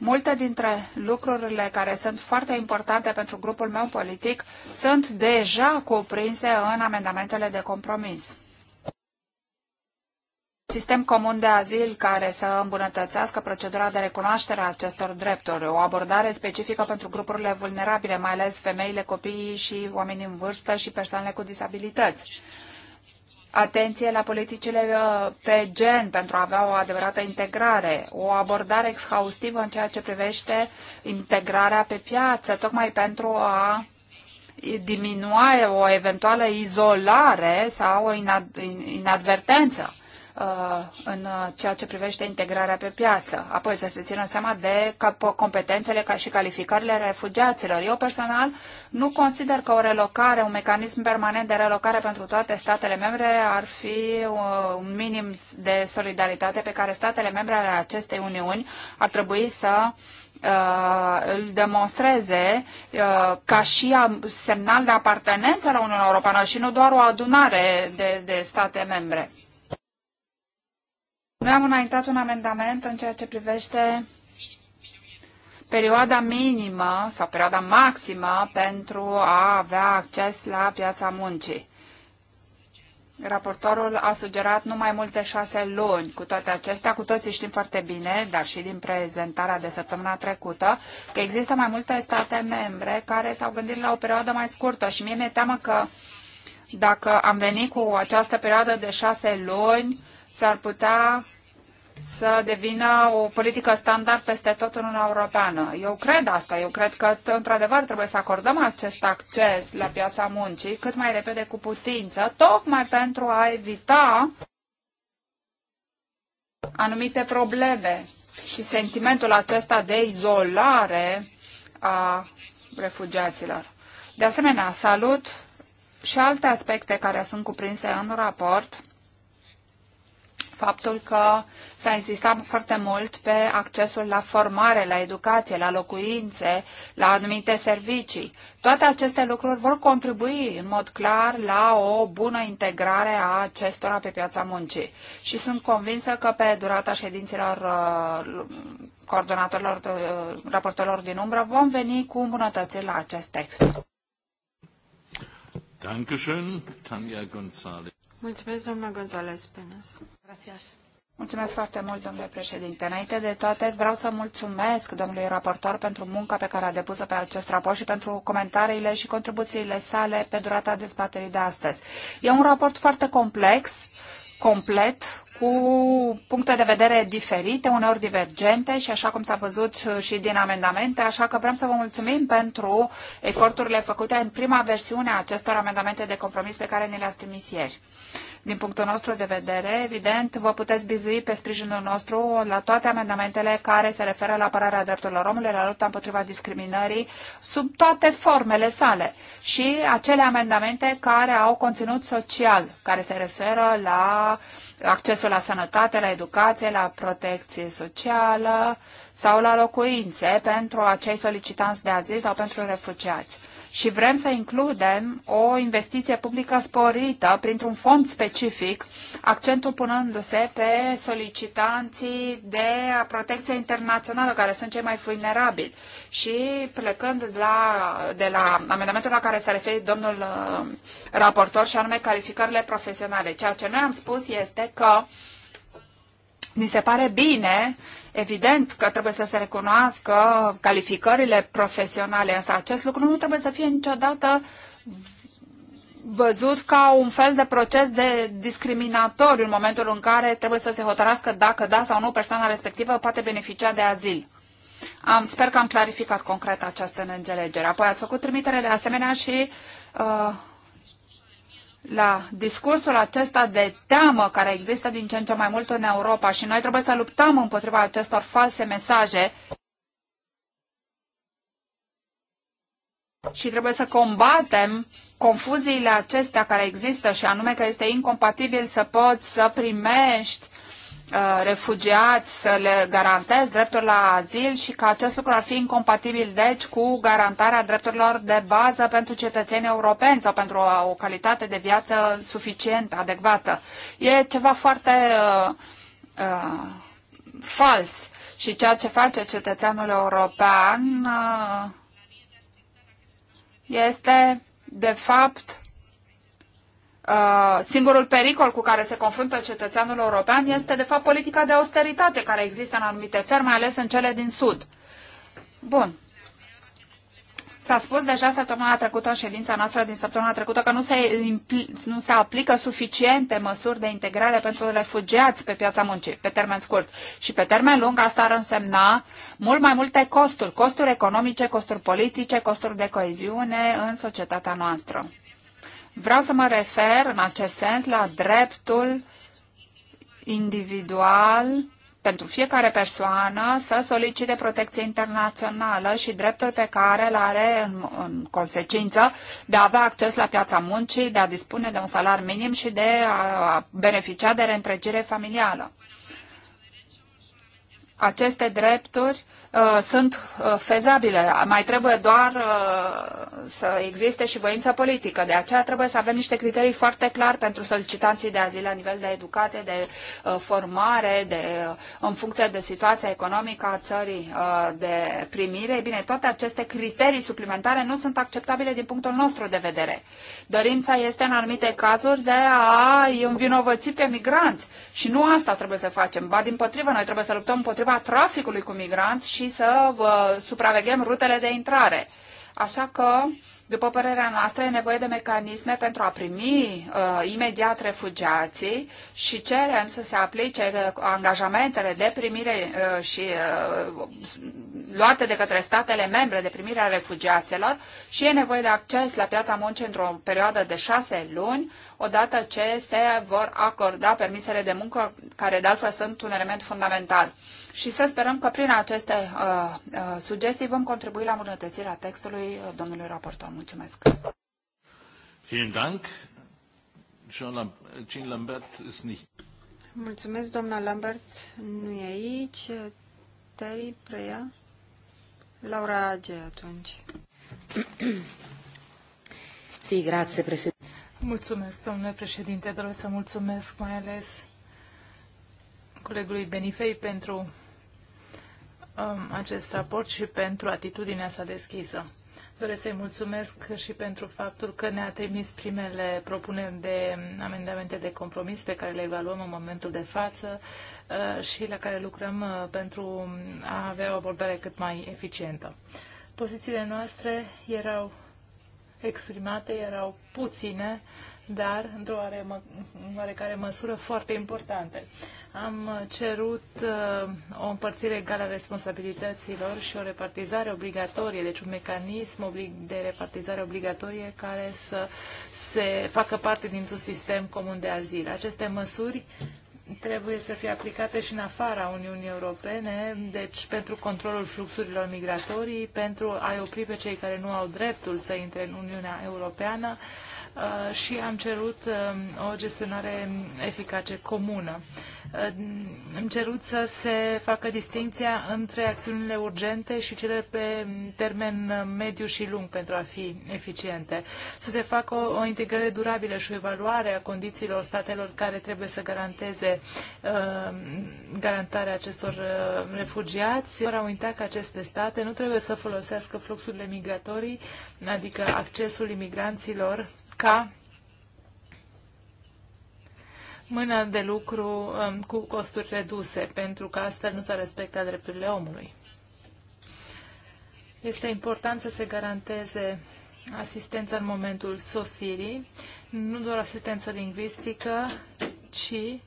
Speaker 4: Multe dintre lucrurile care sunt foarte importante pentru grupul meu politic sunt deja cuprinse în amendamentele de compromis sistem comun de azil care să îmbunătățească procedura de recunoaștere a acestor drepturi, o abordare specifică pentru grupurile vulnerabile, mai ales femeile, copiii și oamenii în vârstă și persoanele cu disabilități atenție la politicile uh, pe gen pentru a avea o adevărată integrare, o abordare exhaustivă în ceea ce privește integrarea pe piață, tocmai pentru a diminua o eventuală izolare sau o inadvertență Uh, în uh, ceea ce privește integrarea pe piață. Apoi să se țină seama de competențele ca și calificările refugiaților. Eu personal nu consider că o relocare, un mecanism permanent de relocare pentru toate statele membre ar fi uh, un minim de solidaritate pe care statele membre ale acestei Uniuni ar trebui să uh, îl demonstreze uh, ca și semnal de apartenență la Uniunea Europeană și nu doar o adunare de, de state membre. Noi am înaintat un amendament în ceea ce privește perioada minimă sau perioada maximă pentru a avea acces la piața muncii. Raportorul a sugerat nu mai multe șase luni. Cu toate acestea, cu toții știm foarte bine, dar și din prezentarea de săptămâna trecută, că există mai multe state membre care s-au gândit la o perioadă mai scurtă și mie mi-e teamă că dacă am venit cu această perioadă de șase luni, s-ar putea să devină o politică standard peste tot în Uniunea Europeană. Eu cred asta, eu cred că într-adevăr trebuie să acordăm acest acces la piața muncii cât mai repede cu putință, tocmai pentru a evita anumite probleme și sentimentul acesta de izolare a refugiaților. De asemenea, salut și alte aspecte care sunt cuprinse în raport, faptul că s-a insistat foarte mult pe accesul la formare, la educație, la locuințe, la anumite servicii. Toate aceste lucruri vor contribui în mod clar la o bună integrare a acestora pe piața muncii. Și sunt convinsă că pe durata ședinților uh, coordonatorilor, uh, raportorilor din umbră, vom veni cu îmbunătățiri la acest text.
Speaker 1: Dankeschön, Tanja González.
Speaker 4: Mulțumesc, doamna González
Speaker 2: Penas. Gracias.
Speaker 4: Mulțumesc foarte mult, domnule președinte. Înainte de toate, vreau să mulțumesc domnului raportor pentru munca pe care a depus-o pe acest raport și pentru comentariile și contribuțiile sale pe durata dezbaterii de astăzi. E un raport foarte complex complet cu puncte de vedere diferite, uneori divergente și așa cum s-a văzut și din amendamente, așa că vrem să vă mulțumim pentru eforturile făcute în prima versiune a acestor amendamente de compromis pe care ne le-ați trimis ieri. Din punctul nostru de vedere, evident, vă puteți bizui pe sprijinul nostru la toate amendamentele care se referă la apărarea drepturilor omului, la lupta împotriva discriminării, sub toate formele sale. Și acele amendamente care au conținut social, care se referă la accesul la sănătate, la educație, la protecție socială sau la locuințe pentru acei solicitanți de azil sau pentru refugiați și vrem să includem o investiție publică sporită printr-un fond specific, accentul punându-se pe solicitanții de protecție internațională, care sunt cei mai vulnerabili. Și plecând de la, de la amendamentul la care s-a referit domnul uh, raportor, și anume calificările profesionale, ceea ce noi am spus este că ni se pare bine Evident că trebuie să se recunoască calificările profesionale, însă acest lucru nu trebuie să fie niciodată văzut ca un fel de proces de discriminatoriu în momentul în care trebuie să se hotărască dacă da sau nu persoana respectivă poate beneficia de azil. Am, sper că am clarificat concret această neînțelegere. Apoi ați făcut trimitere de asemenea și uh, la discursul acesta de teamă care există din ce în ce mai mult în Europa și noi trebuie să luptăm împotriva acestor false mesaje și trebuie să combatem confuziile acestea care există și anume că este incompatibil să poți să primești Uh, refugiați, să le garantez dreptul la azil și că acest lucru ar fi incompatibil, deci, cu garantarea drepturilor de bază pentru cetățenii europeni sau pentru o calitate de viață suficient, adecvată. E ceva foarte uh, uh, fals și ceea ce face cetățeanul european uh, este, de fapt, Uh, singurul pericol cu care se confruntă cetățeanul european este, de fapt, politica de austeritate care există în anumite țări, mai ales în cele din Sud. Bun. S-a spus deja săptămâna trecută în ședința noastră din săptămâna trecută că nu se, nu se aplică suficiente măsuri de integrare pentru refugiați pe piața muncii, pe termen scurt. Și pe termen lung asta ar însemna mult mai multe costuri, costuri economice, costuri politice, costuri de coeziune în societatea noastră. Vreau să mă refer în acest sens la dreptul individual pentru fiecare persoană să solicite protecție internațională și dreptul pe care îl are în, în consecință de a avea acces la piața muncii, de a dispune de un salar minim și de a beneficia de reîntregire familială. Aceste drepturi Uh, sunt uh, fezabile. Mai trebuie doar uh, să existe și voință politică. De aceea trebuie să avem niște criterii foarte clar pentru solicitanții de azil la nivel de educație, de uh, formare, de, uh, în funcție de situația economică a țării uh, de primire. bine, toate aceste criterii suplimentare nu sunt acceptabile din punctul nostru de vedere. Dorința este în anumite cazuri de a învinovăți pe migranți și nu asta trebuie să facem. Ba din potrivă, noi trebuie să luptăm împotriva traficului cu migranți și să uh, supraveghem rutele de intrare. Așa că, după părerea noastră, e nevoie de mecanisme pentru a primi uh, imediat refugiații și cerem să se aplice uh, angajamentele de primire uh, și uh, luate de către statele membre de primire a refugiaților și e nevoie de acces la piața muncii într-o perioadă de șase luni, odată ce se vor acorda permisele de muncă, care de altfel sunt un element fundamental și să sperăm că prin aceste uh, uh, sugestii vom contribui la îmbunătățirea textului uh, domnului raportor. Mulțumesc!
Speaker 1: Vielen Dank. Jean Lambert ist nicht.
Speaker 2: Mulțumesc, doamna Lambert nu e aici. Terry Preia. Laura Age atunci.
Speaker 4: Sì, *clears throat* grazie, președinte.
Speaker 3: Mulțumesc, domnule președinte. Doresc să mulțumesc mai ales colegului Benifei pentru acest raport și pentru atitudinea sa deschisă. Doresc să-i mulțumesc și pentru faptul că ne-a trimis primele propuneri de amendamente de compromis pe care le evaluăm în momentul de față uh, și la care lucrăm uh, pentru a avea o abordare cât mai eficientă. Pozițiile noastre erau exprimate, erau puține, dar într-o oarecare măsură foarte importante. Am cerut uh, o împărțire egală a responsabilităților și o repartizare obligatorie, deci un mecanism oblig- de repartizare obligatorie care să se facă parte dintr-un sistem comun de azil. Aceste măsuri trebuie să fie aplicate și în afara Uniunii Europene, deci pentru controlul fluxurilor migratorii, pentru a opri pe cei care nu au dreptul să intre în Uniunea Europeană, uh, Uh, și am cerut um, o gestionare eficace comună. Uh, am cerut să se facă distinția între acțiunile urgente și cele pe termen mediu și lung pentru a fi eficiente. Să se facă o, o integrare durabilă și o evaluare a condițiilor statelor care trebuie să garanteze uh, garantarea acestor uh, refugiați. Fără a uita că aceste state nu trebuie să folosească fluxurile migratorii, adică accesul imigranților ca mână de lucru um, cu costuri reduse, pentru că astfel nu s-a respectat drepturile omului. Este important să se garanteze asistența în momentul sosirii, nu doar asistență lingvistică, ci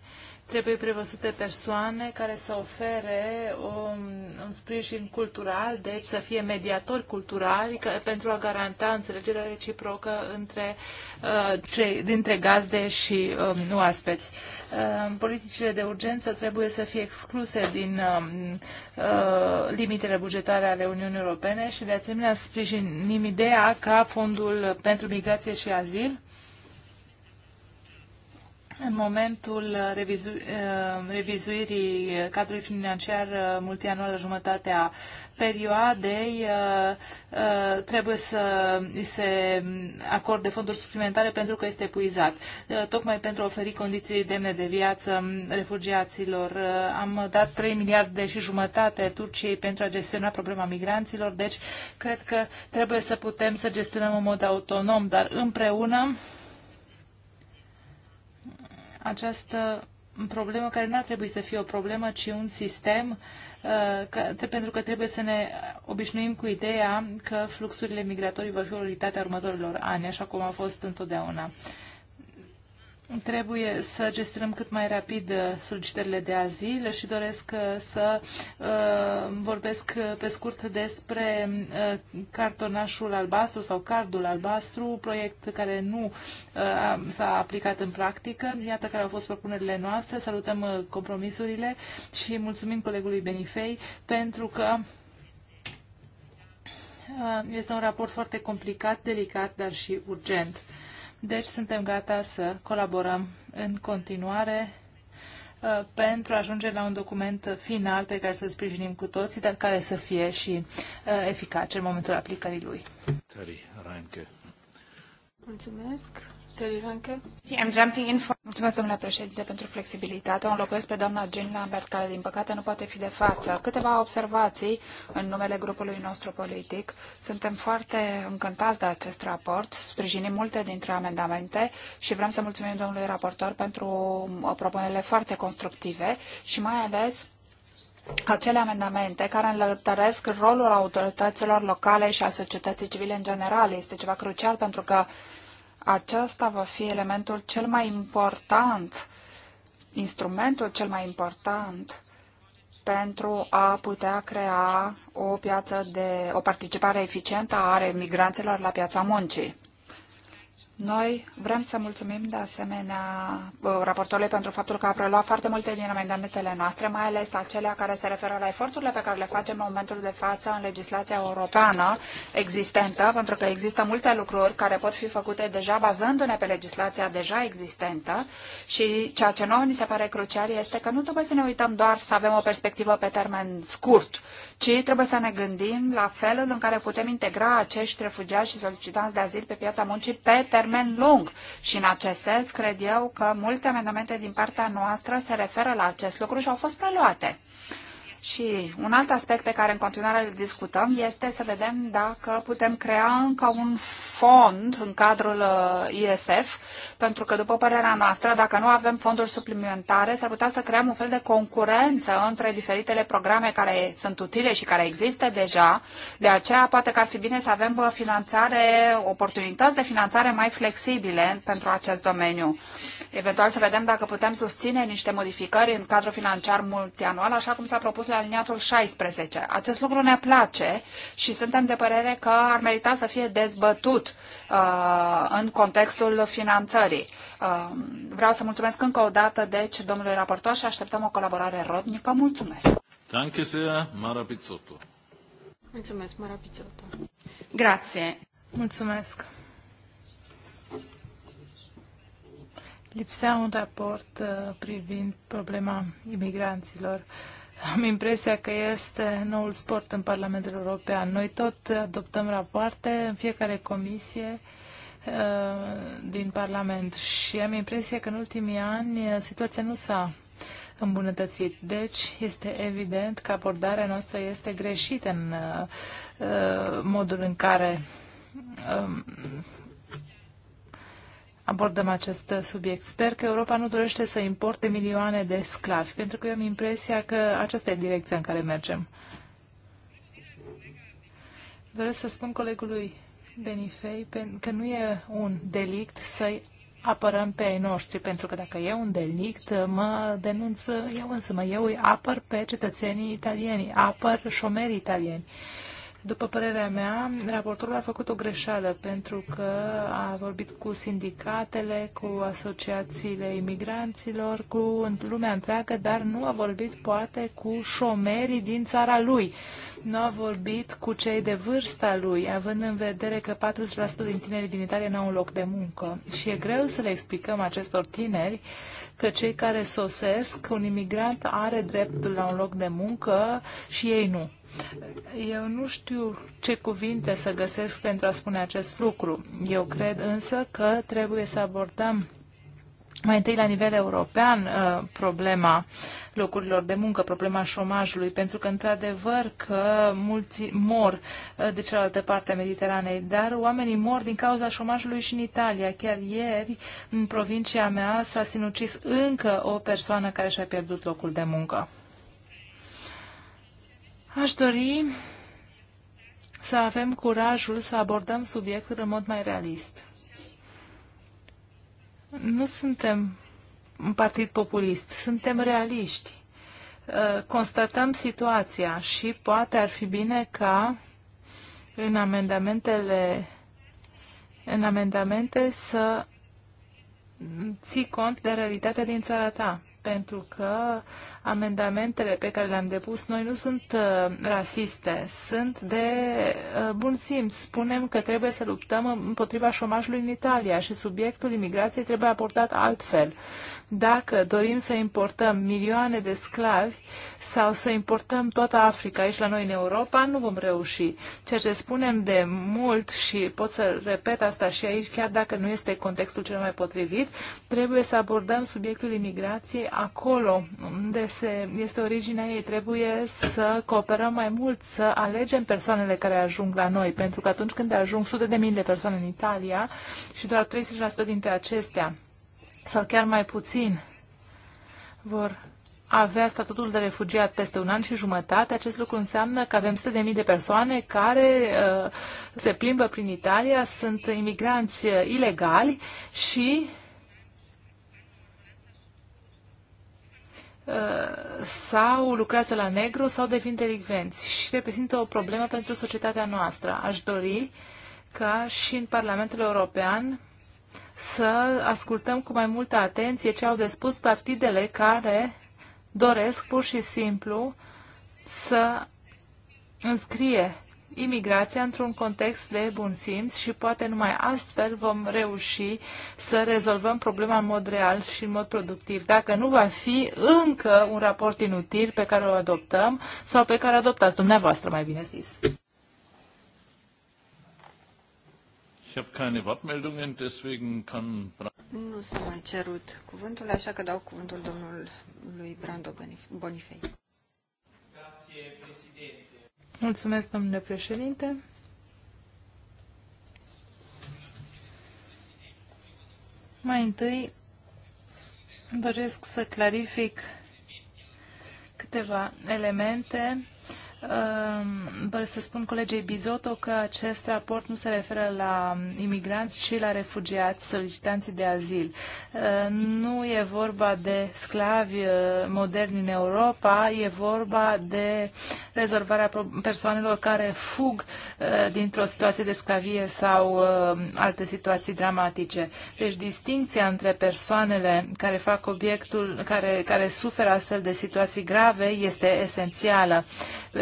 Speaker 3: Trebuie prevăzute persoane care să ofere un, un sprijin cultural, deci să fie mediatori culturali că, pentru a garanta înțelegerea reciprocă între, uh, ce, dintre gazde și um, oaspeți. Uh, politicile de urgență trebuie să fie excluse din uh, uh, limitele bugetare ale Uniunii Europene și de asemenea sprijinim ideea ca fondul pentru migrație și azil în momentul uh, revizu uh, revizuirii cadrului financiar uh, multianual la jumătatea perioadei, trebuie să se acorde fonduri suplimentare pentru că este epuizat, tocmai pentru a oferi condiții demne de viață refugiaților. Am dat 3 miliarde și jumătate Turciei pentru a gestiona problema migranților, deci cred că trebuie să putem să gestionăm în mod autonom, dar împreună această problemă care nu ar trebui să fie o problemă, ci un sistem, uh, că, pentru că trebuie să ne obișnuim cu ideea că fluxurile migratorii vor fi o realitate a următorilor ani, așa cum a fost întotdeauna. Trebuie să gestionăm cât mai rapid uh, solicitările de azil și doresc uh, să uh, vorbesc pe scurt despre cartonașul albastru sau cardul albastru, proiect care nu s-a aplicat în practică. Iată care au fost propunerile noastre. Salutăm compromisurile și mulțumim colegului Benifei pentru că este un raport foarte complicat, delicat, dar și urgent. Deci suntem gata să colaborăm în continuare uh, pentru a ajunge la un document final pe care să-l sprijinim cu toții, dar care să fie și uh, eficace în momentul aplicării lui.
Speaker 2: Mulțumesc.
Speaker 4: Mulțumesc, domnule președinte, pentru flexibilitate. O înlocuiesc pe doamna Jean Lambert, care, din păcate, nu poate fi de față. Câteva observații în numele grupului nostru politic. Suntem foarte încântați de acest raport, sprijinim multe dintre amendamente și vrem să mulțumim domnului raportor pentru uh, propunerile foarte constructive și mai ales acele amendamente care înlătăresc rolul autorităților locale și a societății civile în general. Este ceva crucial pentru că aceasta va fi elementul cel mai important, instrumentul cel mai important pentru a putea crea o piață de o participare eficientă a migranților la piața muncii. Noi vrem să mulțumim de asemenea raportorului pentru faptul că a preluat foarte multe din amendamentele noastre, mai ales acelea care se referă la eforturile pe care le facem în momentul de față în legislația europeană existentă, pentru că există multe lucruri care pot fi făcute deja bazându-ne pe legislația deja existentă și ceea ce nouă ni se pare crucial este că nu trebuie să ne uităm doar să avem o perspectivă pe termen scurt, ci trebuie să ne gândim la felul în care putem integra acești refugiați și solicitanți de azil pe piața muncii pe termen lung. Și în acest sens, cred eu că multe amendamente din partea noastră se referă la acest lucru și au fost preluate. Și un alt aspect pe care în continuare îl discutăm este să vedem dacă putem crea încă un fond în cadrul uh, ISF, pentru că, după părerea noastră, dacă nu avem fonduri suplimentare, s-ar putea să creăm un fel de concurență între diferitele programe care sunt utile și care există deja. De aceea, poate că ar fi bine să avem uh, finanțare, oportunități de finanțare mai flexibile pentru acest domeniu. Eventual să vedem dacă putem susține niște modificări în cadrul financiar multianual, așa cum s-a propus la aliniatul 16. Acest lucru ne place și suntem de părere că ar merita să fie dezbătut uh, în contextul finanțării. Uh, vreau să mulțumesc încă o dată, deci, domnului raportor și așteptăm o colaborare rodnică. Mulțumesc!
Speaker 1: Danke sehr, Mara Pizzotto.
Speaker 2: Mulțumesc, Mara Pizzotto. Grazie. Mulțumesc.
Speaker 3: Lipsea un raport uh, privind problema imigranților am impresia că este noul sport în Parlamentul European. Noi tot adoptăm rapoarte în fiecare comisie uh, din Parlament și am impresia că în ultimii ani uh, situația nu s-a îmbunătățit. Deci, este evident că abordarea noastră este greșită în uh, modul în care um, abordăm acest subiect. Sper că Europa nu dorește să importe milioane de sclavi, pentru că eu am impresia că aceasta e direcția în care mergem. Doresc să spun colegului Benifei că nu e un delict să-i apărăm pe ei noștri, pentru că dacă e un delict, mă denunță. eu însă, mă eu îi apăr pe cetățenii italieni, apăr șomerii italieni. Uh, după părerea mea, raportorul a făcut o greșeală pentru că a vorbit cu sindicatele, cu asociațiile imigranților, cu lumea întreagă, dar nu a vorbit poate cu șomerii din țara lui. Nu a vorbit cu cei de vârsta lui, având în vedere că 40% din tinerii din Italia nu au un loc de muncă. Și e greu să le explicăm acestor tineri că cei care sosesc, un imigrant are dreptul la un loc de muncă și ei nu. Eu nu știu ce cuvinte să găsesc pentru a spune acest lucru. Eu cred însă că trebuie să abordăm mai întâi, la nivel european, uh, problema locurilor de muncă, problema șomajului, pentru că, într-adevăr, că mulți mor uh, de cealaltă parte a Mediteranei, dar oamenii mor din cauza șomajului și în Italia. Chiar ieri, în provincia mea, s-a sinucis încă o persoană care și-a pierdut locul de muncă. Aș dori să avem curajul să abordăm subiectul în mod mai realist. Nu suntem un partid populist, suntem realiști. Uh, constatăm situația și poate ar fi bine ca în amendamentele în amendamente să ții cont de realitatea din țara ta pentru că amendamentele pe care le-am depus noi nu sunt uh, rasiste, sunt de uh, bun simț. Spunem că trebuie să luptăm împotriva șomajului în Italia și subiectul imigrației trebuie abordat altfel. Dacă dorim să importăm milioane de sclavi sau să importăm toată Africa aici la noi în Europa, nu vom reuși. Ceea ce spunem de mult și pot să repet asta și aici, chiar dacă nu este contextul cel mai potrivit, trebuie să abordăm subiectul imigrației acolo unde se, este originea ei. Trebuie să cooperăm mai mult, să alegem persoanele care ajung la noi, pentru că atunci când ajung sute de mii de persoane în Italia și doar 30% dintre acestea sau chiar mai puțin vor avea statutul de refugiat peste un an și jumătate. Acest lucru înseamnă că avem 100.000 de persoane care uh, se plimbă prin Italia, sunt imigranți uh, ilegali și uh, sau lucrează la negru sau devin delicvenți și reprezintă o problemă pentru societatea noastră. Aș dori ca și în Parlamentul European să ascultăm cu mai multă atenție ce au de spus partidele care doresc pur și simplu să înscrie imigrația într-un context de bun simț și poate numai astfel vom reuși să rezolvăm problema în mod real și în mod productiv. Dacă nu va fi încă un raport inutil pe care o adoptăm sau pe care adoptați dumneavoastră, mai bine zis.
Speaker 1: Ich habe keine Wortmeldungen, deswegen kann Nu s-a mai
Speaker 2: cerut cuvântul, așa că dau cuvântul domnului Brando Bonifei.
Speaker 3: Mulțumesc, domnule președinte. Mai întâi doresc să clarific câteva elemente Vreau să spun colegei Bizoto că acest raport nu se referă la imigranți, ci la refugiați, solicitanții de azil. Nu e vorba de sclavi uh, moderni în Europa, e vorba de rezolvarea persoanelor care fug uh, dintr-o situație de sclavie sau uh, alte situații dramatice. Deci distinția între persoanele care fac obiectul, care, care suferă astfel de situații grave este esențială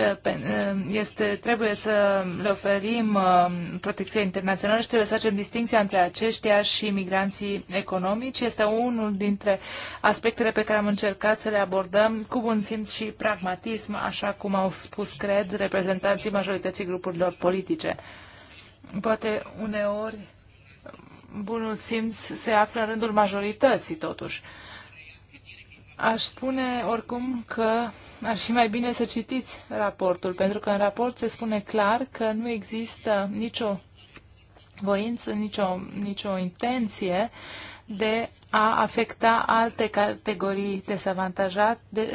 Speaker 3: Eh, este, trebuie să le oferim eh, protecție internațională și trebuie să facem distinția între aceștia și migranții economici. Este unul dintre aspectele pe care am încercat să le abordăm cu bun simț și pragmatism, așa cum au spus, cred, reprezentanții majorității grupurilor politice. Poate uneori bunul simț se află în rândul majorității, totuși. Uh, Aș spune oricum că ar fi mai bine să citiți raportul, pentru că în raport se spune clar că nu există nicio voință, nicio, nicio intenție de a afecta alte categorii dezavantajate. De,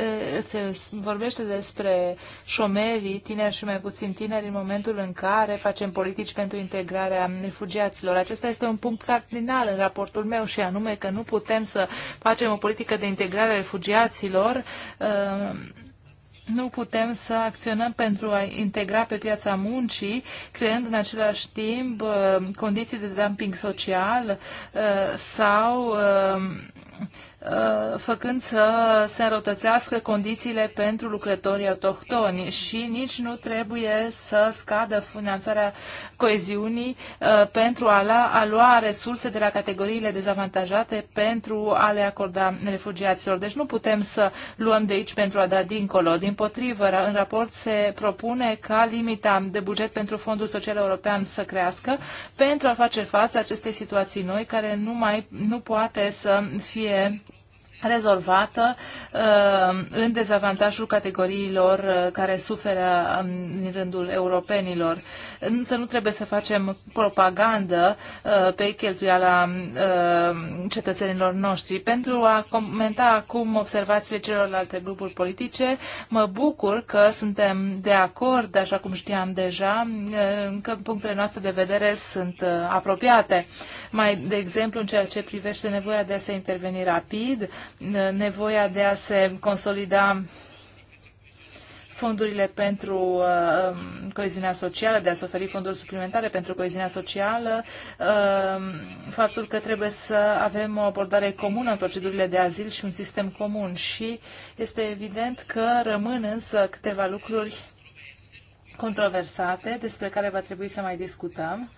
Speaker 3: se vorbește despre șomerii, tineri și mai puțin tineri, în momentul în care facem politici pentru integrarea refugiaților. Acesta este un punct cardinal în raportul meu și anume că nu putem să facem o politică de integrare a refugiaților uh, nu putem să acționăm pentru a integra pe piața muncii, creând în același timp uh, condiții de dumping social uh, sau uh, Uh, făcând să se înrăutățească condițiile pentru lucrătorii autohtoni și nici nu trebuie să scadă finanțarea coeziunii uh, pentru a, lua, a lua resurse de la categoriile dezavantajate pentru a le acorda refugiaților. Deci nu putem să luăm de aici pentru a da dincolo. Din potrivă, în raport se propune ca limita de buget pentru Fondul Social European să crească pentru a face față acestei situații noi care nu mai nu poate să fie rezolvată uh, în dezavantajul categoriilor uh, care suferă în um, rândul europenilor. Însă nu trebuie să facem propagandă uh, pe cheltuiala cetățenilor noștri. Pentru a comenta acum observațiile celorlalte grupuri politice, mă bucur că suntem de acord, așa cum știam deja, că punctele noastre de vedere sunt apropiate. Mai, de exemplu, în ceea ce privește nevoia de a se interveni rapid, nevoia de a se consolida fondurile pentru uh, coeziunea socială, de a se oferi fonduri suplimentare pentru coeziunea socială, uh, faptul că trebuie să avem o abordare comună în procedurile de azil și un sistem comun. Și este evident că rămân însă câteva lucruri controversate despre care va trebui să mai discutăm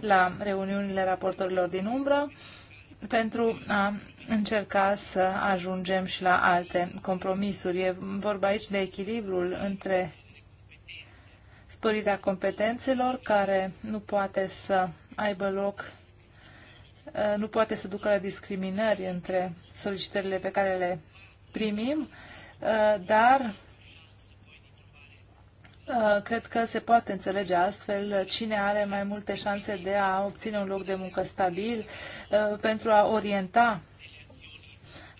Speaker 3: la reuniunile raportorilor din umbră. Uh, pentru a încerca să ajungem și la alte compromisuri. E vorba aici de echilibrul între sporirea competențelor, care nu poate să aibă loc, uh, nu poate să ducă la discriminări între solicitările pe care le primim, uh, dar Uh, cred că se poate înțelege astfel cine are mai multe șanse de a obține un loc de muncă stabil uh, pentru a orienta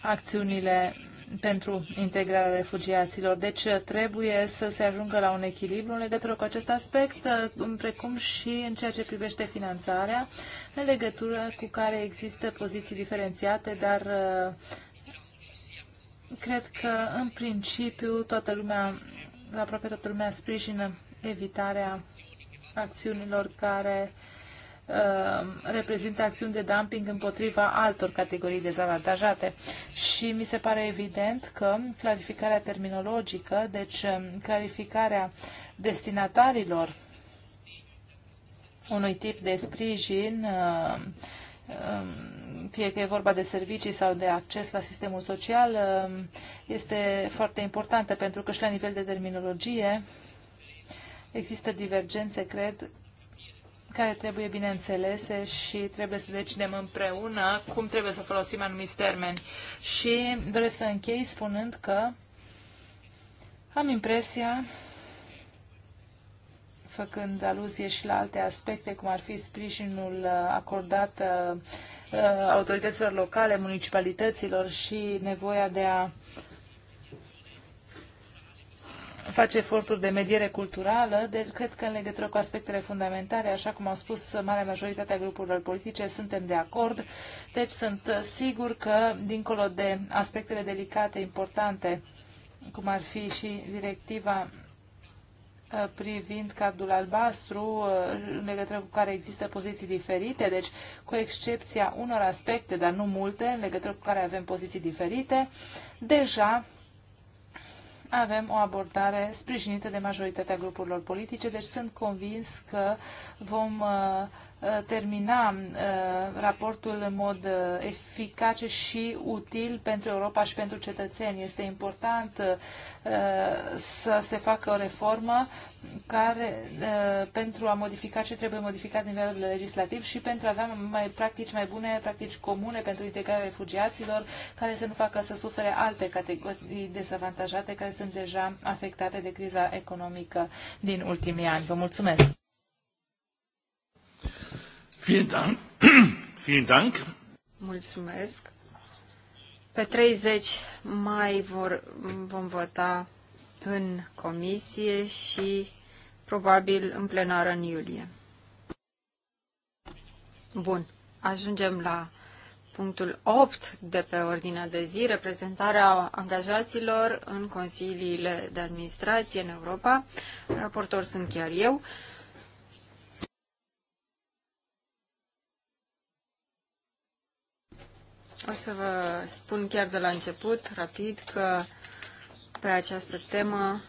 Speaker 3: acțiunile pentru integrarea refugiaților. Deci uh, trebuie să se ajungă la un echilibru în legătură cu acest aspect, precum și în ceea ce privește finanțarea, în legătură cu care există poziții diferențiate, dar cred că în principiu toată lumea aproape toată lumea sprijină evitarea acțiunilor care uh, reprezintă acțiuni de dumping împotriva altor categorii dezavantajate. Și mi se pare evident că clarificarea terminologică, deci um, clarificarea destinatarilor unui tip de sprijin uh, uh, fie că e vorba de servicii sau de acces la sistemul social, um, este foarte importantă pentru că și la nivel de terminologie există divergențe, cred, care trebuie bine înțelese și trebuie să decidem împreună cum trebuie să folosim anumiți termeni. Și vreau să închei spunând că am impresia făcând aluzie și la alte aspecte, cum ar fi sprijinul acordat uh, uh, autorităților locale, municipalităților și nevoia de a face eforturi de mediere culturală, deci cred că în legătură cu aspectele fundamentale, așa cum au spus marea majoritatea grupurilor politice, suntem de acord. Deci sunt uh, sigur că, dincolo de aspectele delicate, importante, cum ar fi și directiva Uh, privind cardul albastru, uh, în legătură cu care există poziții diferite, deci cu excepția unor aspecte, dar nu multe, în legătură cu care avem poziții diferite, deja avem o abordare sprijinită de majoritatea grupurilor politice, deci sunt convins că vom uh, Uh, termina uh, raportul în mod uh, eficace și util pentru Europa și pentru cetățeni. Este important să se facă o reformă care, pentru a modifica ce trebuie modificat nivelul legislativ și pentru a avea mai practici mai bune, practici comune pentru integrarea refugiaților, care să nu facă să sufere alte categorii dezavantajate care sunt deja afectate de criza economică din ultimii ani. Vă mulțumesc!
Speaker 1: *clears throat*
Speaker 2: Mulțumesc. Pe 30 mai vor, vom vota în comisie și probabil în plenară în iulie. Bun, ajungem la punctul 8 de pe ordinea de zi, reprezentarea angajaților în consiliile de administrație în Europa. Raportor sunt chiar eu. Uh, O să vă spun chiar de la început, rapid, că pe această temă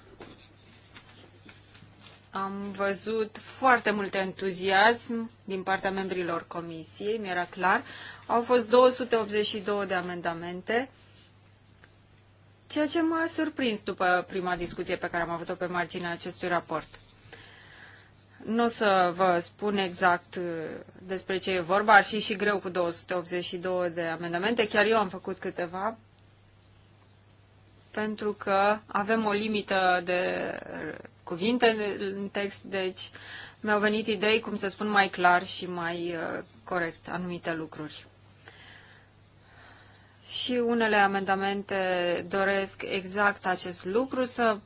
Speaker 2: am văzut foarte mult entuziasm din partea membrilor comisiei, mi-era clar. Au fost 282 de amendamente, ceea ce m-a surprins după prima discuție pe care am avut-o pe marginea acestui raport. Nu o să vă spun exact uh, despre ce e vorba, ar fi și greu cu 282 de amendamente, chiar eu am făcut câteva, pentru că avem o limită de uh, cuvinte în text, deci mi-au venit idei cum să spun mai clar și mai uh, corect anumite lucruri. Și unele amendamente doresc exact acest lucru, să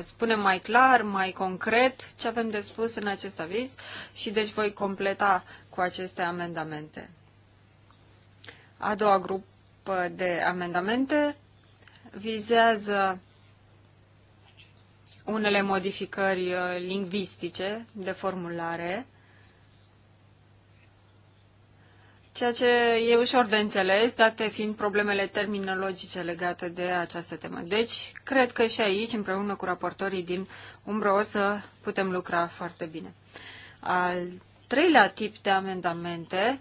Speaker 2: spunem mai clar, mai concret ce avem de spus în acest aviz și deci voi completa cu aceste amendamente. A doua grupă de amendamente vizează unele modificări uh, lingvistice de formulare Ceea ce e ușor de înțeles, date fiind problemele terminologice legate de această temă. Deci, cred că și aici, împreună cu raportorii din umbră, o să putem lucra foarte bine. Al treilea tip de amendamente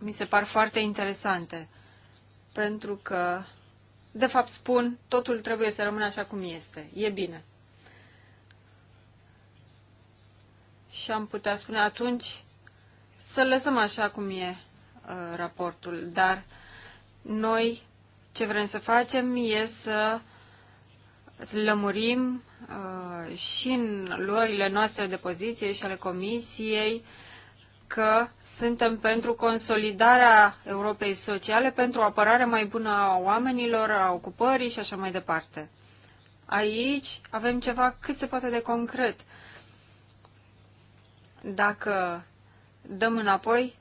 Speaker 2: mi se par foarte interesante, pentru că, de fapt, spun, totul trebuie să rămână așa cum este. E bine. Și am putea spune atunci să lăsăm așa cum e uh, raportul, dar noi ce vrem să facem e să, lămurim uh, și în luările noastre de poziție și ale comisiei că suntem pentru consolidarea Europei sociale, pentru o apărare mai bună a oamenilor, a ocupării și așa mai departe. Aici avem ceva cât se poate de concret. Dacă dăm înapoi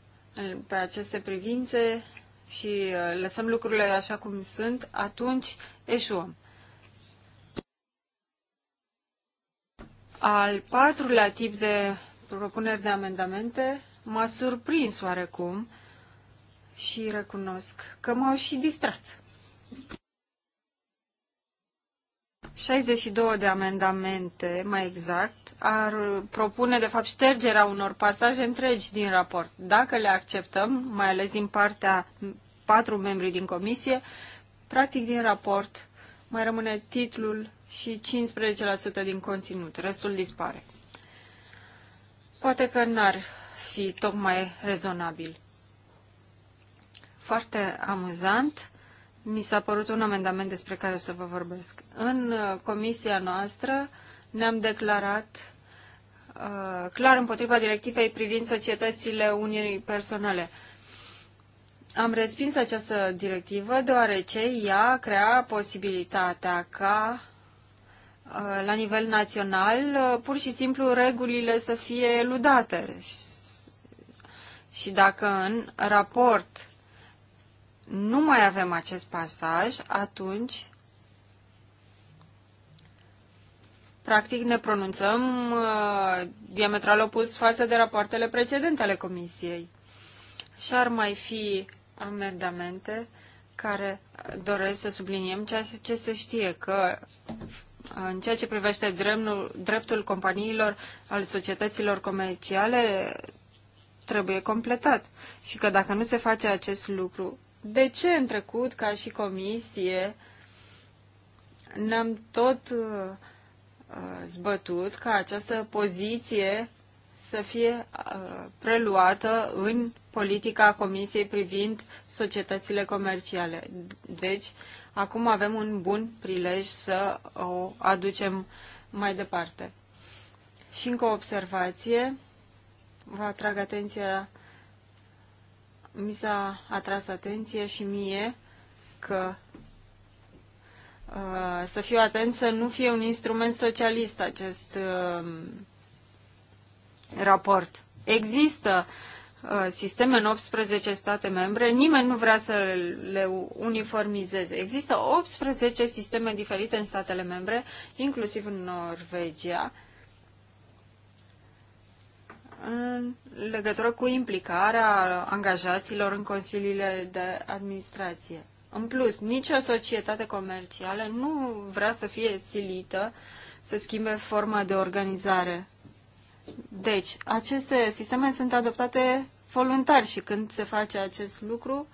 Speaker 2: pe aceste privințe și uh, lăsăm lucrurile așa cum sunt, atunci eșuăm. Al patrulea tip de propuneri de amendamente m-a surprins oarecum și recunosc că m-au și distrat. 62 de amendamente, mai exact, ar propune, de fapt, ștergerea unor pasaje întregi din raport. Dacă le acceptăm, mai ales din partea patru membri din comisie, practic din raport mai rămâne titlul și 15% din conținut. Restul dispare. Poate că n-ar fi tocmai rezonabil. Foarte amuzant mi s-a părut un amendament despre care o să vă vorbesc. În uh, comisia noastră ne-am declarat uh, clar împotriva directivei privind societățile unii personale. Am respins această directivă deoarece ea crea posibilitatea ca uh, la nivel național, uh, pur și simplu regulile să fie eludate. Și, și dacă în raport nu mai avem acest pasaj, atunci practic ne pronunțăm uh, diametral opus față de rapoartele precedente ale Comisiei. Și ar mai fi amendamente care doresc să subliniem ceea ce se știe, că uh, în ceea ce privește dreptul, dreptul companiilor al societăților comerciale trebuie completat și că dacă nu se face acest lucru, de ce în trecut, ca și comisie, ne-am tot uh, uh, zbătut ca această poziție să fie uh, preluată în politica Comisiei privind societățile comerciale. Deci, acum avem un bun prilej să o aducem mai departe. Și încă o observație, vă atrag atenția mi s-a atras atenția și mie că uh, să fiu atent să nu fie un instrument socialist acest uh, raport. Există uh, sisteme în 18 state membre, nimeni nu vrea să le uniformizeze. Există 18 sisteme diferite în statele membre, inclusiv în Norvegia, uh, în legătură cu implicarea angajaților în consiliile de administrație. În plus, nicio societate comercială nu vrea să fie silită să schimbe forma de organizare. Deci, aceste sisteme sunt adoptate voluntar și când se face acest lucru,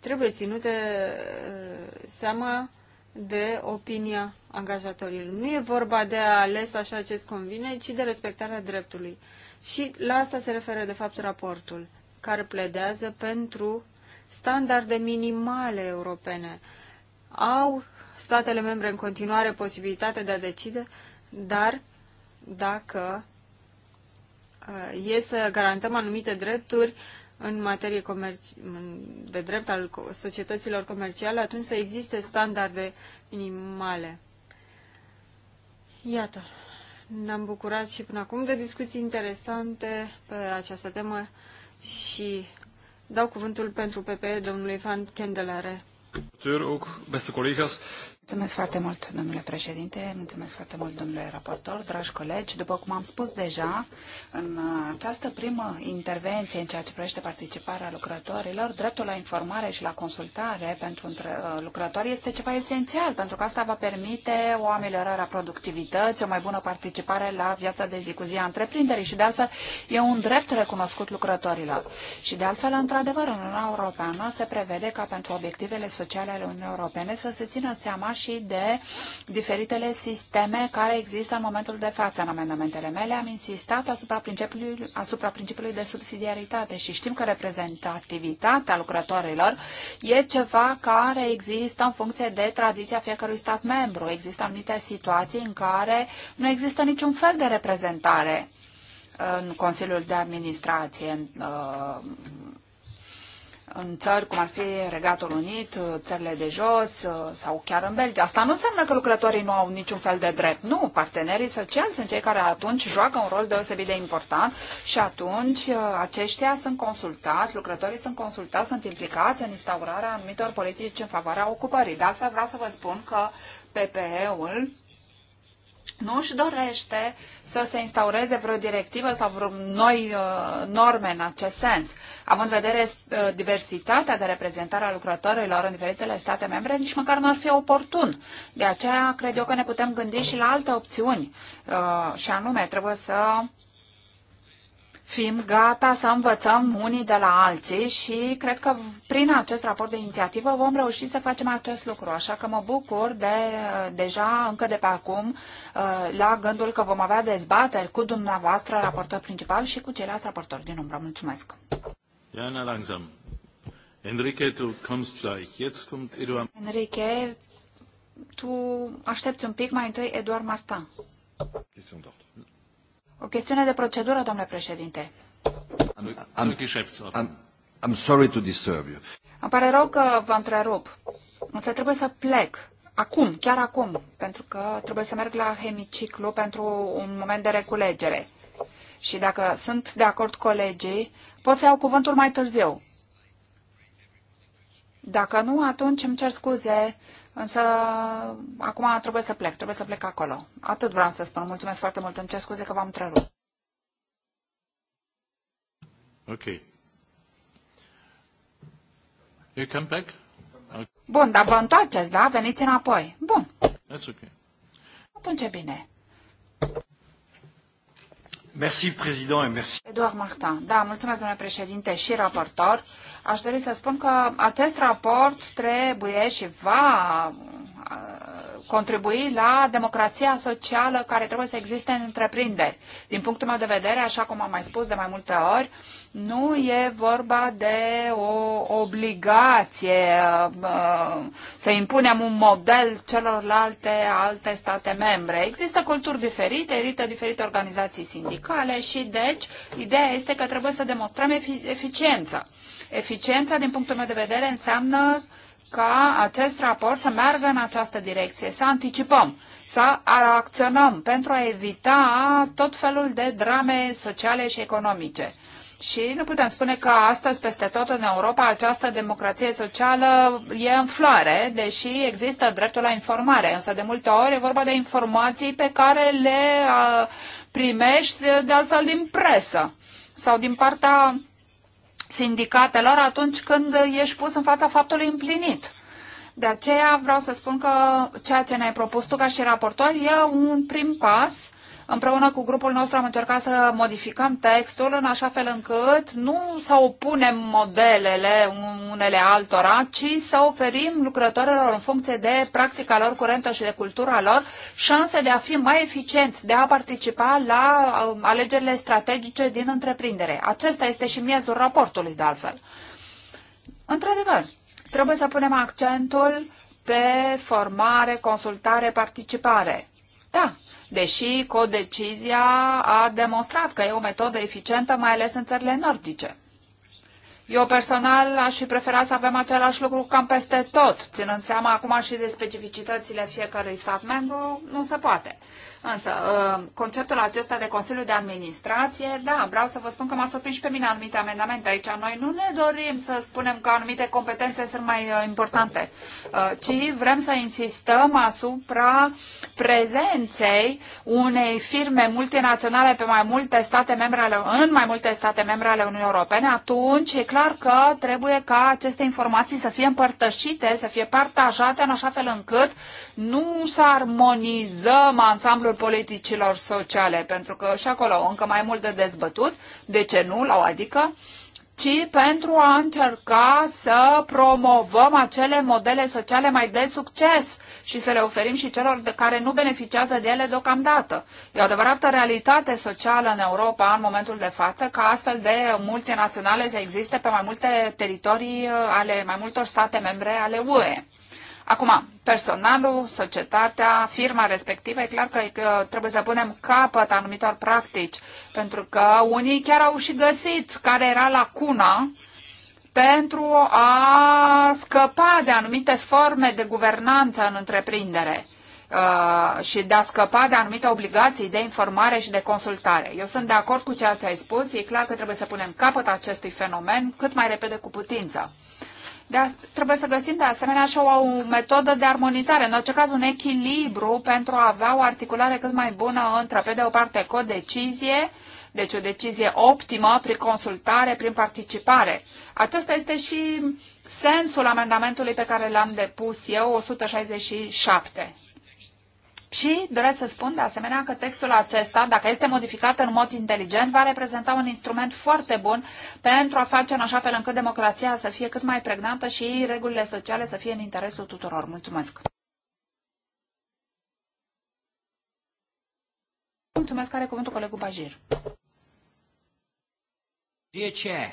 Speaker 2: trebuie ținute uh, seama de opinia angajatorilor. Nu e vorba de a ales așa ce îți convine, ci de respectarea dreptului. Și la asta se referă, de fapt, raportul, care pledează pentru standarde minimale europene. Au statele membre în continuare posibilitatea de a decide, dar dacă uh, e să garantăm anumite drepturi, în materie de drept al societăților comerciale, atunci să existe standarde minimale. Iată, ne-am bucurat și până acum de discuții interesante pe această temă și dau cuvântul pentru PPE domnului Van Kendelare.
Speaker 1: Ook, beste collega's. Mulțumesc
Speaker 4: foarte mult, domnule președinte, mulțumesc foarte mult, domnule raportor, dragi colegi. După cum am spus deja, în această primă intervenție în ceea ce privește participarea lucrătorilor, dreptul la informare și la consultare pentru uh, lucrători este ceva esențial, pentru că asta va permite o ameliorare a productivității, o mai bună participare la viața de zi cu zi a întreprinderii și, de altfel, e un drept recunoscut lucrătorilor. Și, de altfel, într-adevăr, în Uniunea Europeană se prevede ca pentru obiectivele sociale ale Uniunii Europene să se țină seama și de diferitele sisteme care există în momentul de față. În amendamentele mele am insistat asupra principiului, asupra principiului de subsidiaritate și știm că reprezentativitatea lucrătorilor e ceva care există în funcție de tradiția fiecărui stat membru. Există anumite situații în care nu există niciun fel de reprezentare în Consiliul de Administrație, în, uh, în țări cum ar fi Regatul Unit, uh, țările de jos uh, sau chiar în Belgia. Asta nu înseamnă că lucrătorii nu au niciun fel de drept. Nu, partenerii sociali sunt cei care atunci joacă un rol deosebit de important și atunci uh, aceștia sunt consultați, lucrătorii sunt consultați, sunt implicați în instaurarea anumitor politici în favoarea ocupării. De altfel vreau să vă spun că PPE-ul nu își dorește să se instaureze vreo directivă sau vreo noi uh, norme în acest sens. Având în vedere uh, diversitatea de reprezentare a lucrătorilor în diferitele state membre, nici măcar n-ar fi oportun. De aceea cred eu că ne putem gândi și la alte opțiuni uh, și anume trebuie să fim gata să învățăm unii de la alții și cred că prin acest raport de inițiativă vom reuși să facem acest lucru. Așa că mă bucur de deja încă de pe acum uh, la gândul că vom avea dezbateri cu dumneavoastră, raportor principal și cu ceilalți raportori din umbră. Mulțumesc!
Speaker 1: Jana Langsam. Enrique, tu kommst gleich. Jetzt kommt Eduard.
Speaker 4: Enrique, tu aștepți un pic mai întâi Eduard Martin. Question d'ordre. O chestiune de procedură, domnule președinte.
Speaker 1: Am, am, I'm sorry to disturb you.
Speaker 4: Îmi pare rău că vă întrerup, însă trebuie să plec. Acum, chiar acum, pentru că trebuie să merg la hemiciclu pentru un moment de reculegere. Și dacă sunt de acord colegii, pot să iau cuvântul mai târziu. Dacă nu, atunci îmi cer scuze Însă, acum trebuie să plec, trebuie să plec acolo. Atât vreau să spun. Mulțumesc foarte mult. Îmi cer scuze că v-am întrerupt.
Speaker 1: Ok. You come back? Okay.
Speaker 4: Bun, dar vă întoarceți, da? Veniți înapoi. Bun. That's okay. Atunci e bine.
Speaker 1: Merci, et merci.
Speaker 4: Eduard Martin. Da, mulțumesc, domnule președinte și raportor. Aș dori să spun că acest raport trebuie și va contribui la democrația socială care trebuie să existe în întreprinderi. Din punctul meu de vedere, așa cum am mai spus de mai multe ori, nu e vorba de o obligație uh, să impunem un model celorlalte alte state membre. Există culturi diferite, erită diferite organizații sindicale și deci ideea este că trebuie să demonstrăm eficiență. Eficiența, din punctul meu de vedere, înseamnă ca acest raport să meargă în această direcție, să anticipăm, să acționăm pentru a evita tot felul de drame sociale și economice. Și nu putem spune că astăzi, peste tot în Europa, această democrație socială e în floare, deși există dreptul la informare. Însă, de multe ori, e vorba de informații pe care le uh, primești de altfel din presă sau din partea sindicatelor atunci când ești pus în fața faptului împlinit. De aceea vreau să spun că ceea ce ne-ai propus tu ca și raportor e un prim pas Împreună cu grupul nostru am încercat să modificăm textul în așa fel încât nu să opunem modelele unele altora, ci să oferim lucrătorilor în funcție de practica lor curentă și de cultura lor șanse de a fi mai eficienți, de a participa la um, alegerile strategice din întreprindere. Acesta este și miezul raportului, de altfel. Într-adevăr, trebuie să punem accentul pe formare, consultare, participare. Da, deși codecizia a demonstrat că e o metodă eficientă, mai ales în țările nordice. Eu personal aș fi preferat să avem același lucru cam peste tot, ținând seama acum și de specificitățile fiecărui stat membru, nu se poate. Însă, ă, conceptul acesta de Consiliu de Administrație, da, vreau să vă spun că m-a surprins și pe mine anumite amendamente aici. Noi nu ne dorim să spunem că anumite competențe sunt mai ă, importante, ă, ci vrem să insistăm asupra prezenței unei firme multinaționale pe mai multe state membre ale, în mai multe state membre ale Uniunii Europene, atunci e clar că trebuie ca aceste informații să fie împărtășite, să fie partajate în așa fel încât nu să armonizăm ansamblul politicilor sociale, pentru că și acolo încă mai mult de dezbătut, de ce nu, la o adică, ci pentru a încerca să promovăm acele modele sociale mai de succes și să le oferim și celor de care nu beneficiază de ele deocamdată. E o adevărată realitate socială în Europa în momentul de față că astfel de multinaționale să existe pe mai multe teritorii uh, ale mai multor state membre ale UE. Acum, personalul, societatea, firma respectivă, e clar că, că trebuie să punem capăt anumitor practici, pentru că unii chiar au și găsit care era lacuna pentru a scăpa de anumite forme de guvernanță în întreprindere uh, și de a scăpa de anumite obligații de informare și de consultare. Eu sunt de acord cu ceea ce ai spus, e clar că trebuie să punem capăt acestui fenomen cât mai repede cu putință. De trebuie să găsim de asemenea și o, o metodă de armonizare, în orice caz un echilibru pentru a avea o articulare cât mai bună între, pe de o parte, decizie, deci o decizie optimă prin consultare, prin participare. Acesta este și sensul amendamentului pe care l-am depus eu, 167. Și doresc să spun de asemenea că textul acesta, dacă este modificat în mod inteligent, va reprezenta un instrument foarte bun pentru a face în așa fel încât democrația să fie cât mai pregnantă și regulile sociale să fie în interesul tuturor. Mulțumesc! Mulțumesc, are cuvântul colegul Bajir. Dear Chair,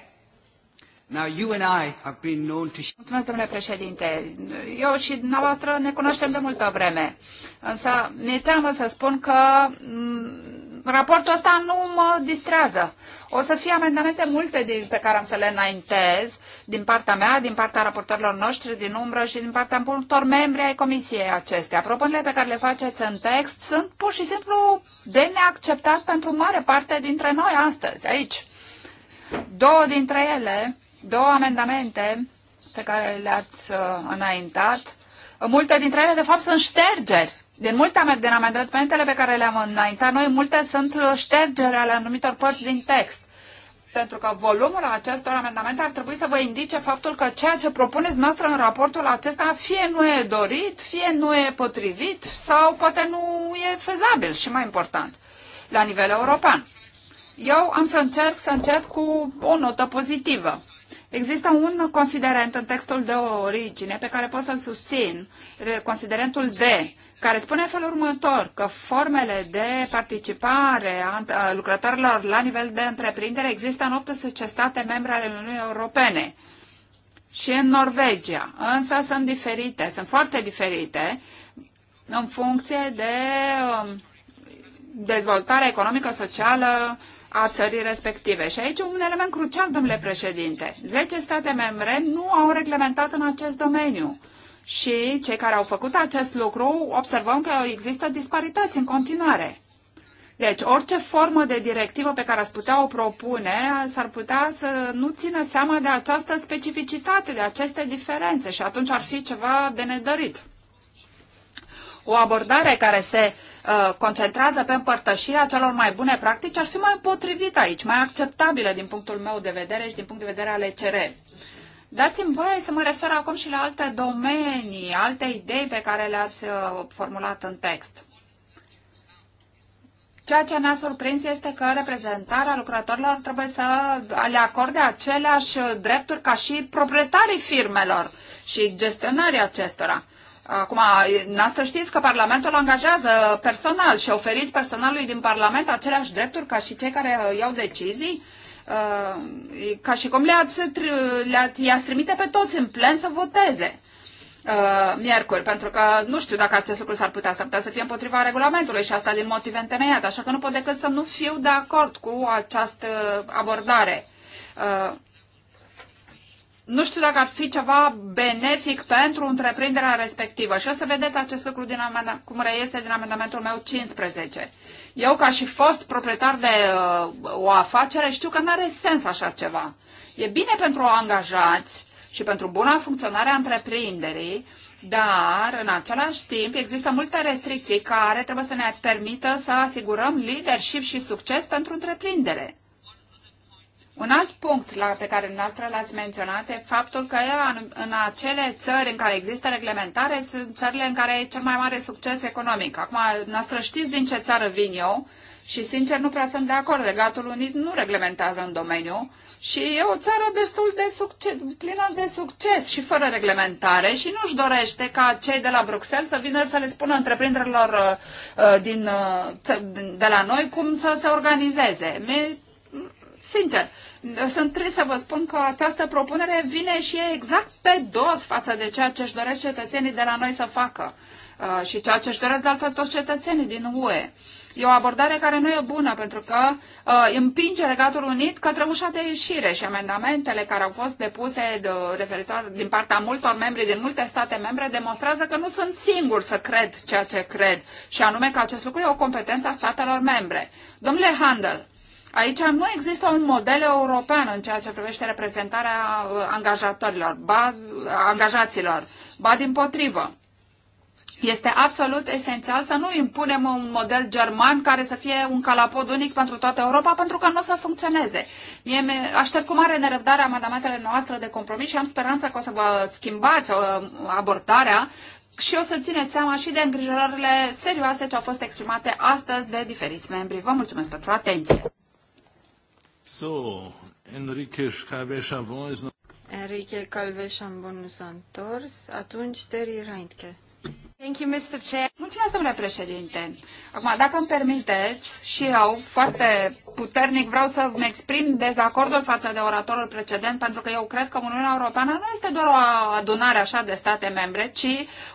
Speaker 4: Now, you and I have been known to... Mulțumesc, domnule președinte. Eu și dumneavoastră ne cunoaștem de multă vreme. Însă mi-e teamă să spun că mm, raportul ăsta nu mă distrează. O să fie amendamente multe din, pe care am să le înaintez din partea mea, din partea raportorilor noștri din umbră și din partea multor membri ai comisiei acestea. Propunerile pe care le faceți în text sunt pur și simplu de neacceptat pentru mare parte dintre noi astăzi, aici. Două dintre ele Două amendamente pe care le-ați uh, înaintat, multe dintre ele, de fapt, sunt ștergeri. Din multe din amendamentele pe care le-am înaintat noi, multe sunt uh, ștergeri ale anumitor părți din text pentru că volumul acestor amendamente ar trebui să vă indice faptul că ceea ce propuneți noastră în raportul acesta fie nu e dorit, fie nu e potrivit sau poate nu e fezabil și mai important, la nivel european. Eu am să încerc să încep cu o notă pozitivă. Există un considerent în textul de origine pe care pot să-l susțin, considerentul D, care spune în felul următor că formele de participare a lucrătorilor la nivel de întreprindere există în 18 state membre ale Uniunii Europene și în Norvegia, însă sunt diferite, sunt foarte diferite în funcție de um, dezvoltarea economică, socială, a țării respective. Și aici un element crucial, domnule președinte. 10 state membre nu au reglementat în acest domeniu. Și cei care au făcut acest lucru observăm că există disparități în continuare. Deci, orice formă de directivă pe care ați putea o propune s-ar putea să nu țină seama de această specificitate, de aceste diferențe și atunci ar fi ceva de nedărit. O abordare care se uh, Uh, concentrează pe împărtășirea celor mai bune practici ar fi mai potrivit aici, mai acceptabilă din punctul meu de vedere și din punct de vedere al ECR. Dați-mi voie să mă refer acum și la alte domenii, alte idei pe care le-ați uh, formulat în text. Ceea ce ne-a surprins este că reprezentarea lucrătorilor trebuie să le acorde aceleași drepturi ca și proprietarii firmelor și gestionarii acestora. Acum, noastră știți că Parlamentul angajează personal și oferiți personalului din Parlament aceleași drepturi ca și cei care uh, iau decizii? Uh, ca și cum le-ați, le trimite pe toți în plen să voteze uh, miercuri, pentru că nu știu dacă acest lucru s-ar putea, s-ar putea să fie împotriva regulamentului și asta din motive întemeiate, așa că nu pot decât să nu fiu de acord cu această abordare. Uh, nu știu dacă ar fi ceva benefic pentru întreprinderea respectivă. Și o să vedeți acest lucru din amenda- cum reiese din amendamentul meu 15. Eu, ca și fost proprietar de uh, o afacere, știu că nu are sens așa ceva. E bine pentru angajați și pentru buna funcționare a întreprinderii, dar, în același timp, există multe restricții care trebuie să ne permită să asigurăm leadership și succes pentru întreprindere. Un alt punct la, pe care dumneavoastră l-ați menționat e faptul că în, în acele țări în care există reglementare sunt țările în care e cel mai mare succes economic. Acum, noastră știți din ce țară vin eu și, sincer, nu prea sunt de acord. Regatul Unit nu reglementează în domeniu și e o țară destul de succes, plină de succes și fără reglementare și nu-și dorește ca cei de la Bruxelles să vină să le spună întreprinderilor uh, uh din, uh, de la noi cum să se organizeze. Mi Sincer, sunt trist să vă spun că această propunere vine și e exact pe dos față de ceea ce își doresc cetățenii de la noi să facă uh, și ceea ce își doresc de altfel toți cetățenii din UE. E o abordare care nu e bună, pentru că uh, împinge Regatul Unit către ușa de ieșire și amendamentele care au fost depuse de, referitor din partea multor membri din multe state membre demonstrează că nu sunt singur să cred ceea ce cred și anume că acest lucru e o competență a statelor membre. Domnule Handel, Aici nu există un model european în ceea ce privește reprezentarea uh, angajatorilor, ba, angajaților, ba din potrivă. Este absolut esențial să nu impunem un model german care să fie un calapod unic pentru toată Europa, pentru că nu o să funcționeze. Mie aștept cu mare nerăbdare amendamentele noastre de compromis și am speranța că o să vă schimbați uh, abordarea și o să țineți seama și de îngrijorările serioase ce au fost exprimate astăzi de diferiți membri. Vă mulțumesc pentru atenție!
Speaker 1: So, Enrique Calveșambon bun,
Speaker 2: Enrique Calveșambon nu s-a întors, atunci Terry Reintke. Thank you, Mr. Chair. Mulțumesc, domnule președinte. Acum, dacă îmi permiteți,
Speaker 4: și eu foarte puternic vreau să-mi exprim dezacordul față de oratorul precedent, pentru că eu cred că Uniunea Europeană nu este doar o adunare așa de state membre, ci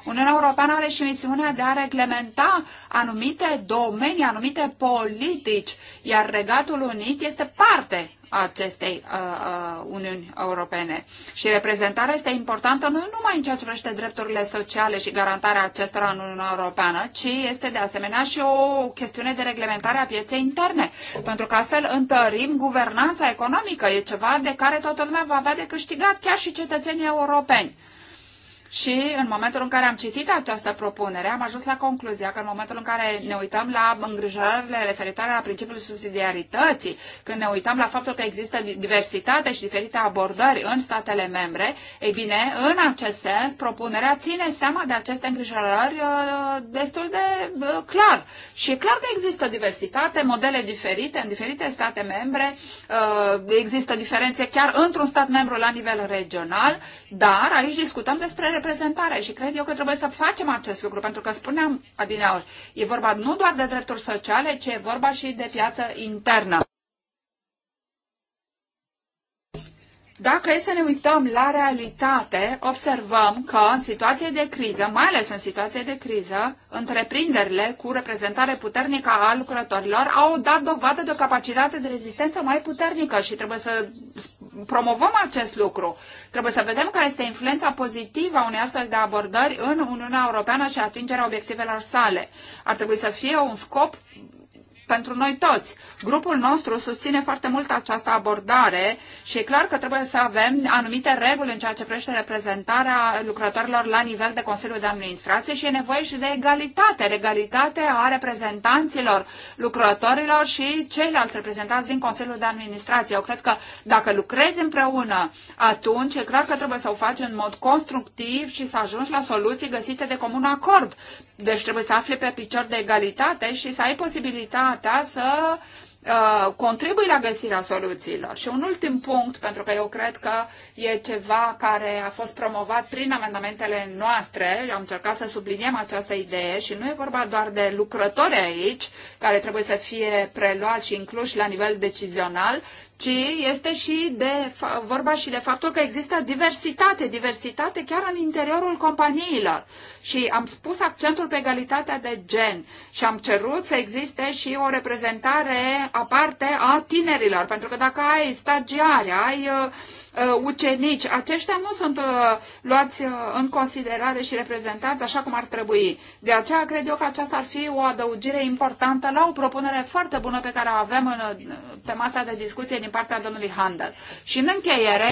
Speaker 4: Uniunea Europeană are și misiunea de a reglementa anumite domenii, anumite politici, iar Regatul Unit este parte acestei uh, uh, Uniuni Europene. Și reprezentarea este importantă nu numai în ceea ce privește drepturile sociale și garantarea acestora în Uniunea Europeană, ci este de asemenea și o chestiune de reglementare a pieței interne, pentru că astfel întărim guvernanța economică. E ceva de care toată lumea va avea de câștigat, chiar și cetățenii europeni. Și în momentul în care am citit această propunere, am ajuns la concluzia că în momentul în care ne uităm la îngrijorările referitoare la principiul subsidiarității, când ne uităm la faptul că există diversitate și diferite abordări în statele membre, ei bine, în acest sens, propunerea ține seama de aceste îngrijorări uh, destul de uh, clar. Și e clar că există diversitate, modele diferite în diferite state membre, uh, există diferențe chiar într-un stat membru la nivel regional, dar aici discutăm despre reprezentare și cred eu că trebuie să facem acest lucru, pentru că spuneam adineauri, e vorba nu doar de drepturi sociale, ci e vorba și de piață internă. Dacă e să ne uităm la realitate, observăm că în situație de criză, mai ales în situație de criză, întreprinderile cu reprezentare puternică a lucrătorilor au dat dovadă de o capacitate de rezistență mai puternică și trebuie să promovăm acest lucru. Trebuie să vedem care este influența pozitivă a unei astfel de abordări în Uniunea Europeană și atingerea obiectivelor sale. Ar trebui să fie un scop pentru noi toți. Grupul nostru susține foarte mult această abordare și e clar că trebuie să avem anumite reguli în ceea ce privește reprezentarea lucrătorilor la nivel de consiliu de Administrație și e nevoie și de egalitate, egalitate a reprezentanților lucrătorilor și ceilalți reprezentanți din Consiliul de Administrație. Eu cred că dacă lucrezi împreună, atunci e clar că trebuie să o faci în mod constructiv și să ajungi la soluții găsite de comun acord. Deci trebuie să afli pe picior de egalitate și să ai posibilitatea ta să uh, contribui la găsirea soluțiilor. Și un ultim punct, pentru că eu cred că e ceva care a fost promovat prin amendamentele noastre, am încercat să subliniem această idee și nu e vorba doar de lucrători aici, care trebuie să fie preluați și incluși la nivel decizional, ci este și de, vorba și de faptul că există diversitate, diversitate chiar în interiorul companiilor. Și am spus accentul pe egalitatea de gen și am cerut să existe și o reprezentare aparte a tinerilor, pentru că dacă ai stagiari, ai uh, uh, ucenici, aceștia nu sunt uh, luați uh, în considerare și reprezentați așa cum ar trebui. De aceea cred eu că aceasta ar fi o adăugire importantă la o propunere foarte bună pe care o avem în, uh, pe masa de discuție din partea domnului Handel. Și în încheiere,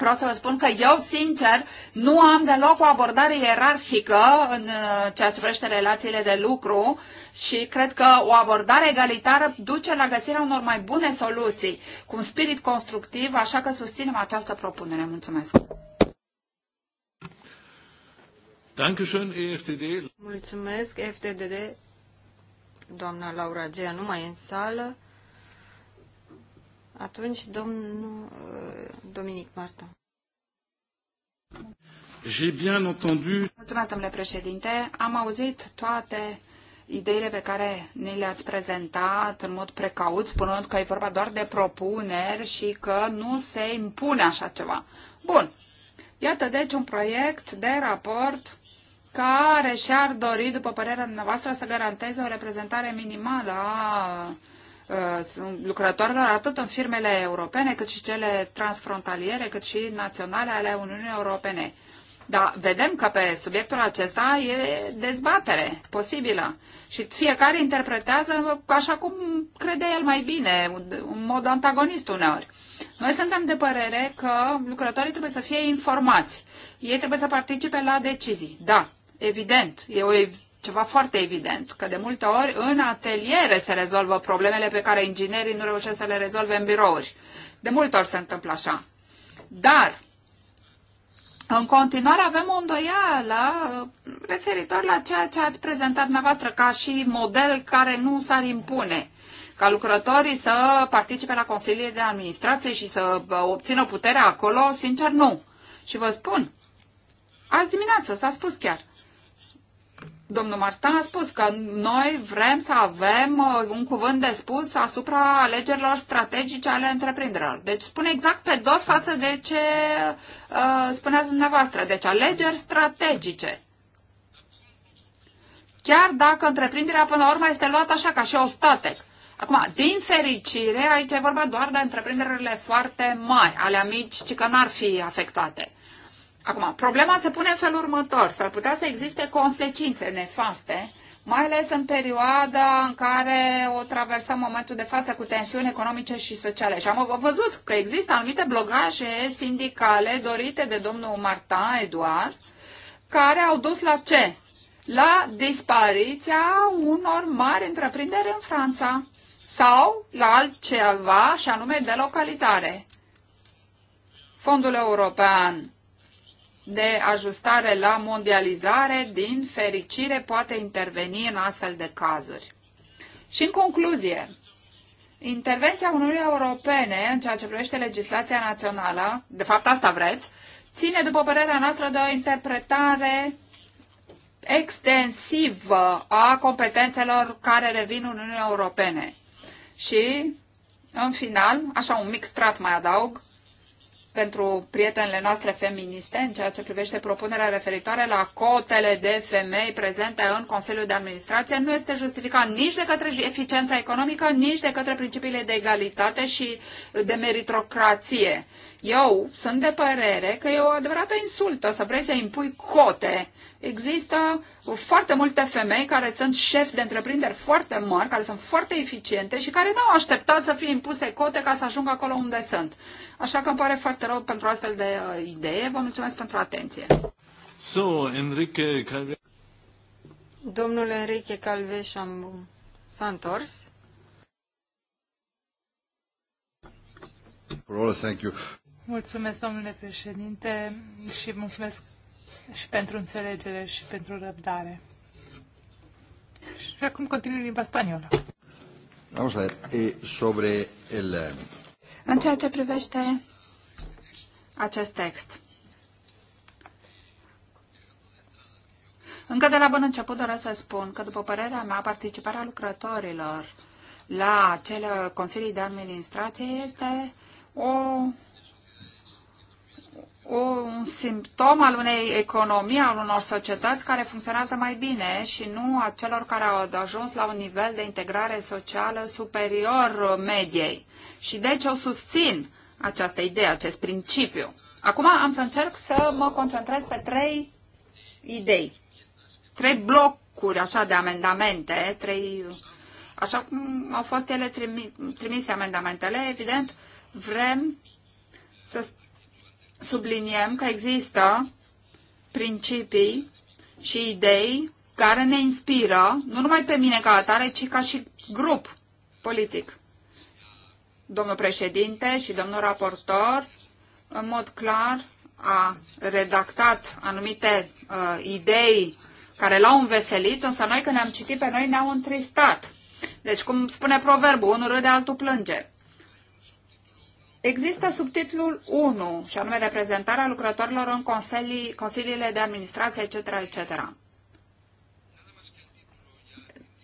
Speaker 4: Vreau să vă spun că eu, sincer, nu am deloc o abordare ierarhică în uh, ceea ce privește relațiile de lucru și cred că o abordare egalitară duce la găsirea unor mai bune soluții, cu un spirit constructiv, așa că susținem această propunere. Mulțumesc!
Speaker 1: Dankeschön, EFTD.
Speaker 2: Mulțumesc, FTDD. Doamna Laura Gea nu mai e în sală. Atunci, domnul uh, Dominic Marta.
Speaker 1: J'ai bien entendu.
Speaker 4: Mulțumesc, domnule președinte. Am auzit toate ideile pe care ne le-ați prezentat în mod precaut, spunând că e vorba doar de propuneri și că nu se impune așa ceva. Bun. Iată, deci, un proiect de raport care și-ar dori, după părerea dumneavoastră, să garanteze o reprezentare minimală a Uh, lucrătorilor, atât în firmele europene, cât și cele transfrontaliere, cât și naționale ale Uniunii Europene. Dar vedem că pe subiectul acesta e dezbatere posibilă și fiecare interpretează așa cum crede el mai bine, în mod antagonist uneori. Noi suntem de părere că lucrătorii trebuie să fie informați. Ei trebuie să participe la decizii. Da, evident, e o ceva foarte evident, că de multe ori în ateliere se rezolvă problemele pe care inginerii nu reușesc să le rezolve în birouri. De multe ori se întâmplă așa. Dar, în continuare avem o îndoială referitor la ceea ce ați prezentat dumneavoastră ca și model care nu s-ar impune ca lucrătorii să participe la consiliile de administrație și să obțină puterea acolo, sincer, nu. Și vă spun, azi dimineață s-a spus chiar, Domnul Martin a spus că noi vrem să avem uh, un cuvânt de spus asupra alegerilor strategice ale întreprinderilor. Deci spune exact pe dos față de ce uh, spuneați dumneavoastră. Deci alegeri strategice. Chiar dacă întreprinderea până la urmă este luată așa ca și o statec. Acum, din fericire, aici e vorba doar de întreprinderile foarte mari, ale mici, ci că n-ar fi afectate. Acum, problema se pune în felul următor. S-ar putea să existe consecințe nefaste, mai ales în perioada în care o traversăm momentul de față cu tensiuni economice și sociale. Și am văzut că există anumite blocaje sindicale dorite de domnul Martin Eduard, care au dus la ce? La dispariția unor mari întreprinderi în Franța sau la altceva, și anume delocalizare. Fondul European de ajustare la mondializare, din fericire, poate interveni în astfel de cazuri. Și în concluzie, intervenția Uniunii Europene în ceea ce privește legislația națională, de fapt asta vreți, ține, după părerea noastră, de o interpretare extensivă a competențelor care revin Uniunii Europene. Și, în final, așa un mic strat mai adaug, pentru prietenele noastre feministe în ceea ce privește propunerea referitoare la cotele de femei prezente în Consiliul de Administrație nu este justificat nici de către eficiența economică, nici de către principiile de egalitate și de meritocrație. Eu sunt de părere că e o adevărată insultă să vrei să impui cote există foarte multe femei care sunt șefi de întreprinderi foarte mari, care sunt foarte eficiente și care nu au așteptat să fie impuse cote ca să ajungă acolo unde sunt. Așa că îmi pare foarte rău pentru astfel de uh, idee. Vă mulțumesc pentru atenție.
Speaker 1: So, Enrique Calve...
Speaker 2: Domnul Enrique Calveș s-a întors.
Speaker 3: Mulțumesc, domnule președinte, și mulțumesc și pentru înțelegere și pentru răbdare. Și acum continui
Speaker 4: limba spaniolă.
Speaker 1: Vamos a ver, eh, sobre el... Eh,
Speaker 4: în ceea ce privește acest text. Încă de la bun început doresc să spun că, după părerea mea, participarea lucrătorilor la cele consilii de administrație este o un simptom al unei economii, al unor societăți care funcționează mai bine și nu a celor care au ajuns la un nivel de integrare socială superior mediei. Și deci eu susțin această idee, acest principiu. Acum am să încerc să mă concentrez pe trei idei, trei blocuri așa de amendamente, trei, așa cum au fost ele trimise amendamentele, evident, vrem să subliniem că există principii și idei care ne inspiră, nu numai pe mine ca atare, ci ca și grup politic. Domnul președinte și domnul raportor, în mod clar, a redactat anumite uh, idei care l-au înveselit, însă noi când ne-am citit pe noi ne-au întristat. Deci, cum spune proverbul, unul râde, altul plânge. Există subtitlul 1, și anume reprezentarea lucrătorilor în consilii, consiliile de administrație, etc., etc.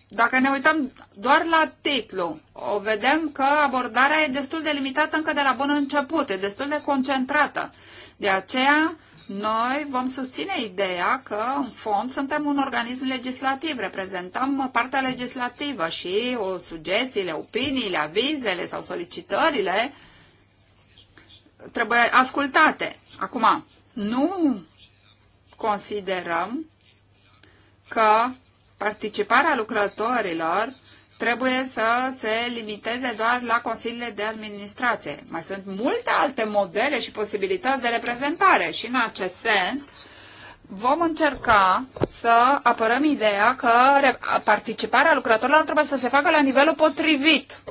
Speaker 4: Dacă ne uităm doar la titlu, o vedem că abordarea e destul de limitată încă de la bun început, e destul de concentrată. De aceea, noi vom susține ideea că, în fond, suntem un organism legislativ, reprezentăm partea legislativă și o, sugestiile, opiniile, avizele sau solicitările uh, trebuie ascultate. Acum, nu considerăm că participarea lucrătorilor trebuie să se limiteze doar la consiliile de administrație. Mai sunt multe alte modele și posibilități de reprezentare și în acest sens vom încerca să apărăm ideea că participarea lucrătorilor trebuie să se facă la nivelul potrivit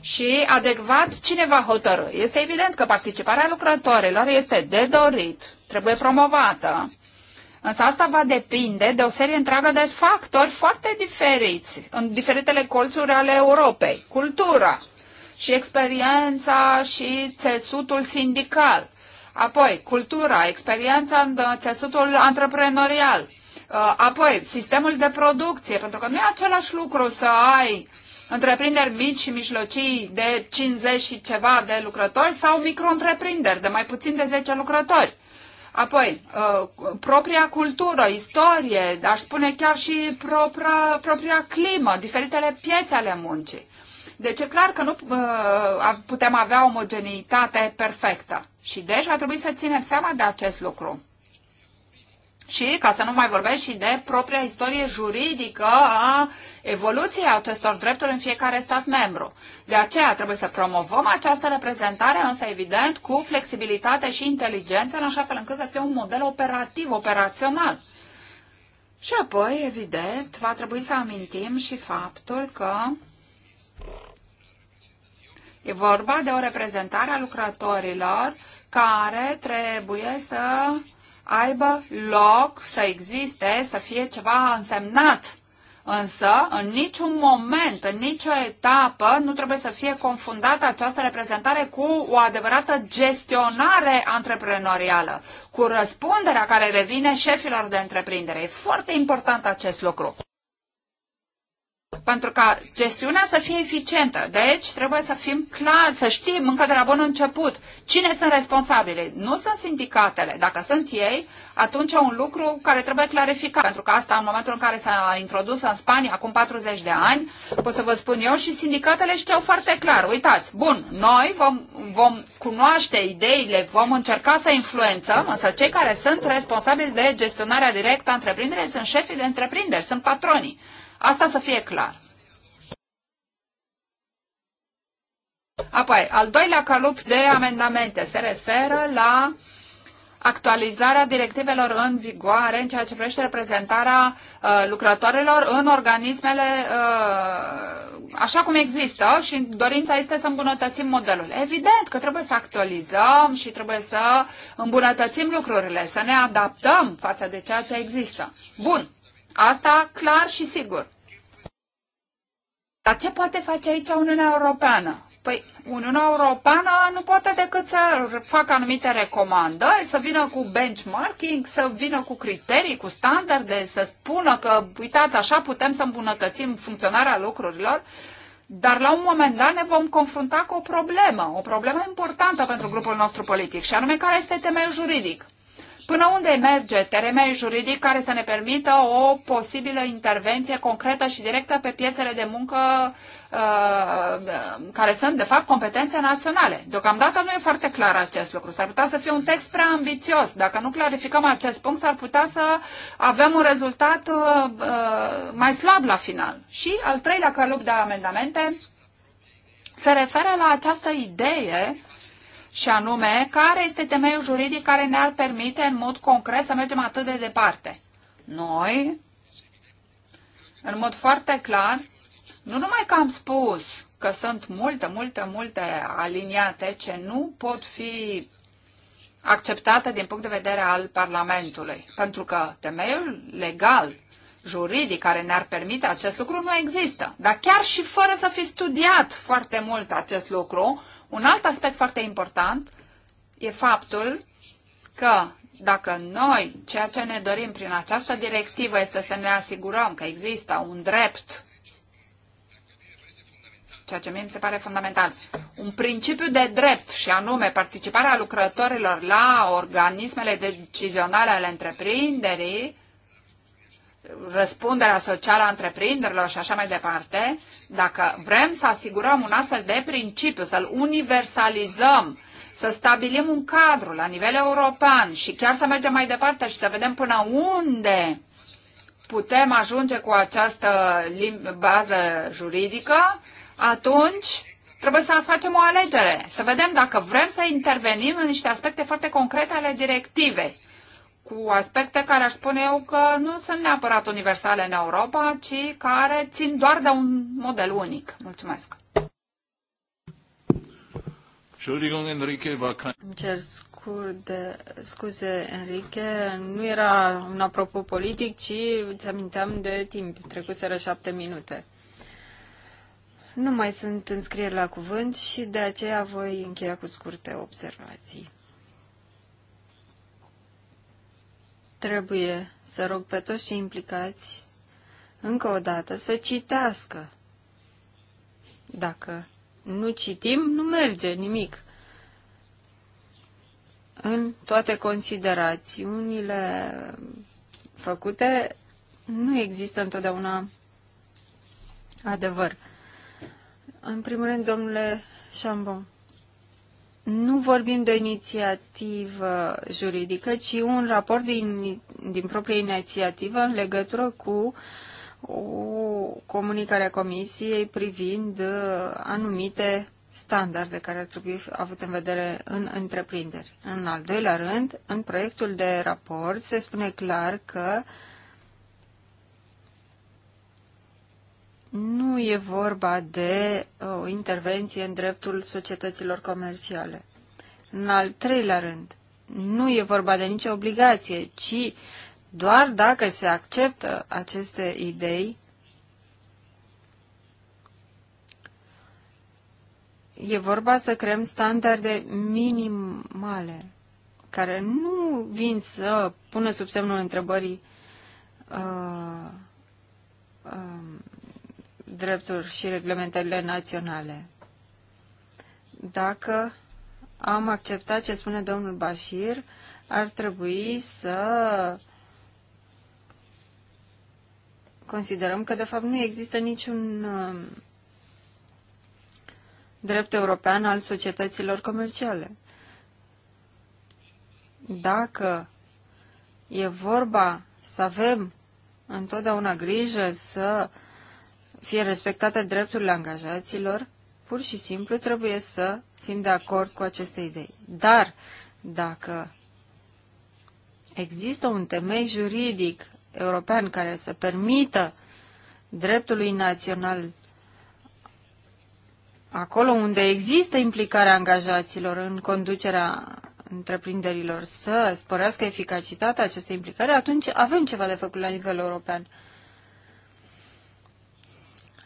Speaker 4: și adecvat cine va hotărâ. Este evident că participarea lucrătorilor este de dorit, trebuie promovată. Însă asta va depinde de o serie întreagă de factori foarte diferiți în diferitele colțuri ale Europei. Cultura și experiența și țesutul sindical. Apoi, cultura, experiența în țesutul antreprenorial. Uh, apoi, sistemul de producție, pentru că nu e același lucru să ai întreprinderi mici și mijlocii de 50 și ceva de lucrători sau micro-întreprinderi de mai puțin de 10 lucrători. Apoi, uh, propria cultură, istorie, aș spune chiar și propria, propria climă, diferitele piețe ale muncii. Deci e clar că nu uh, putem avea omogeneitate perfectă. Și deci va trebui să ținem seama de acest lucru. Și ca să nu mai vorbesc și de propria istorie juridică a evoluției acestor drepturi în fiecare stat membru. De aceea trebuie să promovăm această reprezentare, însă evident cu flexibilitate și inteligență, în așa fel încât să fie un model operativ, operațional. Și apoi, evident, va trebui să amintim și faptul că e vorba de o reprezentare a lucrătorilor care trebuie să uh, aibă loc, să existe, să fie ceva însemnat. Însă, în niciun moment, în nicio etapă, nu trebuie să fie confundată această reprezentare cu o adevărată gestionare antreprenorială, cu răspunderea care revine șefilor de întreprindere. E foarte important acest lucru pentru ca gestiunea să fie eficientă. Deci trebuie să fim clari, să știm încă de la bun început cine sunt responsabile. Nu sunt sindicatele. Dacă sunt ei, atunci e un lucru care trebuie clarificat. Pentru că asta în momentul în care s-a introdus în Spania acum 40 de ani, pot să vă spun eu, și sindicatele știau foarte clar. Uitați, bun, noi vom, vom cunoaște ideile, vom încerca să influențăm, însă cei care sunt responsabili de gestionarea directă a întreprinderii sunt șefii de întreprinderi, sunt patronii. Asta să fie clar. Apoi, al doilea calup de amendamente se referă la actualizarea directivelor în vigoare în ceea ce privește reprezentarea uh, lucrătorilor în organismele uh, așa cum există și dorința este să îmbunătățim modelul. Evident că trebuie să actualizăm și trebuie să îmbunătățim lucrurile, să ne adaptăm față de ceea ce există. Bun, asta clar și sigur. Dar ce poate face aici Uniunea Europeană? Păi Uniunea Europeană nu poate decât să facă anumite recomandări, să vină cu benchmarking, să vină cu criterii, cu standarde, să spună că, uitați, așa putem să îmbunătățim funcționarea lucrurilor, dar la un moment dat ne vom confrunta cu o problemă, o problemă importantă pentru grupul nostru politic, și anume care este temeiul juridic. Până unde merge teremei juridic care să ne permită o posibilă intervenție concretă și directă pe piețele de muncă uh, care sunt, de fapt, competențe naționale? Deocamdată nu e foarte clar acest lucru. S-ar putea să fie un text prea ambițios. Dacă nu clarificăm acest punct, s-ar putea să avem un rezultat uh, uh mai slab la final. Și al treilea călup de amendamente se referă la această idee și anume care este temeiul juridic care ne-ar permite în mod concret să mergem atât de departe. Noi, în mod foarte clar, nu numai că am spus că sunt multe, multe, multe aliniate ce nu pot fi acceptate din punct de vedere al Parlamentului, pentru că temeiul legal, juridic, care ne-ar permite acest lucru nu există. Dar chiar și fără să fi studiat foarte mult acest lucru, un alt aspect foarte important e faptul că dacă noi, ceea ce ne dorim prin această directivă este să ne asigurăm că există un drept, ceea ce mie mi se pare fundamental, un principiu de drept și anume participarea lucrătorilor la organismele decizionale ale întreprinderii, răspunderea socială a întreprinderilor și așa mai departe, dacă vrem să asigurăm un astfel de principiu, să-l universalizăm, să stabilim un cadru la nivel european și chiar să mergem mai departe și să vedem până unde putem ajunge cu această bază juridică, atunci trebuie să facem o alegere, să vedem dacă vrem să intervenim în niște aspecte foarte concrete ale directivei cu aspecte care aș spune eu că nu sunt neapărat universale în Europa, ci care țin doar de un model unic. Mulțumesc.
Speaker 1: Îmi
Speaker 2: cer de, scuze, Enrique, nu era un apropo politic, ci îți aminteam de timp, trecuseră șapte minute. Nu mai sunt înscrieri la cuvânt și de aceea voi încheia cu scurte observații. Trebuie să rog pe toți cei implicați, încă o dată, să citească. Dacă nu citim, nu merge nimic. În toate considerațiunile făcute, nu există întotdeauna adevăr. În primul rând, domnule Chambon, nu vorbim de o inițiativă juridică, ci un raport din, din proprie inițiativă în legătură cu o comunicare a Comisiei privind uh, anumite standarde care ar trebui avut în vedere în întreprinderi. În al doilea rând, în proiectul de raport se spune clar că uh, nu e vorba de uh, o intervenție în dreptul societăților comerciale. În al treilea rând, nu e vorba de nicio obligație, ci doar dacă se acceptă aceste idei, e vorba să creăm standarde minimale, care nu vin să pună sub semnul întrebării uh, uh, dreptul și reglementările naționale. Dacă am acceptat ce spune domnul Bashir, ar trebui să considerăm că, de fapt, nu există niciun um, drept european al societăților comerciale. Dacă e vorba să avem întotdeauna grijă să uh, fie respectate drepturile angajaților, pur și simplu trebuie să fim de acord cu aceste idei. Dar dacă există un temei juridic european care să permită dreptului național acolo unde există implicarea angajaților în conducerea întreprinderilor să sporească eficacitatea acestei implicări, atunci avem ceva de făcut la nivel european.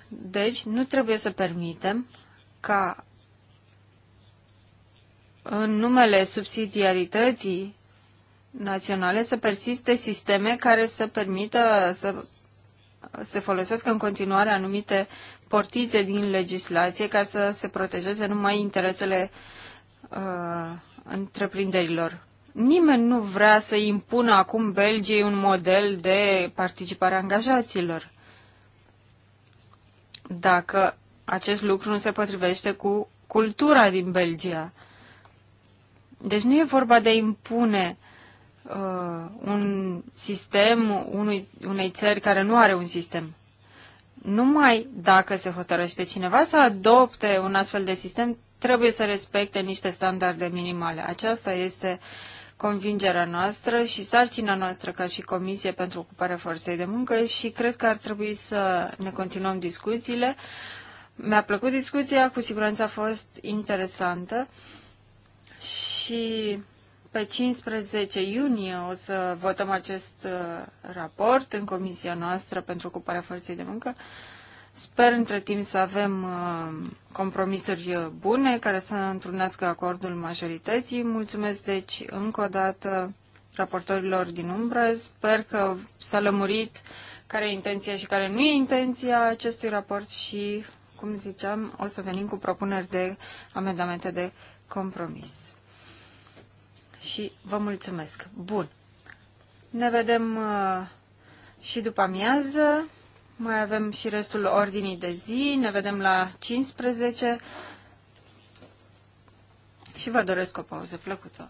Speaker 2: Deci, nu trebuie să permitem ca în numele subsidiarității naționale să persiste sisteme care să permită să se folosească în continuare anumite portițe din legislație ca să se protejeze numai interesele uh, întreprinderilor. Nimeni nu vrea să impună acum Belgiei un model de participare a angajaților dacă acest lucru nu se potrivește cu cultura din Belgia. Deci nu e vorba de a impune uh, un sistem unui, unei țări care nu are un sistem. Numai dacă se hotărăște cineva să adopte un astfel de sistem, trebuie să respecte niște standarde minimale. Aceasta este uh, convingerea noastră și sarcina noastră ca și Comisie pentru Ocuparea Forței de Muncă și cred că ar trebui să ne continuăm discuțiile. Mi-a plăcut discuția, cu siguranță a fost interesantă și pe 15 iunie o să votăm acest uh, raport în Comisia noastră pentru Ocuparea Forței de Muncă. Sper între timp să avem uh, compromisuri uh, bune care să întrunească acordul majorității. Mulțumesc deci încă o dată raportorilor din umbră. Sper că s-a lămurit care e intenția și care nu e intenția acestui raport și, cum ziceam, o să venim cu propuneri de amendamente de compromis. Și vă mulțumesc. Bun. Ne vedem uh, și după amiază. Mai avem și restul ordinii de zi. Ne vedem la 15 și vă doresc o pauză plăcută.